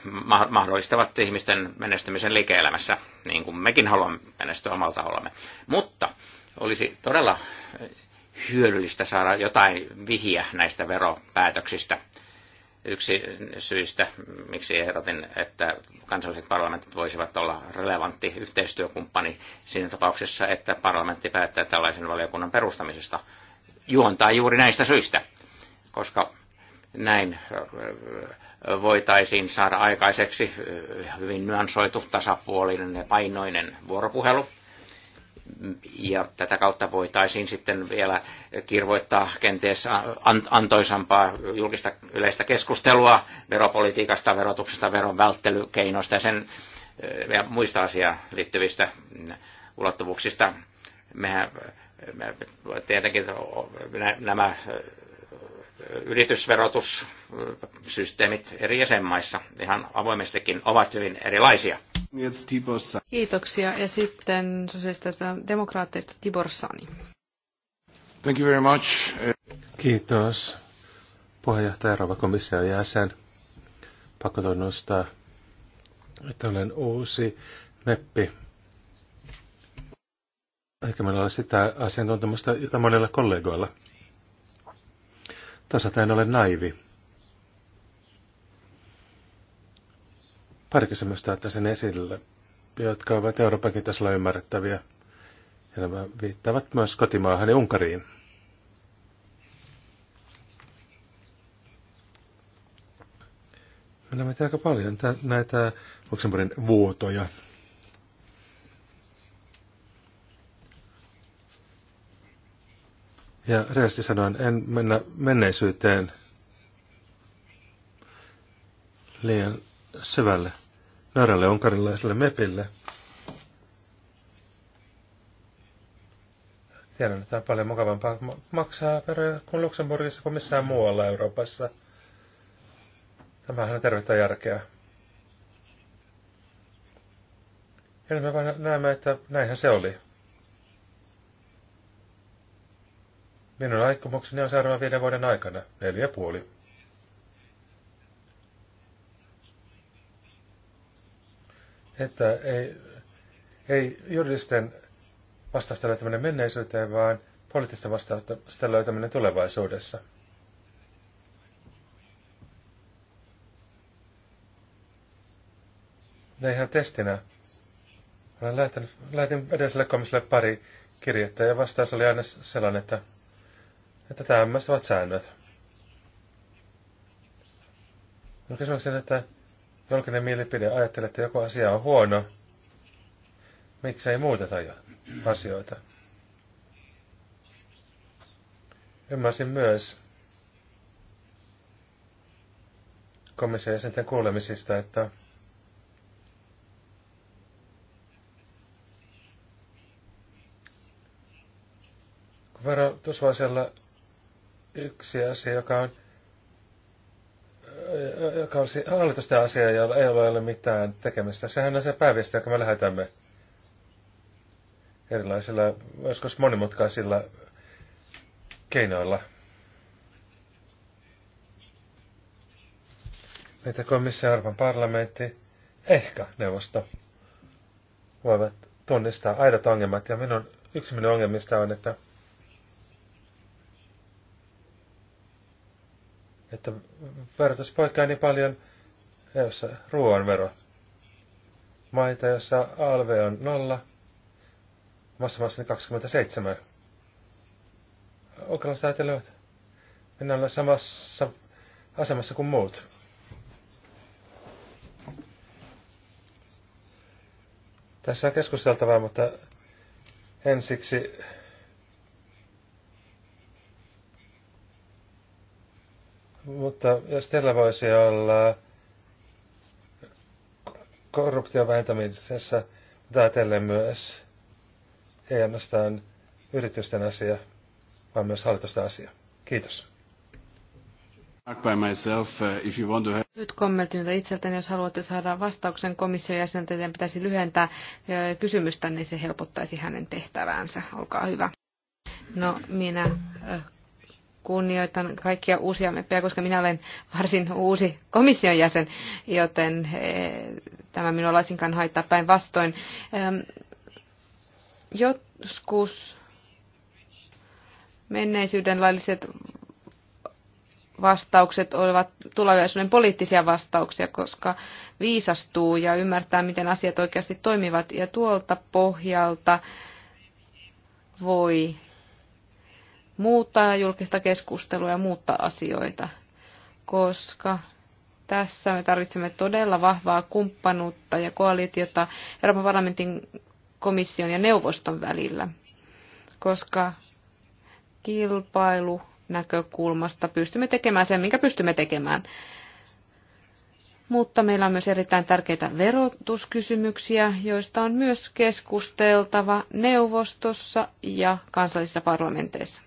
mahdollistavat ihmisten menestymisen liike-elämässä, niin kuin mekin haluamme menestyä omalta olemme. Mutta olisi todella hyödyllistä saada jotain vihiä näistä veropäätöksistä. Yksi syistä, miksi ehdotin, että kansalliset parlamentit voisivat olla relevantti yhteistyökumppani siinä tapauksessa, että parlamentti päättää tällaisen valiokunnan perustamisesta, juontaa juuri näistä syistä, koska näin voitaisiin saada aikaiseksi hyvin nyansoitu, tasapuolinen ja painoinen vuoropuhelu ja tätä kautta voitaisiin sitten vielä kirvoittaa kenties antoisampaa julkista yleistä keskustelua veropolitiikasta, verotuksesta, veron välttelykeinoista ja, sen, ja muista asiaan liittyvistä ulottuvuuksista. Mehän me, tietenkin nämä yritysverotussysteemit eri jäsenmaissa ihan avoimestikin ovat hyvin erilaisia. Kiitoksia. Ja sitten sosiaalista demokraatteista Tibor Sani. Thank you very much. Kiitos. Puheenjohtaja, rouva komission jäsen. Pakko tunnustaa, että olen uusi meppi. Ehkä meillä ole sitä asiantuntemusta, jota monilla kollegoilla. Tosiaan en ole naivi Pari kysymystä sen esille, jotka ovat Euroopankin tasolla ymmärrettäviä. Ja nämä viittaavat myös kotimaahan ja Unkariin. Me näemme aika paljon näitä Luxemburgin vuotoja. Ja realisti sanoen, en mennä menneisyyteen liian syvälle, väärälle onkarilaiselle mepille. Tiedän, että on paljon mukavampaa maksaa veroja kuin Luxemburgissa kuin missään muualla Euroopassa. Tämähän on tervettä järkeä. Ja nyt me vain näemme, että näinhän se oli. Minun aikomukseni on seuraavan viiden vuoden aikana, neljä puoli. että ei, ei juridisten vastausten löytäminen menneisyyteen, vaan poliittisten vastausten löytäminen tulevaisuudessa. Ja ihan testinä. Olen lähtenyt, lähetin edelliselle komissiolle pari kirjettä ja vastaus oli aina sellainen, että, että tämmöiset ovat säännöt. No kysymyksen, että julkinen mielipide ajattelee, että joku asia on huono, miksi ei muuteta jo asioita. Ymmärsin myös komission jäsenten kuulemisista, että verotusvaisella yksi asia, joka on joka olisi hallitusten asiaa ja ei ole mitään tekemistä. Sehän on se pääviesti, jonka me lähetämme erilaisilla, joskus monimutkaisilla keinoilla. Meitä komissio Euroopan parlamentti, ehkä neuvosto, voivat tunnistaa aidot ongelmat. Ja minun yksi minun ongelmista on, että että verotus poikkeaa niin paljon, jossa ruoan vero. Maita, jossa ALV on nolla, massamassani 27. Onko ajatellut, että minä olen samassa asemassa kuin muut? Tässä on keskusteltavaa, mutta ensiksi Mutta jos teillä voisi olla korruption vähentämisessä ajatellen myös, ei ainoastaan yritysten asia, vaan myös hallitusta asia. Kiitos. Uh, nyt kommentin itseltäni, jos haluatte saada vastauksen komission jäsenten teidän pitäisi lyhentää uh, kysymystä, niin se helpottaisi hänen tehtäväänsä. Olkaa hyvä. No, minä uh, kunnioitan kaikkia uusia meppejä, koska minä olen varsin uusi komission jäsen, joten eh, tämä minua laisinkaan haittaa päinvastoin. Joskus menneisyyden lailliset vastaukset olivat tulevaisuuden poliittisia vastauksia, koska viisastuu ja ymmärtää, miten asiat oikeasti toimivat. Ja tuolta pohjalta voi muuttaa julkista keskustelua ja muuttaa asioita, koska tässä me tarvitsemme todella vahvaa kumppanuutta ja koalitiota Euroopan parlamentin komission ja neuvoston välillä, koska kilpailu näkökulmasta pystymme tekemään sen, minkä pystymme tekemään. Mutta meillä on myös erittäin tärkeitä verotuskysymyksiä, joista on myös keskusteltava neuvostossa ja kansallisissa parlamenteissa.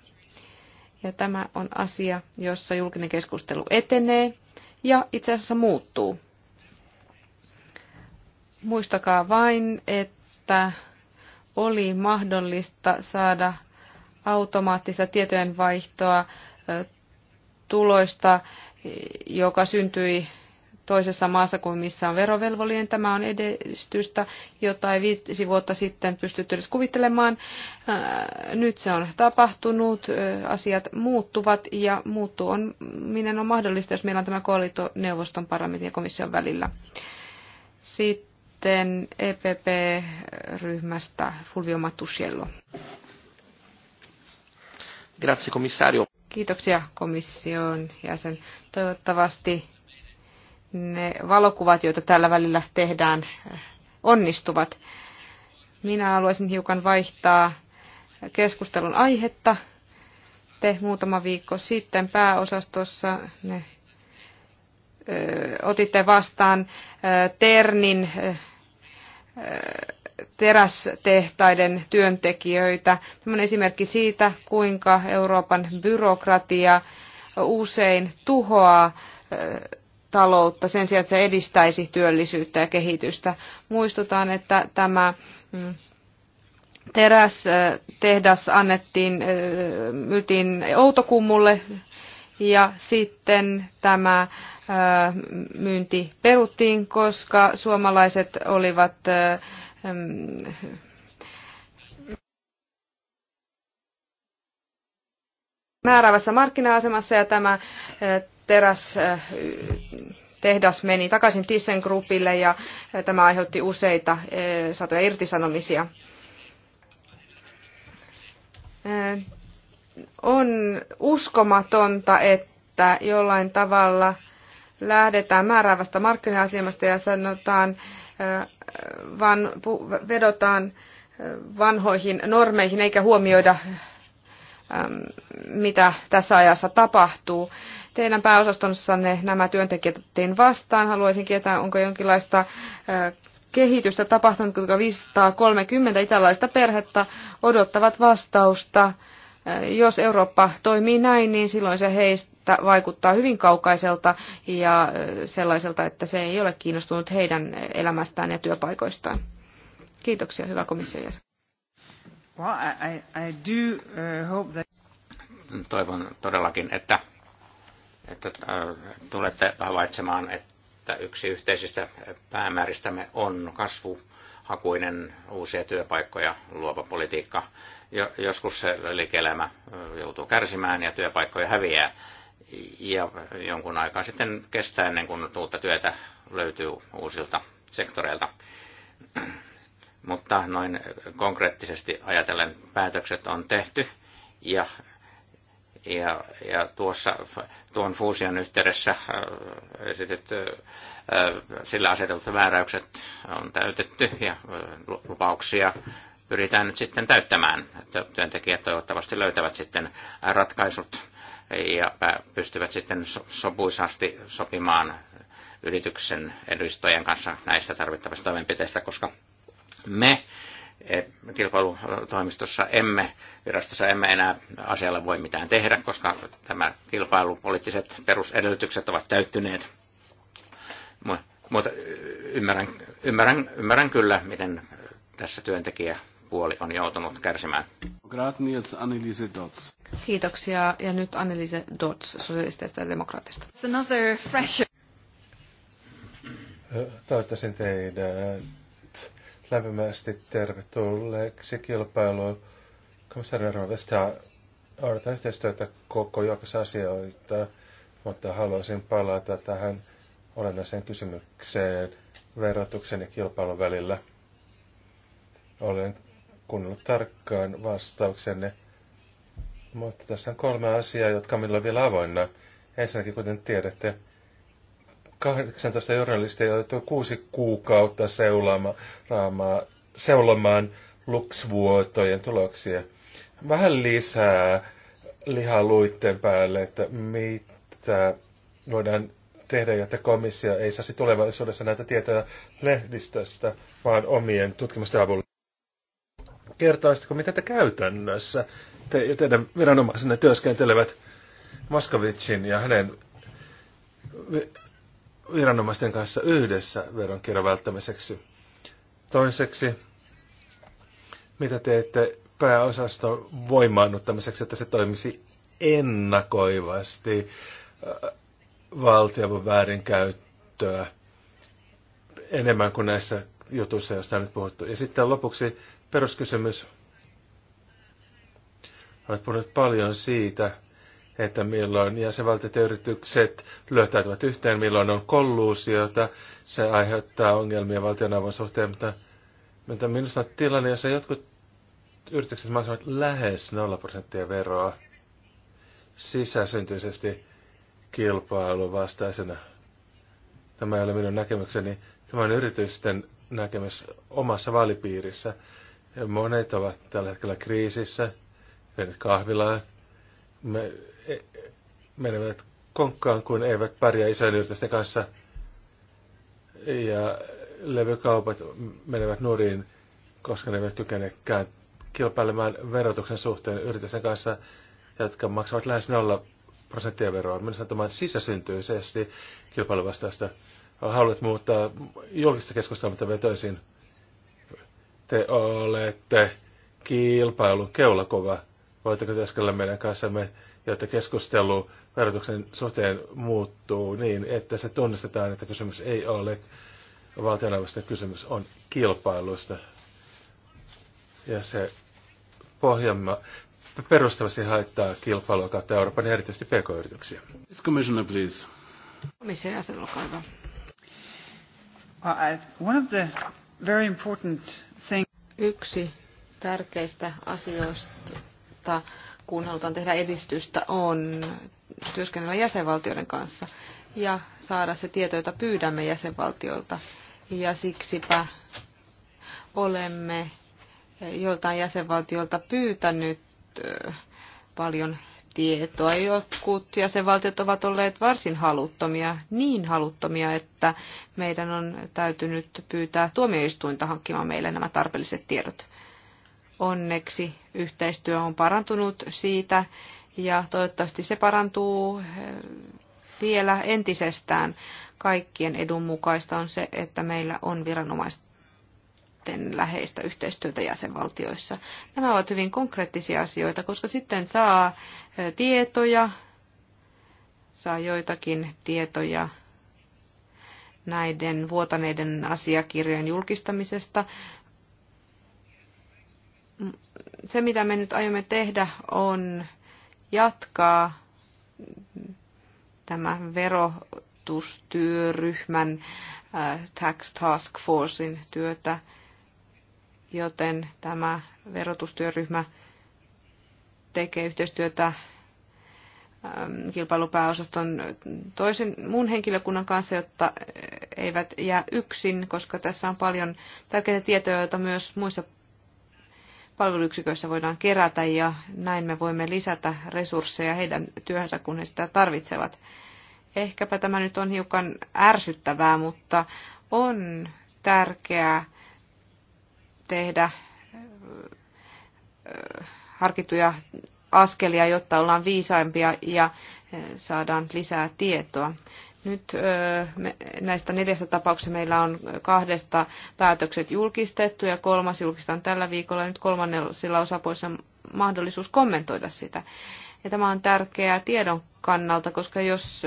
Ja tämä on asia, jossa julkinen keskustelu etenee ja itse asiassa muuttuu. Muistakaa vain, että oli mahdollista saada automaattista tietojenvaihtoa tuloista, joka syntyi toisessa maassa kuin missä on verovelvollinen. Tämä on edistystä, jota ei viisi vuotta sitten pystytty edes kuvittelemaan. Nyt se on tapahtunut, asiat muuttuvat ja muuttuu on, minen on mahdollista, jos meillä on tämä koalito neuvoston parlamentin ja komission välillä. Sitten EPP-ryhmästä Fulvio Matusiello. Grazie, komissario. Kiitoksia komission jäsen. Toivottavasti ne valokuvat, joita tällä välillä tehdään, onnistuvat. Minä haluaisin hiukan vaihtaa keskustelun aihetta. Te muutama viikko sitten pääosastossa ne, ö, otitte vastaan ö, Ternin ö, terästehtaiden työntekijöitä. Tämä on esimerkki siitä, kuinka Euroopan byrokratia usein tuhoaa taloutta sen sijaan, että se edistäisi työllisyyttä ja kehitystä. Muistutaan, että tämä mm, terästehdas annettiin myytiin Outokummulle ja sitten tämä myynti peruttiin, koska suomalaiset olivat mm, määräävässä markkina-asemassa ja tämä teräs äh, tehdas meni takaisin Groupille ja äh, tämä aiheutti useita äh, satoja irtisanomisia. On uskomatonta, että jollain tavalla lähdetään määräävästä markkina-asemasta ja sanotaan, vaan vedotaan vanhoihin normeihin eikä huomioida Ähm, mitä tässä ajassa tapahtuu. Teidän pääosastossanne nämä työntekijät tein vastaan. Haluaisin tietää, onko jonkinlaista kehitystä tapahtunut, kuinka 530 italaista perhettä odottavat vastausta. Jos Eurooppa toimii näin, niin silloin se heistä vaikuttaa hyvin kaukaiselta ja sellaiselta, että se ei ole kiinnostunut heidän elämästään ja työpaikoistaan. Kiitoksia, hyvä komission jäsen. Well, I, I do, uh, hope that... Toivon todellakin, että, että äh, tulette havaitsemaan, että yksi yhteisistä päämääristämme on kasvu hakuinen uusia työpaikkoja luova politiikka. Joskus se liike-elämä äh, joutuu kärsimään ja työpaikkoja häviää. Ja jonkun aikaa sitten kestää ennen kuin uutta työtä löytyy uusilta sektoreilta mutta noin konkreettisesti ajatellen päätökset on tehty ja, ja, ja tuossa, tuon fuusion yhteydessä äh, esitet, äh, sillä asetetut määräykset on täytetty ja äh, lupauksia pyritään nyt sitten täyttämään. Työntekijät toivottavasti löytävät sitten ratkaisut ja pystyvät sitten sopuisasti sopimaan yrityksen edustajien kanssa näistä tarvittavista toimenpiteistä, koska me e, kilpailutoimistossa emme, virastossa emme enää asialle voi mitään tehdä, koska tämä kilpailupoliittiset perusedellytykset ovat täyttyneet. Mutta ymmärrän, ymmärrän, ymmärrän kyllä, miten tässä puoli on joutunut kärsimään. Kiitoksia. Ja nyt Annelise dots sosialisteista ja demokraatista. Toivottavasti teidän lämpimästi tervetulleeksi kilpailuun. Komissaari Rovesta odotan yhteistyötä koko joukossa asioita, mutta haluaisin palata tähän olennaiseen kysymykseen verotuksen ja kilpailun välillä. Olen kuunnellut tarkkaan vastauksenne, mutta tässä on kolme asiaa, jotka minulla on vielä avoinna. Ensinnäkin, kuten tiedätte, 18 journalistia joutui kuusi kuukautta seulaamaan, seulomaan luksvuotojen tuloksia. Vähän lisää lihaa luitten päälle, että mitä voidaan tehdä, jotta komissio ei saisi tulevaisuudessa näitä tietoja lehdistöstä, vaan omien tutkimusten avulla. Kertoisitko, mitä te käytännössä te ja teidän viranomaisenne työskentelevät Moskovitsin ja hänen viranomaisten kanssa yhdessä veronkierron välttämiseksi. Toiseksi, mitä teette pääosaston voimaannuttamiseksi, että se toimisi ennakoivasti äh, valtion väärinkäyttöä enemmän kuin näissä jutuissa, joista on nyt puhuttu. Ja sitten lopuksi peruskysymys. Olet puhunut paljon siitä, että milloin jäsenvaltiot ja yritykset löytäytyvät yhteen, milloin on kolluusiota, se aiheuttaa ongelmia valtionavun suhteen, mutta, mutta minusta on tilanne, jossa jotkut yritykset maksavat lähes 0 prosenttia veroa sisäsyntyisesti kilpailun vastaisena. Tämä ei ole minun näkemykseni. Tämä on yritysten näkemys omassa vaalipiirissä. Monet ovat tällä hetkellä kriisissä, kahvilaan me, e, menevät konkkaan, kun eivät pärjää isojen yritysten kanssa. Ja levykaupat menevät nuoriin koska ne eivät kykene kilpailemaan verotuksen suhteen yritysten kanssa, jotka maksavat lähes nolla prosenttia veroa. Minusta tämä on sisäsyntyisesti kilpailuvastaista. Haluat muuttaa julkista keskustelua, mutta vetöisin. Te olette kilpailun keulakova voitteko työskennellä meidän kanssamme, jotta keskustelu verotuksen suhteen muuttuu niin, että se tunnistetaan, että kysymys ei ole valtioneuvoston kysymys on kilpailusta. Ja se pohjamma perustavasti haittaa kilpailua kautta Euroopan ja erityisesti pk-yrityksiä. Commissioner, please. Komission jäsen, olkaa hyvä. One of the very important thing... Yksi tärkeistä asioista mutta kun halutaan tehdä edistystä, on työskennellä jäsenvaltioiden kanssa ja saada se tieto, jota pyydämme jäsenvaltiolta. Ja siksipä olemme joltain jäsenvaltiolta pyytänyt paljon tietoa. Jotkut jäsenvaltiot ovat olleet varsin haluttomia, niin haluttomia, että meidän on täytynyt pyytää tuomioistuinta hankkimaan meille nämä tarpeelliset tiedot. Onneksi yhteistyö on parantunut siitä ja toivottavasti se parantuu eh, vielä entisestään. Kaikkien edun mukaista on se, että meillä on viranomaisten läheistä yhteistyötä jäsenvaltioissa. Nämä ovat hyvin konkreettisia asioita, koska sitten saa eh, tietoja, saa joitakin tietoja näiden vuotaneiden asiakirjojen julkistamisesta, se, mitä me nyt aiomme tehdä, on jatkaa tämä verotustyöryhmän äh, Tax Task Forcein työtä, joten tämä verotustyöryhmä tekee yhteistyötä ähm, kilpailupääosaston toisen muun henkilökunnan kanssa, jotta eivät jää yksin, koska tässä on paljon tärkeitä tietoja, joita myös muissa palveluyksiköissä voidaan kerätä ja näin me voimme lisätä resursseja heidän työhönsä, kun he sitä tarvitsevat. Ehkäpä tämä nyt on hiukan ärsyttävää, mutta on tärkeää tehdä harkittuja askelia, jotta ollaan viisaimpia ja saadaan lisää tietoa. Nyt näistä neljästä tapauksesta meillä on kahdesta päätökset julkistettu ja kolmas julkistetaan tällä viikolla. Nyt kolmannella osapuolella mahdollisuus kommentoida sitä. Ja tämä on tärkeää tiedon kannalta, koska jos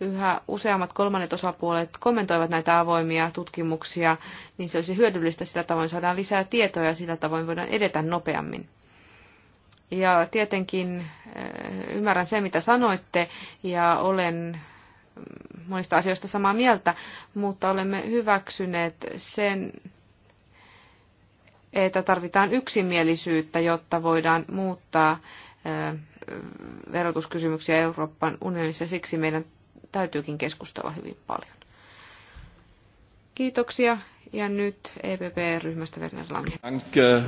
yhä useammat kolmannet osapuolet kommentoivat näitä avoimia tutkimuksia, niin se olisi hyödyllistä. Sillä tavoin saadaan lisää tietoa ja sillä tavoin voidaan edetä nopeammin. Ja tietenkin ymmärrän sen, mitä sanoitte, ja olen monista asioista samaa mieltä, mutta olemme hyväksyneet sen, että tarvitaan yksimielisyyttä, jotta voidaan muuttaa verotuskysymyksiä Euroopan unionissa. Siksi meidän täytyykin keskustella hyvin paljon. Kiitoksia. Ja nyt EPP-ryhmästä Werner Lange. Danke.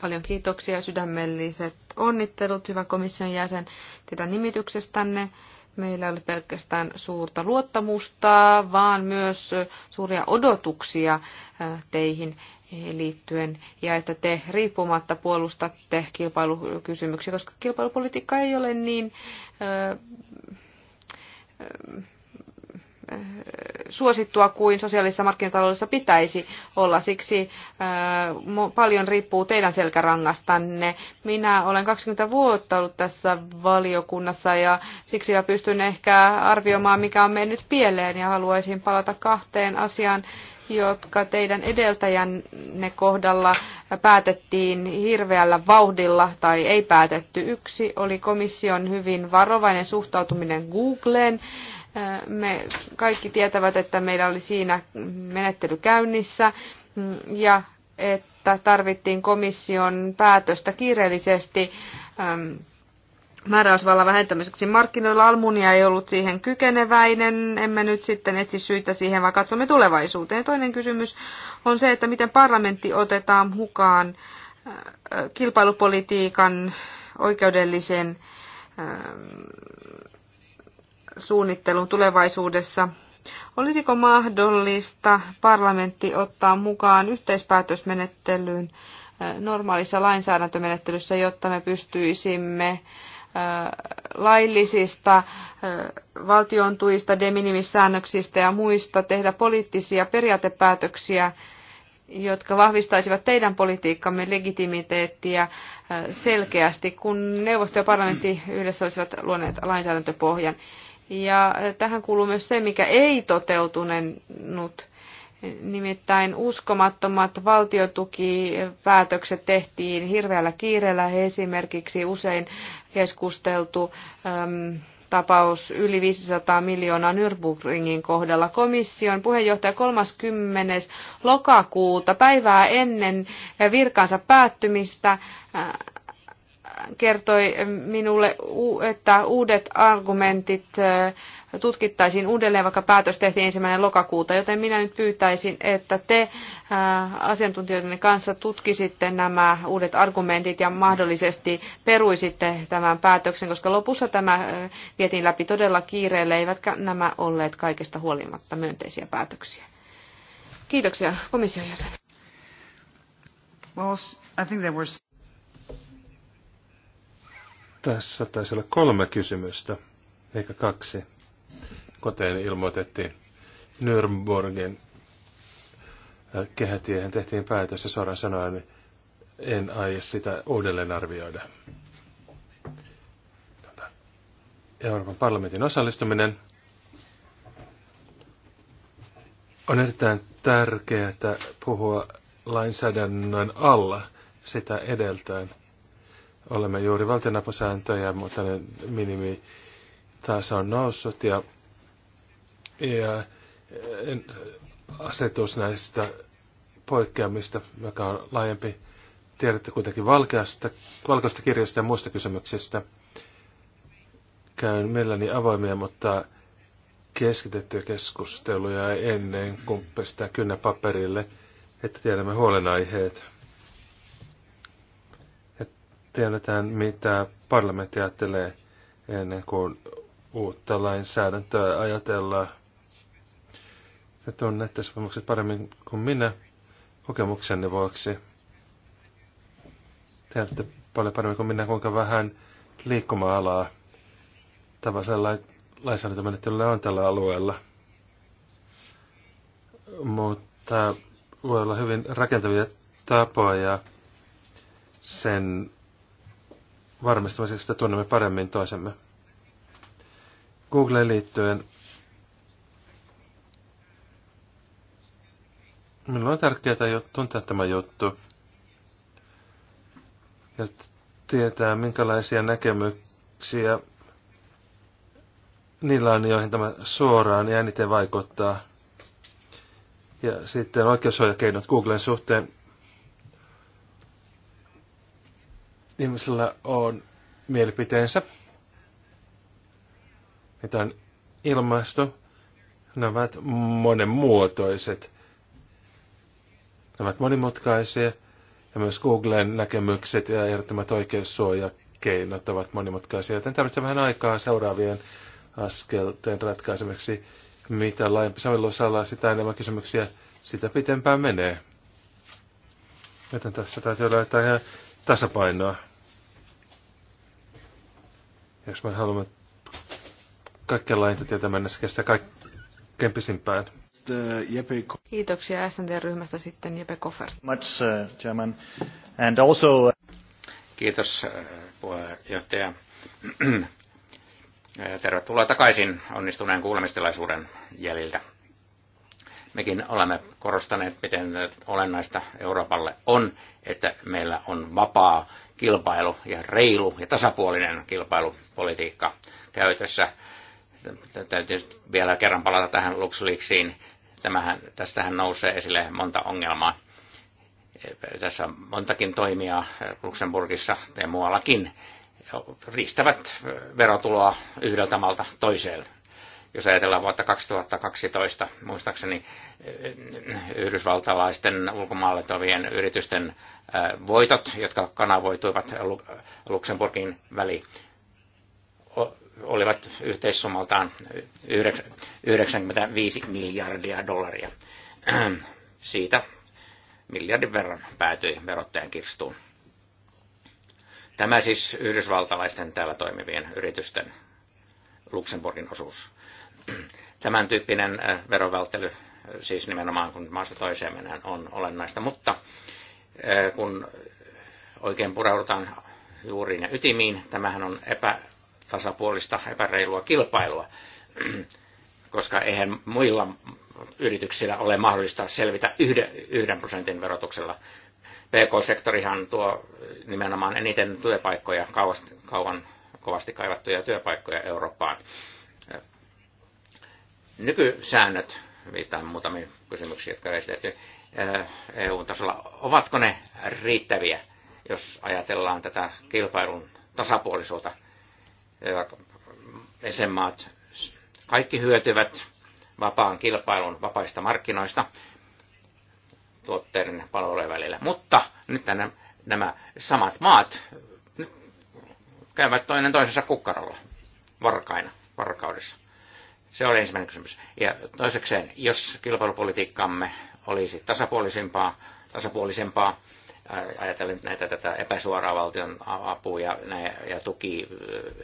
Paljon kiitoksia sydämelliset onnittelut, hyvä komission jäsen, teidän nimityksestänne meillä oli pelkästään suurta luottamusta, vaan myös suuria odotuksia äh, teihin liittyen, ja että te riippumatta puolustatte kilpailukysymyksiä, koska kilpailupolitiikka ei ole niin äh, äh, suosittua kuin sosiaalisessa markkinataloudessa pitäisi olla. Siksi äh, paljon riippuu teidän selkärangastanne. Minä olen 20 vuotta ollut tässä valiokunnassa ja siksi mä pystyn ehkä arvioimaan, mikä on mennyt pieleen ja haluaisin palata kahteen asiaan jotka teidän edeltäjänne kohdalla päätettiin hirveällä vauhdilla tai ei päätetty. Yksi oli komission hyvin varovainen suhtautuminen Googleen me kaikki tietävät, että meillä oli siinä menettely käynnissä ja että tarvittiin komission päätöstä kiireellisesti ähm, määräysvallan vähentämiseksi markkinoilla. Almunia ei ollut siihen kykeneväinen. Emme nyt sitten etsi syitä siihen, vaan katsomme tulevaisuuteen. Toinen kysymys on se, että miten parlamentti otetaan mukaan äh, kilpailupolitiikan oikeudellisen ähm, suunnittelun tulevaisuudessa. Olisiko mahdollista parlamentti ottaa mukaan yhteispäätösmenettelyyn normaalissa lainsäädäntömenettelyssä, jotta me pystyisimme laillisista valtiontuista deminimissäännöksistä de minimissäännöksistä ja muista tehdä poliittisia periaatepäätöksiä, jotka vahvistaisivat teidän politiikkamme legitimiteettiä selkeästi, kun neuvosto ja parlamentti yhdessä olisivat luoneet lainsäädäntöpohjan. Ja tähän kuuluu myös se, mikä ei toteutunut. Nimittäin uskomattomat valtiotukipäätökset tehtiin hirveällä kiireellä. He esimerkiksi usein keskusteltu äm, tapaus yli 500 miljoonaa Nürburgringin kohdalla. Komission puheenjohtaja 30. lokakuuta päivää ennen virkansa päättymistä kertoi minulle, että uudet argumentit tutkittaisiin uudelleen, vaikka päätös tehtiin ensimmäinen lokakuuta, joten minä nyt pyytäisin, että te asiantuntijoiden kanssa tutkisitte nämä uudet argumentit ja mahdollisesti peruisitte tämän päätöksen, koska lopussa tämä vietiin läpi todella kiireelle, eivätkä nämä olleet kaikesta huolimatta myönteisiä päätöksiä. Kiitoksia komission jäsen. Well, I think there tässä taisi olla kolme kysymystä, eikä kaksi, koteen ilmoitettiin. Nürnbergin äh, kehätiehen tehtiin päätös ja suoraan sanoen niin en aie sitä uudelleen arvioida. Tuota, Euroopan parlamentin osallistuminen on erittäin tärkeää puhua lainsäädännön alla sitä edeltäen – Olemme juuri valtionapusääntöjä, mutta ne minimi taas on noussut ja, ja asetus näistä poikkeamista, joka on laajempi. Tiedätte kuitenkin valkeasta, valkoista kirjasta ja muista kysymyksistä. Käyn mielelläni avoimia, mutta keskitettyjä keskusteluja ennen kuin pestään kynnä paperille, että tiedämme huolenaiheet tiedetään, mitä parlamentti ajattelee ennen kuin uutta lainsäädäntöä ajatellaan. Te tunnette sopimukset paremmin kuin minä kokemukseni vuoksi. Tiedätte paljon paremmin kuin minä, kuinka vähän liikkuma-alaa tavallisella lainsäädäntömenettelyllä on tällä alueella. Mutta voi olla hyvin rakentavia tapoja sen varmistamiseksi, että tunnemme paremmin toisemme. Googleen liittyen minulla on tärkeää jo tuntea tämä juttu ja tietää, minkälaisia näkemyksiä niillä on, joihin tämä suoraan ja eniten vaikuttaa. Ja sitten oikeusohjakeinot Googlen suhteen ihmisellä on mielipiteensä. Mitä on ilmasto? Ne ovat monenmuotoiset. Ne ovat monimutkaisia. Ja myös Googlen näkemykset ja ehdottomat oikeussuojakeinot ovat monimutkaisia, joten tarvitsee vähän aikaa seuraavien askelten ratkaisemiseksi. Mitä laajempi sovellusala, sitä enemmän kysymyksiä, sitä pitempään menee. Joten tässä täytyy jotain ihan tasapainoa. Jos me haluamme kaikkia laintotietä näissä kestää kaikkein pisimpään. Kiitoksia SNT-ryhmästä sitten Jeppe Koffer. Much, German. Uh, And also, uh, Kiitos uh, puheenjohtaja. Tervetuloa takaisin onnistuneen kuulemistilaisuuden jäljiltä mekin olemme korostaneet, miten olennaista Euroopalle on, että meillä on vapaa kilpailu ja reilu ja tasapuolinen kilpailupolitiikka käytössä. Täytyy vielä kerran palata tähän LuxLeaksiin. Tämähän, tästähän nousee esille monta ongelmaa. Tässä on montakin toimia Luxemburgissa ja muuallakin riistävät verotuloa yhdeltä maalta toiseen jos ajatellaan vuotta 2012, muistaakseni eh, yhdysvaltalaisten ulkomaalle tovien yritysten eh, voitot, jotka kanavoituivat Luxemburgin väliin, olivat yhteissummaltaan 95 miljardia dollaria. Siitä miljardin verran päätyi verottajan kirstuun. Tämä siis yhdysvaltalaisten täällä toimivien yritysten Luxemburgin osuus Tämän tyyppinen verovältely, siis nimenomaan kun maasta toiseen mennään, on olennaista. Mutta kun oikein puraudutaan juuriin ja ytimiin, tämähän on epätasapuolista, epäreilua kilpailua, koska eihän muilla yrityksillä ole mahdollista selvitä yhden, yhden prosentin verotuksella. PK-sektorihan tuo nimenomaan eniten työpaikkoja, kauan, kauan kovasti kaivattuja työpaikkoja Eurooppaan nykysäännöt, viittaan muutamiin kysymyksiin, jotka on esitetty eh, EU-tasolla, ovatko ne riittäviä, jos ajatellaan tätä kilpailun tasapuolisuutta? Esenmaat kaikki hyötyvät vapaan kilpailun vapaista markkinoista tuotteiden ja palvelujen välillä. Mutta nyt nämä, nämä samat maat nyt käyvät toinen toisensa kukkarolla, varkaina, varkaudessa. Se oli ensimmäinen kysymys. Ja toisekseen, jos kilpailupolitiikkamme olisi tasapuolisempaa, tasapuolisempaa ajatellen näitä tätä epäsuoraa valtion apua ja, ja tuki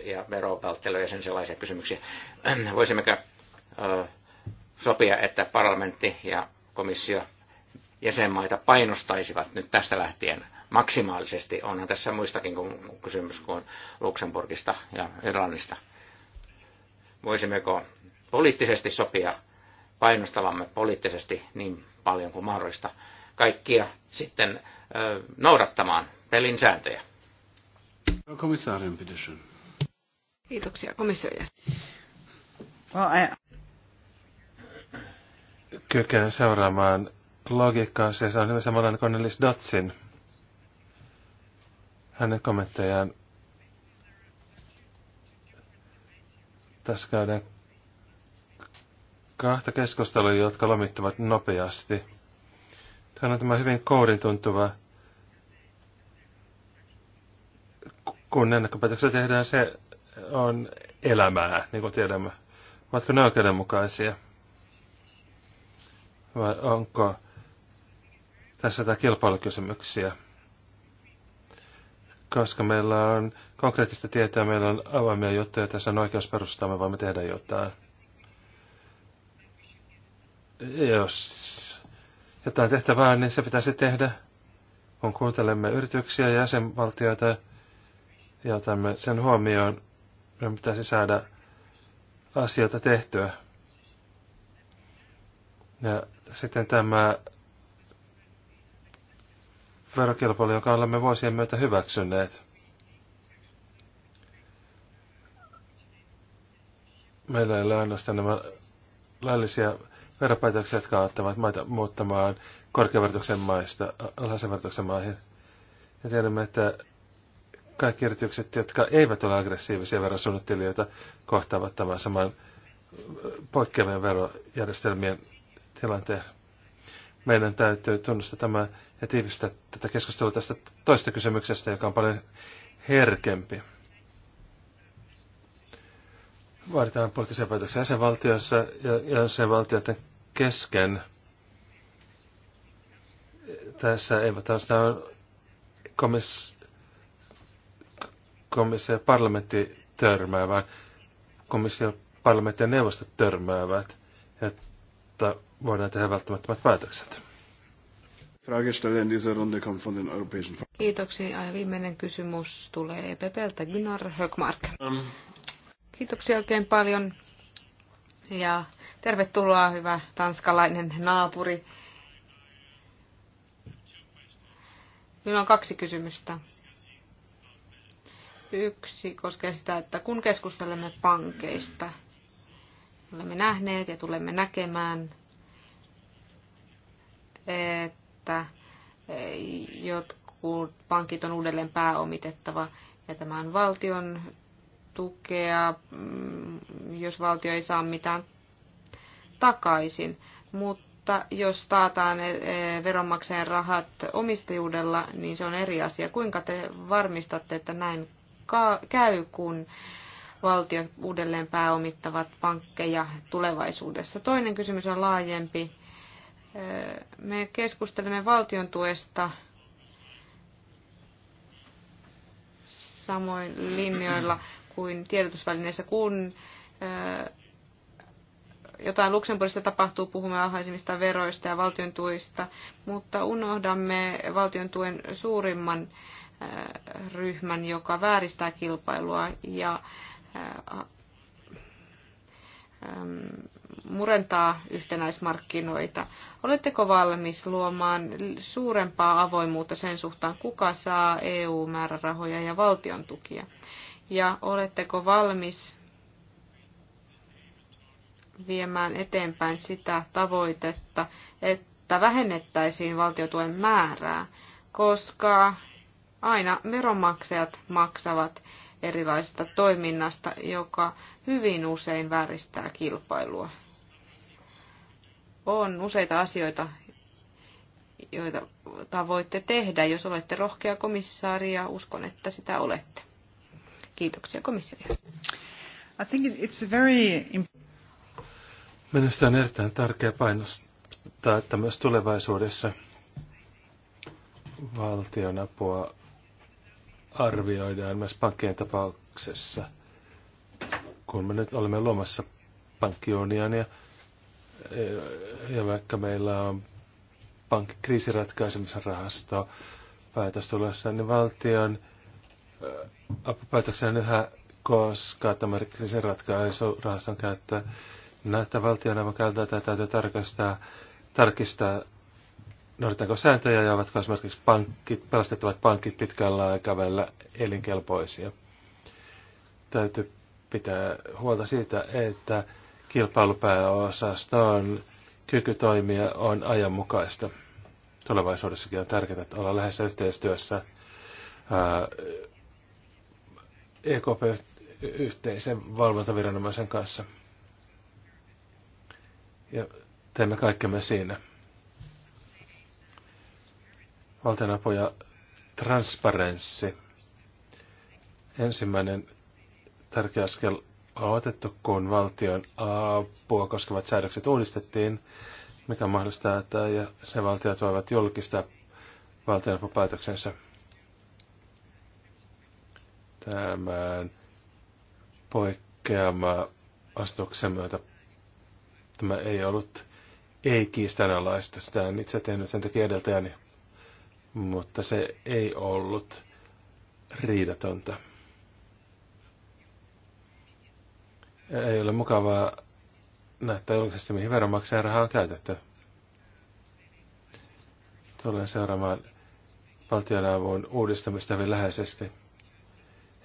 ja verovälttelyä ja sen sellaisia kysymyksiä. Voisimmeko sopia, että parlamentti ja komissio jäsenmaita painostaisivat nyt tästä lähtien maksimaalisesti. Onhan tässä muistakin kuin kysymys kuin Luxemburgista ja Irlannista. Voisimmeko poliittisesti sopia painostavamme poliittisesti niin paljon kuin mahdollista kaikkia sitten noudattamaan pelin sääntöjä. Kiitoksia komissiolle. Kykene seuraamaan logiikkaa, se on hyvä samanlainen Cornelis Dotsin Hänen kommenttejaan tässä käydään kahta keskustelua, jotka lomittavat nopeasti. Tämä on tämä hyvin koodin tuntuva, kun ennakkopäätöksiä tehdään, se on elämää, niin kuin tiedämme. Ovatko ne oikeudenmukaisia? Vai onko tässä jotain kilpailukysymyksiä? Koska meillä on konkreettista tietoa, meillä on avaimia juttuja, tässä on oikeusperustaa, me voimme tehdä jotain jos jotain tehtävää, niin se pitäisi tehdä, kun kuuntelemme yrityksiä ja jäsenvaltioita ja otamme sen huomioon, meidän pitäisi saada asioita tehtyä. Ja sitten tämä verokilpailu, jonka olemme vuosien myötä hyväksyneet. Meillä ei ole ainoastaan nämä laillisia veropäätöksiä, jotka auttavat maita muuttamaan korkeaverotuksen maista alhaisen maihin. Ja tiedämme, että kaikki yritykset, jotka eivät ole aggressiivisia verosuunnittelijoita, kohtaavat tämän saman poikkeavien verojärjestelmien tilanteen. Meidän täytyy tunnustaa tämä ja tiivistää tätä keskustelua tästä toista kysymyksestä, joka on paljon herkempi. Vaaditaan poliittisia päätöksiä jäsenvaltioissa ja jäsenvaltioiden kesken. Tässä eivät on komiss, komissio ja parlamentti törmää, komissio, parlamentti ja neuvosto törmäävät, että voidaan tehdä välttämättömät päätökset. Kiitoksia. Ja viimeinen kysymys tulee EPPltä Gunnar Högmark. Ähm. Kiitoksia oikein paljon. Ja Tervetuloa, hyvä tanskalainen naapuri. Minulla on kaksi kysymystä. Yksi koskee sitä, että kun keskustelemme pankeista, olemme nähneet ja tulemme näkemään, että jotkut pankit on uudelleen pääomitettava ja tämä on valtion tukea, mm, jos valtio ei saa mitään takaisin, mutta jos taataan e, e, veronmaksajan rahat omistajuudella, niin se on eri asia. Kuinka te varmistatte, että näin käy, kun valtiot uudelleen pääomittavat pankkeja tulevaisuudessa? Toinen kysymys on laajempi. E, me keskustelemme valtion tuesta samoin linjoilla kuin tiedotusvälineissä, kun jotain Luxemburgista tapahtuu, puhumme alhaisimmista veroista ja valtion tuista, mutta unohdamme valtion tuen suurimman äh, ryhmän, joka vääristää kilpailua ja äh, murentaa yhtenäismarkkinoita. Oletteko valmis luomaan suurempaa avoimuutta sen suhtaan, kuka saa EU-määrärahoja ja valtion tukia? Ja oletteko valmis viemään eteenpäin sitä tavoitetta, että vähennettäisiin valtiotuen määrää, koska aina veronmaksajat maksavat erilaisesta toiminnasta, joka hyvin usein vääristää kilpailua. On useita asioita, joita voitte tehdä, jos olette rohkea komissaari ja uskon, että sitä olette. Kiitoksia komissiolle. I think it's very Minusta on erittäin tärkeä painostaa, että myös tulevaisuudessa valtionapua arvioidaan myös pankkien tapauksessa, kun me nyt olemme luomassa pankkiunionia. Eh, ja vaikka meillä on pankkikriisiratkaisemisen rahasto päätös tulossa, niin valtion eh, apupäätöksen yhä koska tämä kriisin rahaston käyttö Näitä no, valtionavun käytäntöä täytyy tarkastaa, tarkistaa, noudatanko sääntöjä ja ovatko esimerkiksi pankit, pelastettavat pankit pitkällä aikavälillä elinkelpoisia. Täytyy pitää huolta siitä, että kilpailupääosaston kyky toimia on ajanmukaista. Tulevaisuudessakin on tärkeää, että ollaan lähes yhteistyössä EKP-yhteisen valvontaviranomaisen kanssa ja teemme kaikkemme siinä. Valtionapu ja transparenssi. Ensimmäinen tärkeä askel on otettu, kun valtion apua koskevat säädökset uudistettiin, mikä mahdollistaa, että se valtiot voivat julkistaa valtionapupäätöksensä tämän poikkeama astuksen myötä Tämä ei ollut ei kiistanalaista. Sitä en itse tehnyt sen takia edeltäjäni. Mutta se ei ollut riidatonta. Ei ole mukavaa näyttää julkisesti, mihin veronmaksajan rahaa on käytetty. Tulen seuraamaan valtionavun uudistamista hyvin läheisesti,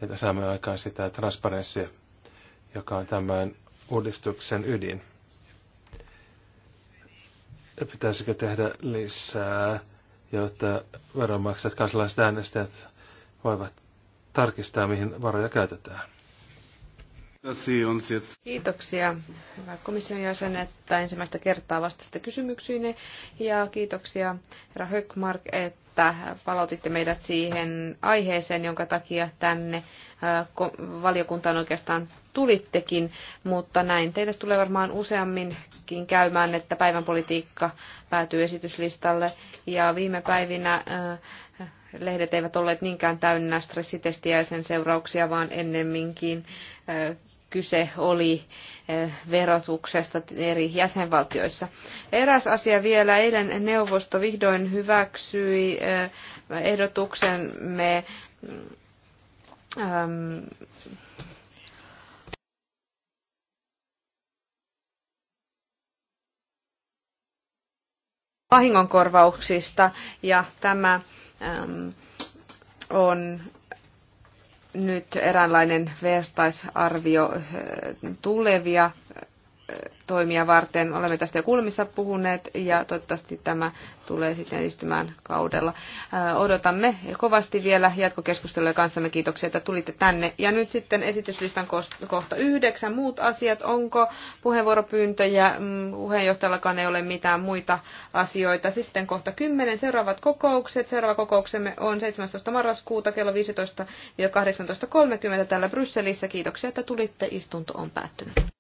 että saamme aikaan sitä transparenssia, joka on tämän uudistuksen ydin pitäisikö tehdä lisää, jotta veronmaksajat, kansalaiset äänestäjät voivat tarkistaa, mihin varoja käytetään? Kiitoksia, hyvä komission jäsen, että ensimmäistä kertaa vastasitte kysymyksiin. Ja kiitoksia, herra Höckmark, että palautitte meidät siihen aiheeseen, jonka takia tänne äh, valiokunta oikeastaan tulittekin, mutta näin teille tulee varmaan useamminkin käymään, että päivän politiikka päätyy esityslistalle. Ja viime päivinä äh, lehdet eivät olleet niinkään täynnä stressitestiä ja sen seurauksia, vaan ennemminkin äh, kyse oli äh, verotuksesta eri jäsenvaltioissa. Eräs asia vielä. Eilen neuvosto vihdoin hyväksyi ehdotuksemme ähm, vahingonkorvauksista ja tämä ähm, on nyt eräänlainen vertaisarvio äh, tulevia toimia varten. Olemme tästä jo kulmissa puhuneet ja toivottavasti tämä tulee sitten edistymään kaudella. Odotamme kovasti vielä jatkokeskusteluja kanssamme. Kiitoksia, että tulitte tänne. Ja nyt sitten esityslistan kohta yhdeksän. Muut asiat. Onko puheenvuoropyyntöjä? Mm, puheenjohtajallakaan ei ole mitään muita asioita. Sitten kohta kymmenen. Seuraavat kokoukset. Seuraava kokouksemme on 17. marraskuuta kello 15-18.30 täällä Brysselissä. Kiitoksia, että tulitte. Istunto on päättynyt.